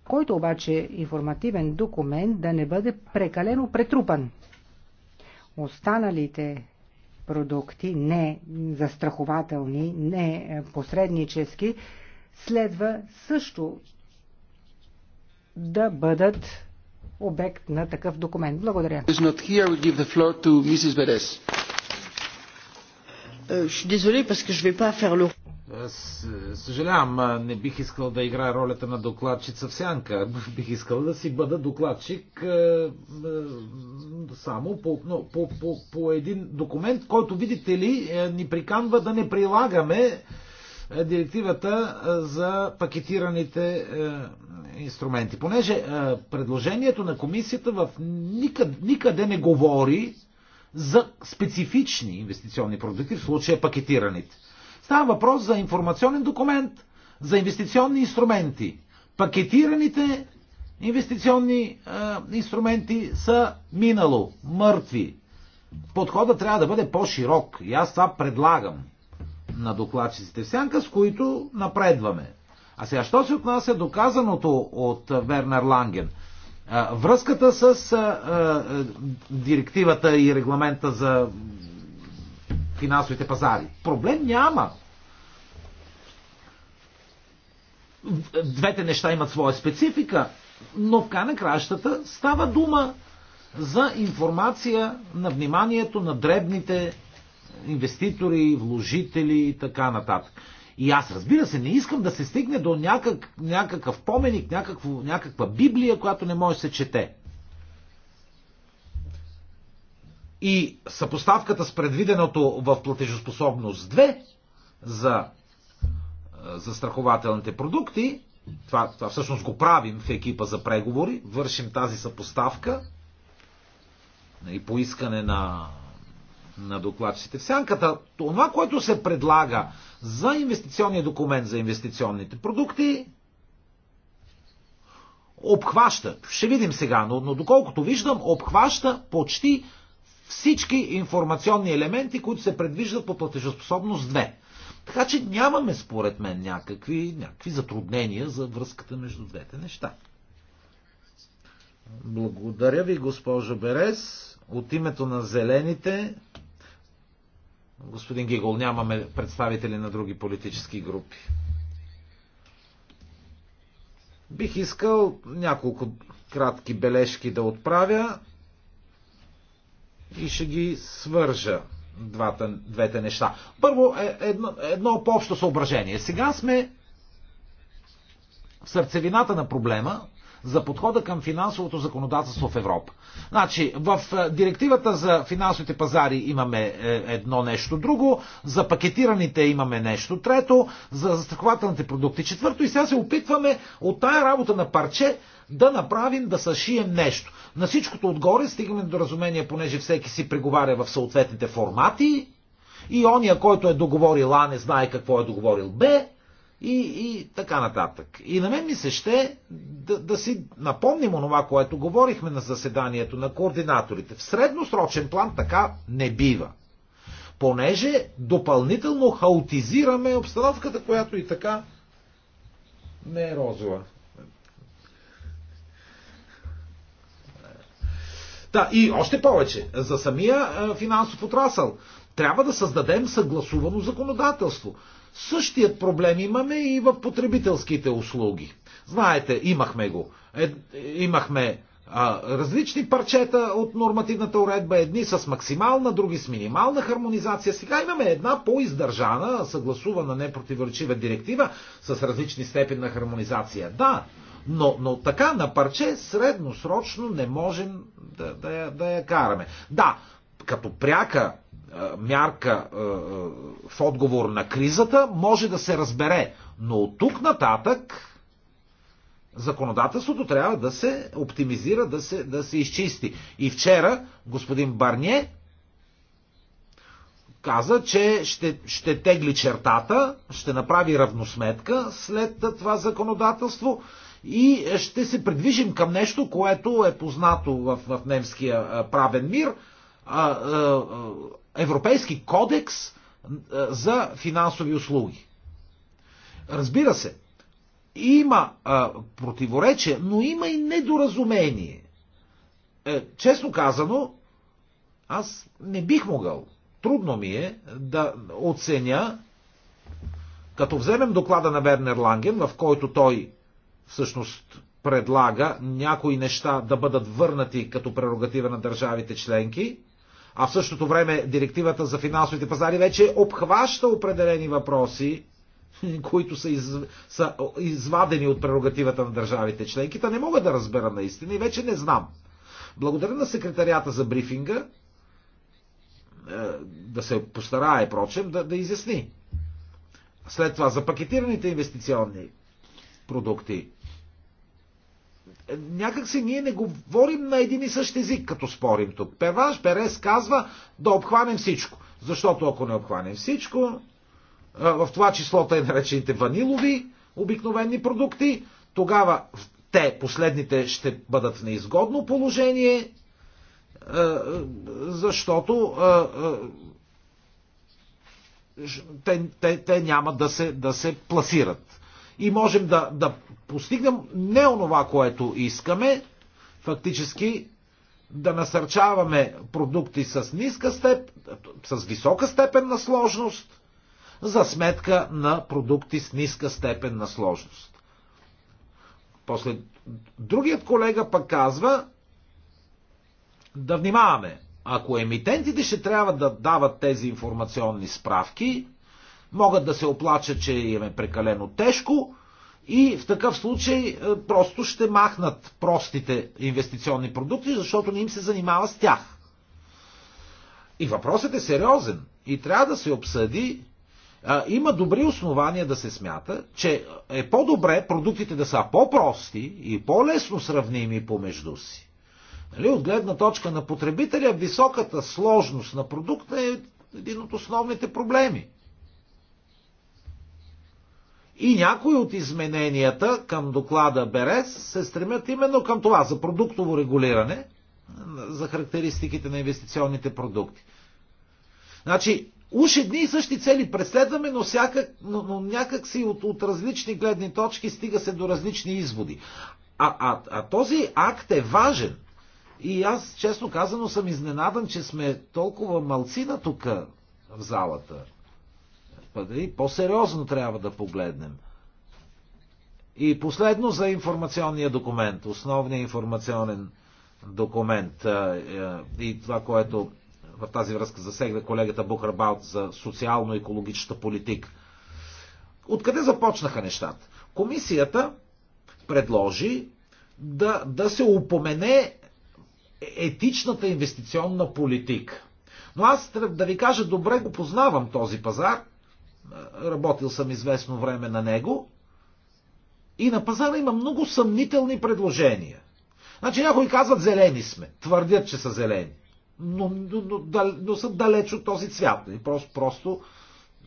който обаче информативен документ да не бъде прекалено претрупан. Останалите продукти, не застрахователни, не посреднически, следва също да бъдат обект на такъв документ. Благодаря. Euh, je suis désolée parce que je ne vais pas faire le е, съжалявам, не бих искал да играя ролята на докладчица в сянка. Бих искал да си бъда докладчик е, е, само по, но, по, по, по един документ, който, видите ли, ни приканва да не прилагаме директивата за пакетираните инструменти. Понеже предложението на комисията в никъде, никъде не говори за специфични инвестиционни продукти, в случая пакетираните. Става въпрос за информационен документ, за инвестиционни инструменти. Пакетираните инвестиционни е, инструменти са минало, мъртви. Подходът трябва да бъде по-широк и аз това предлагам на докладчиците в сянка, с които напредваме. А сега, що се отнася до казаното от Вернер Ланген? Връзката с директивата и регламента за финансовите пазари. Проблем няма. Двете неща имат своя специфика, но в край на кращата става дума за информация на вниманието на дребните инвеститори, вложители и така нататък. И аз, разбира се, не искам да се стигне до някак, някакъв поменик, някакво, някаква Библия, която не може да се чете. И съпоставката с предвиденото в платежоспособност 2 за застрахователните продукти. Това, това всъщност го правим в екипа за преговори. Вършим тази съпоставка и поискане на, на докладчите. В сянката, това, което се предлага за инвестиционния документ за инвестиционните продукти, обхваща, ще видим сега, но, но доколкото виждам, обхваща почти всички информационни елементи, които се предвиждат по платежоспособност 2. Така че нямаме, според мен, някакви, някакви затруднения за връзката между двете неща. Благодаря ви, госпожо Берес. От името на зелените, господин Гигол, нямаме представители на други политически групи. Бих искал няколко кратки бележки да отправя и ще ги свържа двата, двете неща. Първо, е, едно, едно по-общо съображение. Сега сме в сърцевината на проблема, за подхода към финансовото законодателство в Европа. Значи, в е, директивата за финансовите пазари имаме е, едно нещо друго, за пакетираните имаме нещо трето, за застрахователните продукти четвърто и сега се опитваме от тая работа на парче да направим, да съшием нещо. На всичкото отгоре стигаме до разумение, понеже всеки си преговаря в съответните формати и ония, който е договорил А, не знае какво е договорил Б, и, и така нататък. И на мен ми се ще да, да си напомним онова, което говорихме на заседанието на координаторите. В средносрочен план така не бива. Понеже допълнително хаотизираме обстановката, която и така не е розова. Да, и още повече, за самия финансов отрасъл. Трябва да създадем съгласувано законодателство. Същият проблем имаме и в потребителските услуги. Знаете, имахме го. Е, имахме а, различни парчета от нормативната уредба, едни с максимална, други с минимална хармонизация. Сега имаме една по-издържана, съгласувана, непротиворечива директива с различни степени на хармонизация. Да, но, но така на парче средносрочно не можем да, да, я, да я караме. Да, като пряка мярка в отговор на кризата, може да се разбере. Но от тук нататък законодателството трябва да се оптимизира, да се, да се изчисти. И вчера господин Барние каза, че ще, ще тегли чертата, ще направи равносметка след това законодателство и ще се придвижим към нещо, което е познато в, в немския правен мир – Европейски кодекс за финансови услуги. Разбира се, има противоречие, но има и недоразумение. Е, честно казано, аз не бих могъл. Трудно ми е да оценя, като вземем доклада на Вернер Ланген, в който той всъщност предлага някои неща да бъдат върнати като прерогатива на държавите членки, а в същото време директивата за финансовите пазари вече обхваща определени въпроси, които са, из, са извадени от прерогативата на държавите членките, не мога да разбера наистина и вече не знам. Благодаря на секретарията за брифинга, е, да се постарае, прочем, да, да изясни. След това за пакетираните инвестиционни продукти. Някак си ние не говорим на един и същ език, като спорим тук. Певаш, Перес казва да обхванем всичко. Защото ако не обхванем всичко, в това число тъй наречените ванилови обикновени продукти, тогава те, последните, ще бъдат в неизгодно положение, защото те, те, те няма да се, да се пласират. И можем да, да постигнем не онова, което искаме, фактически да насърчаваме продукти с ниска степ, с висока степен на сложност, за сметка на продукти с ниска степен на сложност. После другият колега пък казва да внимаваме. Ако емитентите ще трябва да дават тези информационни справки, могат да се оплачат, че им е прекалено тежко, и в такъв случай е, просто ще махнат простите инвестиционни продукти, защото не им се занимава с тях. И въпросът е сериозен и трябва да се обсъди. Е, има добри основания да се смята, че е по-добре продуктите да са по-прости и по-лесно сравними помежду си. Нали, от гледна точка на потребителя, високата сложност на продукта е един от основните проблеми. И някои от измененията към доклада Берес се стремят именно към това, за продуктово регулиране, за характеристиките на инвестиционните продукти. Значи, уж едни и същи цели преследваме, но, всякак, но, но някак си от, от различни гледни точки стига се до различни изводи. А, а, а този акт е важен. И аз, честно казано, съм изненадан, че сме толкова малцина тук в залата по-сериозно трябва да погледнем. И последно за информационния документ, основния информационен документ е, и това, което в тази връзка засегна колегата Бухарбаут за социално-екологичната политика. Откъде започнаха нещата? Комисията предложи да, да се упомене етичната инвестиционна политика. Но аз да ви кажа, добре го познавам този пазар, работил съм известно време на него, и на пазара има много съмнителни предложения. Значи някои казват зелени сме, твърдят, че са зелени, но, но, но, дал, но са далеч от този цвят. И просто, просто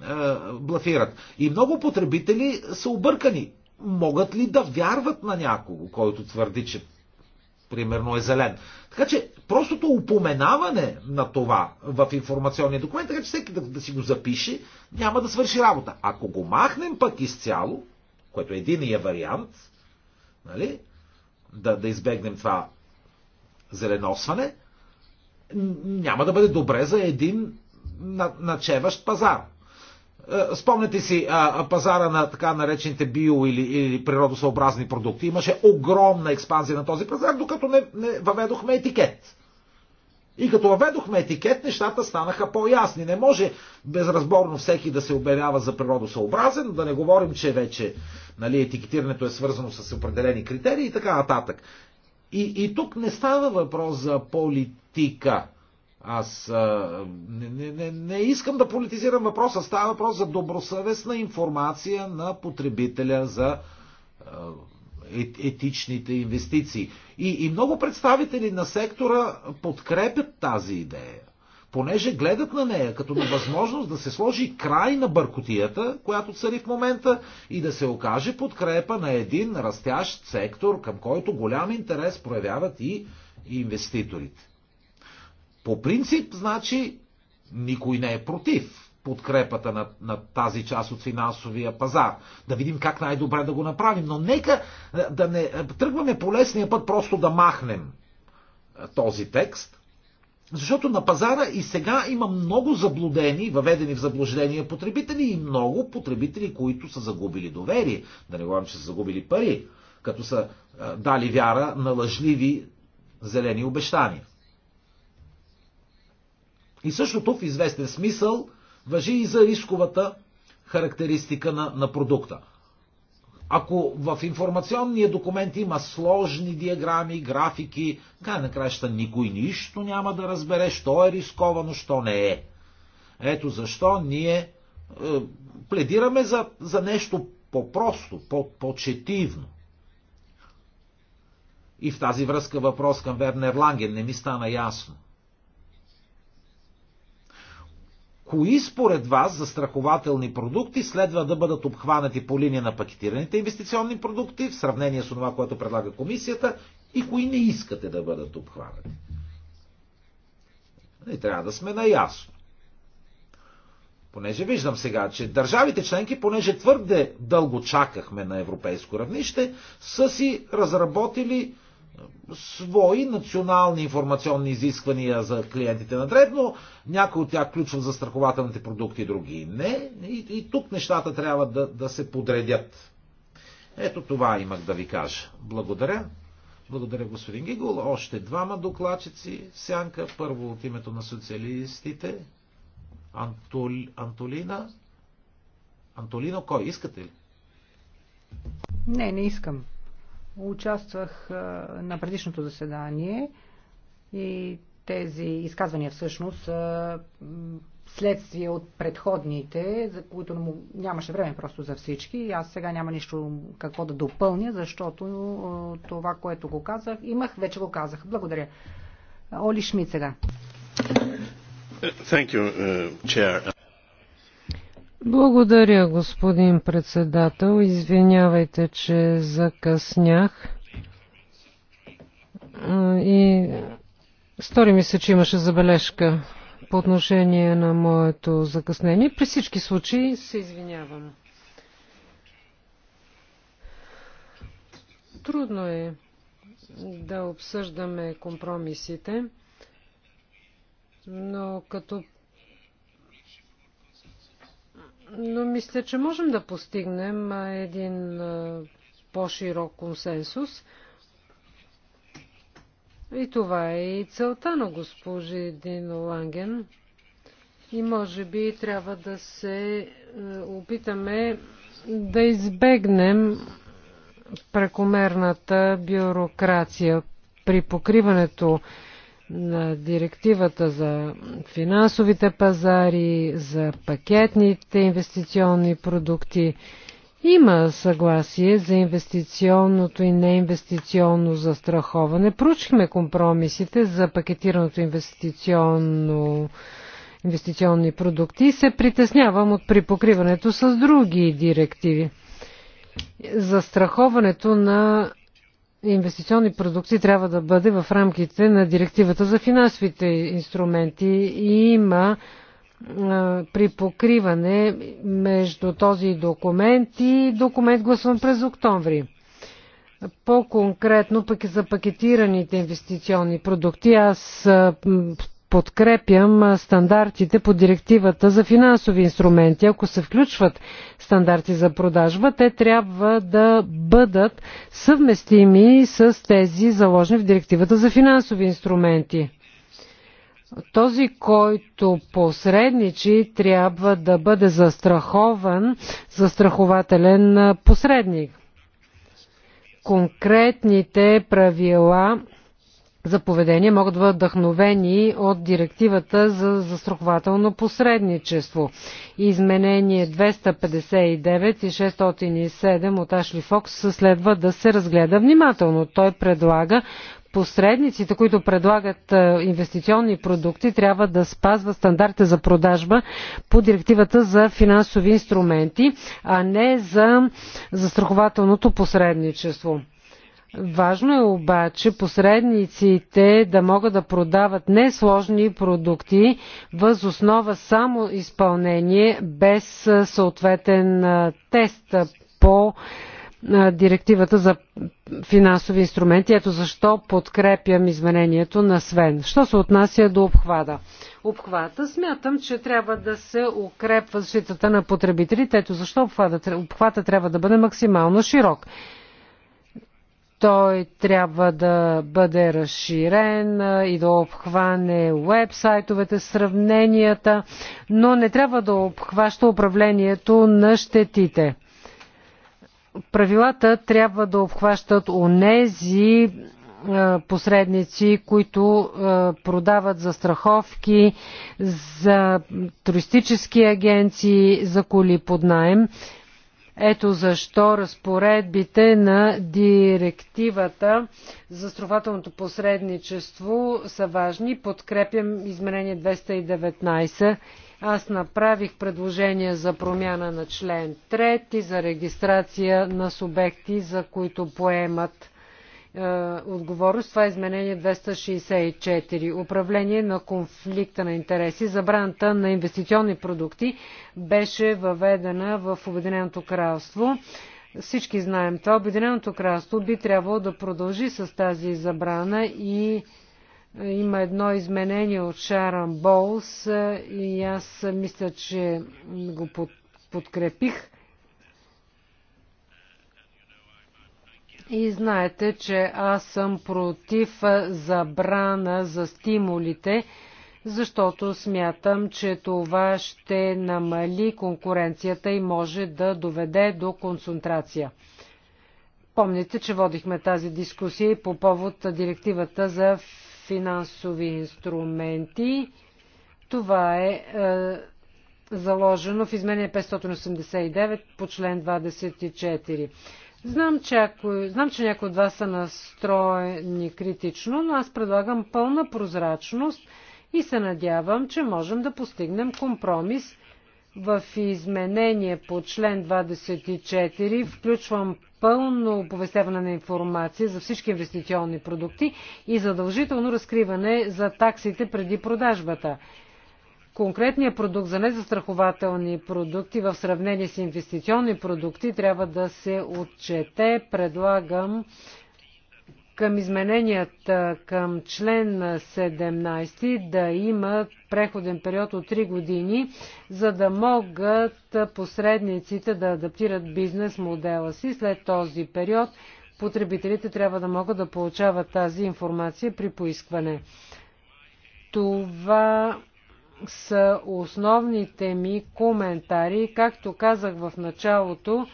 е, блафират. И много потребители са объркани. Могат ли да вярват на някого, който твърди, че примерно е зелен. Така че простото упоменаване на това в информационния документ, така че всеки да, да си го запише, няма да свърши работа. Ако го махнем пък изцяло, което е единия вариант, нали, да, да избегнем това зеленосване, няма да бъде добре за един начеващ пазар. Е, спомняте си а, пазара на така наречените био или, или природосъобразни продукти. Имаше огромна експанзия на този пазар, докато не, не въведохме етикет. И като въведохме етикет, нещата станаха по-ясни. Не може безразборно всеки да се обявява за природосъобразен, да не говорим, че вече нали, етикетирането е свързано с определени критерии и така нататък. И, и тук не става въпрос за политика. Аз а, не, не, не искам да политизирам въпроса. Става въпрос за добросъвестна информация на потребителя за а, е, етичните инвестиции. И, и много представители на сектора подкрепят тази идея, понеже гледат на нея като на възможност да се сложи край на бъркотията, която цари в момента, и да се окаже подкрепа на един растящ сектор, към който голям интерес проявяват и инвеститорите. По принцип, значи, никой не е против подкрепата на, на тази част от финансовия пазар. Да видим как най-добре да го направим. Но нека е, да не е, тръгваме по лесния път просто да махнем е, този текст, защото на пазара и сега има много заблудени, въведени в заблуждение потребители и много потребители, които са загубили доверие. Да не говорим, че са загубили пари, като са дали вяра на лъжливи зелени обещания. И същото в известен смисъл въжи и за рисковата характеристика на, на продукта. Ако в информационния документ има сложни диаграми, графики, край на краща никой нищо няма да разбере, що е рисковано, що не е. Ето защо ние е, пледираме за, за нещо по-просто, по четивно И в тази връзка въпрос към Вернер Ланген не ми стана ясно. кои според вас застрахователни продукти следва да бъдат обхванати по линия на пакетираните инвестиционни продукти в сравнение с това, което предлага комисията и кои не искате да бъдат обхванати. И нали, трябва да сме наясно. Понеже виждам сега, че държавите членки, понеже твърде дълго чакахме на европейско равнище, са си разработили свои национални информационни изисквания за клиентите на дребно, някои от тях включват застрахователните продукти, други не. И, и тук нещата трябва да, да се подредят. Ето това имах да ви кажа. Благодаря. Благодаря, господин Гигол. Още двама докладчици. Сянка, първо от името на социалистите. Антол... Антолина. Антолина, кой? Искате ли? Не, не искам. Участвах на предишното заседание и тези изказвания всъщност са следствие от предходните, за които нямаше време просто за всички. Аз сега няма нищо какво да допълня, защото това, което го казах, имах, вече го казах. Благодаря. Оли Шмид сега. Thank you, uh, chair. Благодаря, господин председател. Извинявайте, че закъснях. И стори ми се, че имаше забележка по отношение на моето закъснение. При всички случаи се извинявам. Трудно е да обсъждаме компромисите, но като но мисля, че можем да постигнем един по-широк консенсус. И това е и целта на госпожи Дин Ланген. И може би трябва да се е, опитаме да избегнем прекомерната бюрокрация при покриването на директивата за финансовите пазари, за пакетните инвестиционни продукти. Има съгласие за инвестиционното и неинвестиционно застраховане. Проучихме компромисите за пакетираното инвестиционно инвестиционни продукти и се притеснявам от припокриването с други директиви. Застраховането на инвестиционни продукти трябва да бъде в рамките на директивата за финансовите инструменти и има при покриване между този документ и документ гласуван през октомври. По-конкретно пък за пакетираните инвестиционни продукти аз подкрепям стандартите по директивата за финансови инструменти. Ако се включват стандарти за продажба, те трябва да бъдат съвместими с тези заложени в директивата за финансови инструменти. Този, който посредничи, трябва да бъде застрахован, застрахователен посредник. Конкретните правила за поведение могат да бъдат вдъхновени от директивата за застрахователно посредничество. Изменение 259 и 607 от Ашли Фокс следва да се разгледа внимателно. Той предлага посредниците, които предлагат е, инвестиционни продукти, трябва да спазват стандартите за продажба по директивата за финансови инструменти, а не за застрахователното посредничество. Важно е обаче посредниците да могат да продават несложни продукти въз основа само изпълнение без съответен тест по директивата за финансови инструменти. Ето защо подкрепям изменението на Свен. Що се отнася до обхвата? Обхвата смятам, че трябва да се укрепва защитата на потребителите. Ето защо обхвата, обхвата трябва да бъде максимално широк. Той трябва да бъде разширен и да обхване вебсайтовете, сравненията, но не трябва да обхваща управлението на щетите. Правилата трябва да обхващат онези посредници, които продават застраховки за туристически агенции, за коли под найем. Ето защо разпоредбите на директивата за строфателното посредничество са важни. Подкрепям изменение 219. Аз направих предложение за промяна на член 3 за регистрация на субекти, за които поемат е, отговорност. Това е изменение 264. Управление на конфликта на интереси. Забраната на инвестиционни продукти беше въведена в Обединеното кралство. Всички знаем това. Обединеното кралство би трябвало да продължи с тази забрана и е, има едно изменение от Шаран Боулс е, и аз мисля, че го подкрепих И знаете, че аз съм против забрана за стимулите, защото смятам, че това ще намали конкуренцията и може да доведе до концентрация. Помните, че водихме тази дискусия по повод директивата за финансови инструменти. Това е, е заложено в изменение 589 по член 24. Знам, че, ако, знам, че някои от вас са настроени критично, но аз предлагам пълна прозрачност и се надявам, че можем да постигнем компромис в изменение по член 24. Включвам пълно оповестяване на информация за всички инвестиционни продукти и задължително разкриване за таксите преди продажбата конкретния продукт за незастрахователни продукти в сравнение с инвестиционни продукти трябва да се отчете. Предлагам към измененията към член 17 да има преходен период от 3 години, за да могат посредниците да адаптират бизнес модела си. След този период потребителите трябва да могат да получават тази информация при поискване. Това са основните ми коментари. Както казах в началото,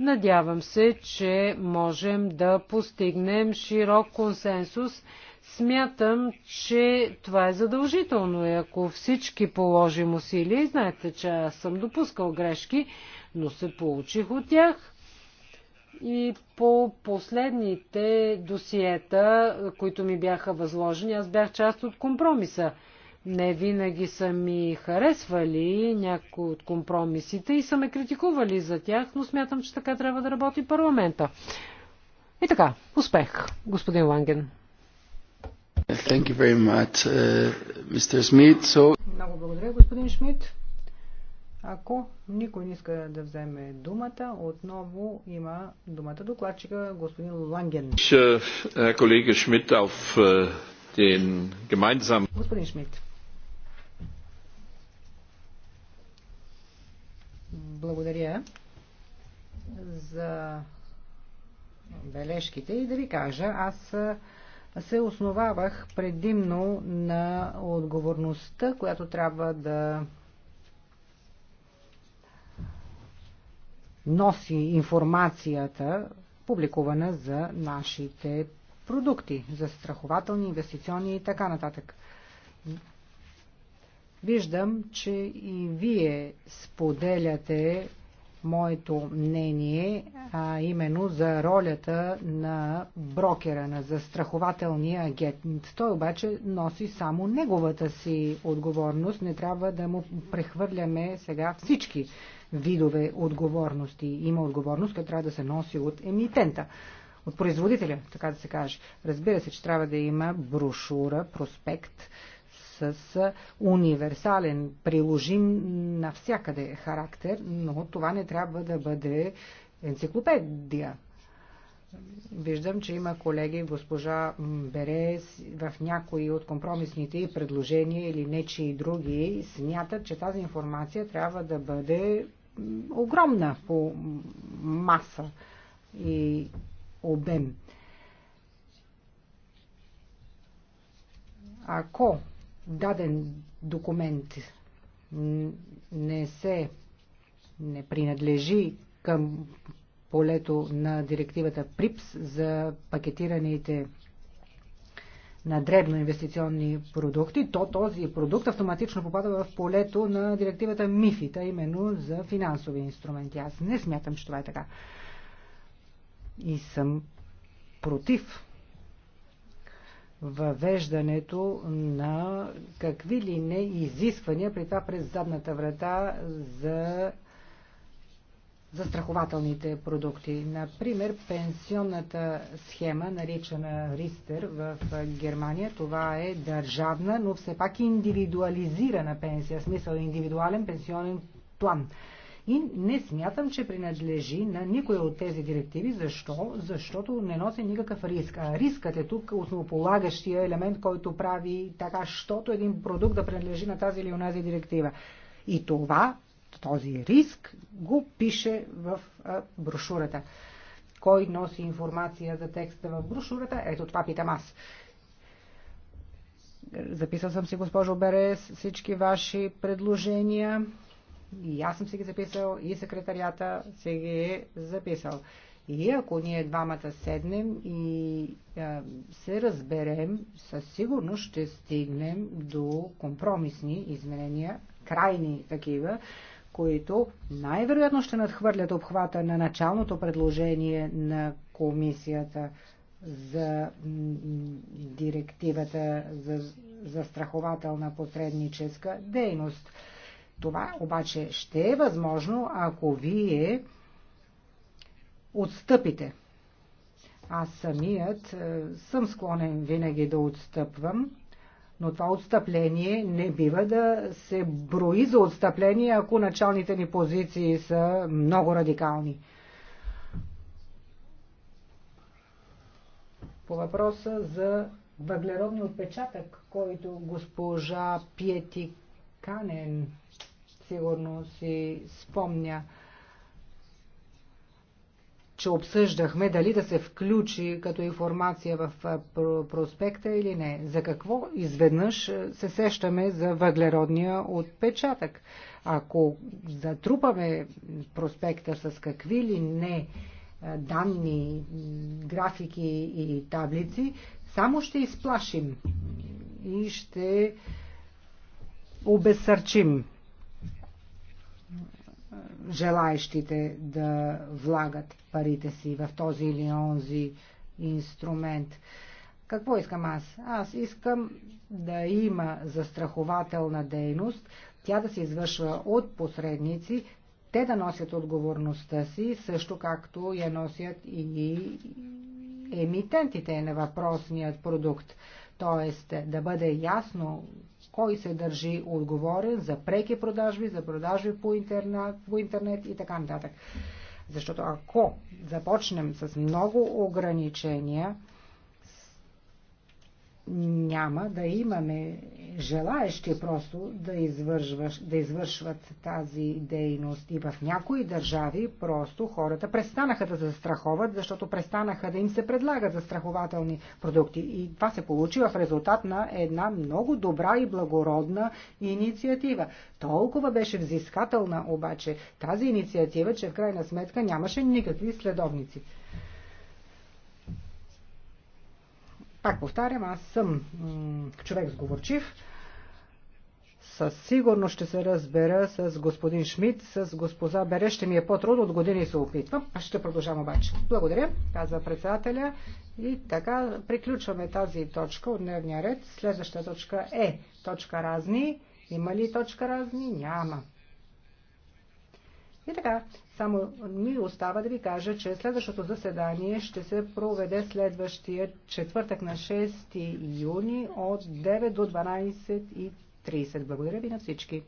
надявам се, че можем да постигнем широк консенсус. Смятам, че това е задължително и ако всички положим усилия, знаете, че аз съм допускал грешки, но се получих от тях. И по последните досиета, които ми бяха възложени, аз бях част от компромиса – не винаги са ми харесвали някои от компромисите и са ме критикували за тях, но смятам, че така трябва да работи парламента. И така, успех, господин Ланген. Thank you very much, uh, Mr. Smith. So... Много благодаря, господин Шмидт. Ако никой не иска да вземе думата, отново има думата докладчика господин Ланген. Колега Шмидт, äh, Господин Шмидт, благодаря за бележките и да ви кажа, аз се основавах предимно на отговорността, която трябва да носи информацията, публикувана за нашите продукти, за страхователни, инвестиционни и така нататък. Виждам, че и вие споделяте моето мнение, а именно за ролята на брокера, на застрахователния агент. Той обаче носи само неговата си отговорност. Не трябва да му прехвърляме сега всички видове отговорности. Има отговорност, която трябва да се носи от емитента от производителя, така да се каже. Разбира се, че трябва да има брошура, проспект, с универсален, приложим навсякъде характер, но това не трябва да бъде енциклопедия. Виждам, че има колеги, госпожа Берес, в някои от компромисните предложения или нечи и други, смятат, че тази информация трябва да бъде огромна по маса и обем. Ако даден документ не се не принадлежи към полето на директивата ПРИПС за пакетираните на дребно инвестиционни продукти, то този продукт автоматично попада в полето на директивата МИФИТА, именно за финансови инструменти. Аз не смятам, че това е така. И съм против въвеждането на какви ли не изисквания, при това през задната врата за застрахователните продукти. Например, пенсионната схема, наричана Ристер в Германия, това е държавна, но все пак индивидуализирана пенсия, в смисъл индивидуален пенсионен план. И не смятам, че принадлежи на никоя от тези директиви. Защо? Защото не носи никакъв риск. А рискът е тук основополагащия елемент, който прави така, щото един продукт да принадлежи на тази или онази директива. И това, този риск, го пише в брошурата. Кой носи информация за текста в брошурата? Ето това питам аз. Записал съм си, госпожо Берес, всички ваши предложения. И аз съм си ги записал, и секретарията се ги е записал. И ако ние двамата седнем и а, се разберем, със сигурност ще стигнем до компромисни изменения, крайни такива, които най-вероятно ще надхвърлят обхвата на началното предложение на комисията за директивата за застрахователна посредническа дейност. Това обаче ще е възможно, ако вие отстъпите. Аз самият е, съм склонен винаги да отстъпвам, но това отстъпление не бива да се брои за отстъпление, ако началните ни позиции са много радикални. По въпроса за въглеродния отпечатък, който госпожа Пиети Канен сигурно си спомня, че обсъждахме дали да се включи като информация в проспекта или не. За какво изведнъж се сещаме за въглеродния отпечатък? Ако затрупаме проспекта с какви ли не данни, графики и таблици, само ще изплашим и ще обесърчим желаещите да влагат парите си в този или онзи инструмент. Какво искам аз? Аз искам да има застрахователна дейност, тя да се извършва от посредници, те да носят отговорността си, също както я носят и емитентите на въпросният продукт. Тоест да бъде ясно кой се държи отговорен за преки продажби, за продажби по интернет, по интернет и така нататък. Защото ако започнем с много ограничения, няма да имаме желаещи просто да, извършваш, да извършват тази дейност. И в някои държави просто хората престанаха да застраховат, защото престанаха да им се предлагат застрахователни продукти. И това се получи в резултат на една много добра и благородна инициатива. Толкова беше взискателна обаче тази инициатива, че в крайна сметка нямаше никакви следовници. Пак повтарям, аз съм човек сговорчив. Със сигурност ще се разбера с господин Шмидт, с госпоза Бере. Ще ми е по-трудно, от години се опитвам. Аз ще продължам обаче. Благодаря, казва председателя. И така приключваме тази точка от дневния ред. Следващата точка е точка разни. Има ли точка разни? Няма. И така, само ми остава да ви кажа, че следващото заседание ще се проведе следващия четвъртък на 6 юни от 9 до 12.30. Благодаря ви на всички.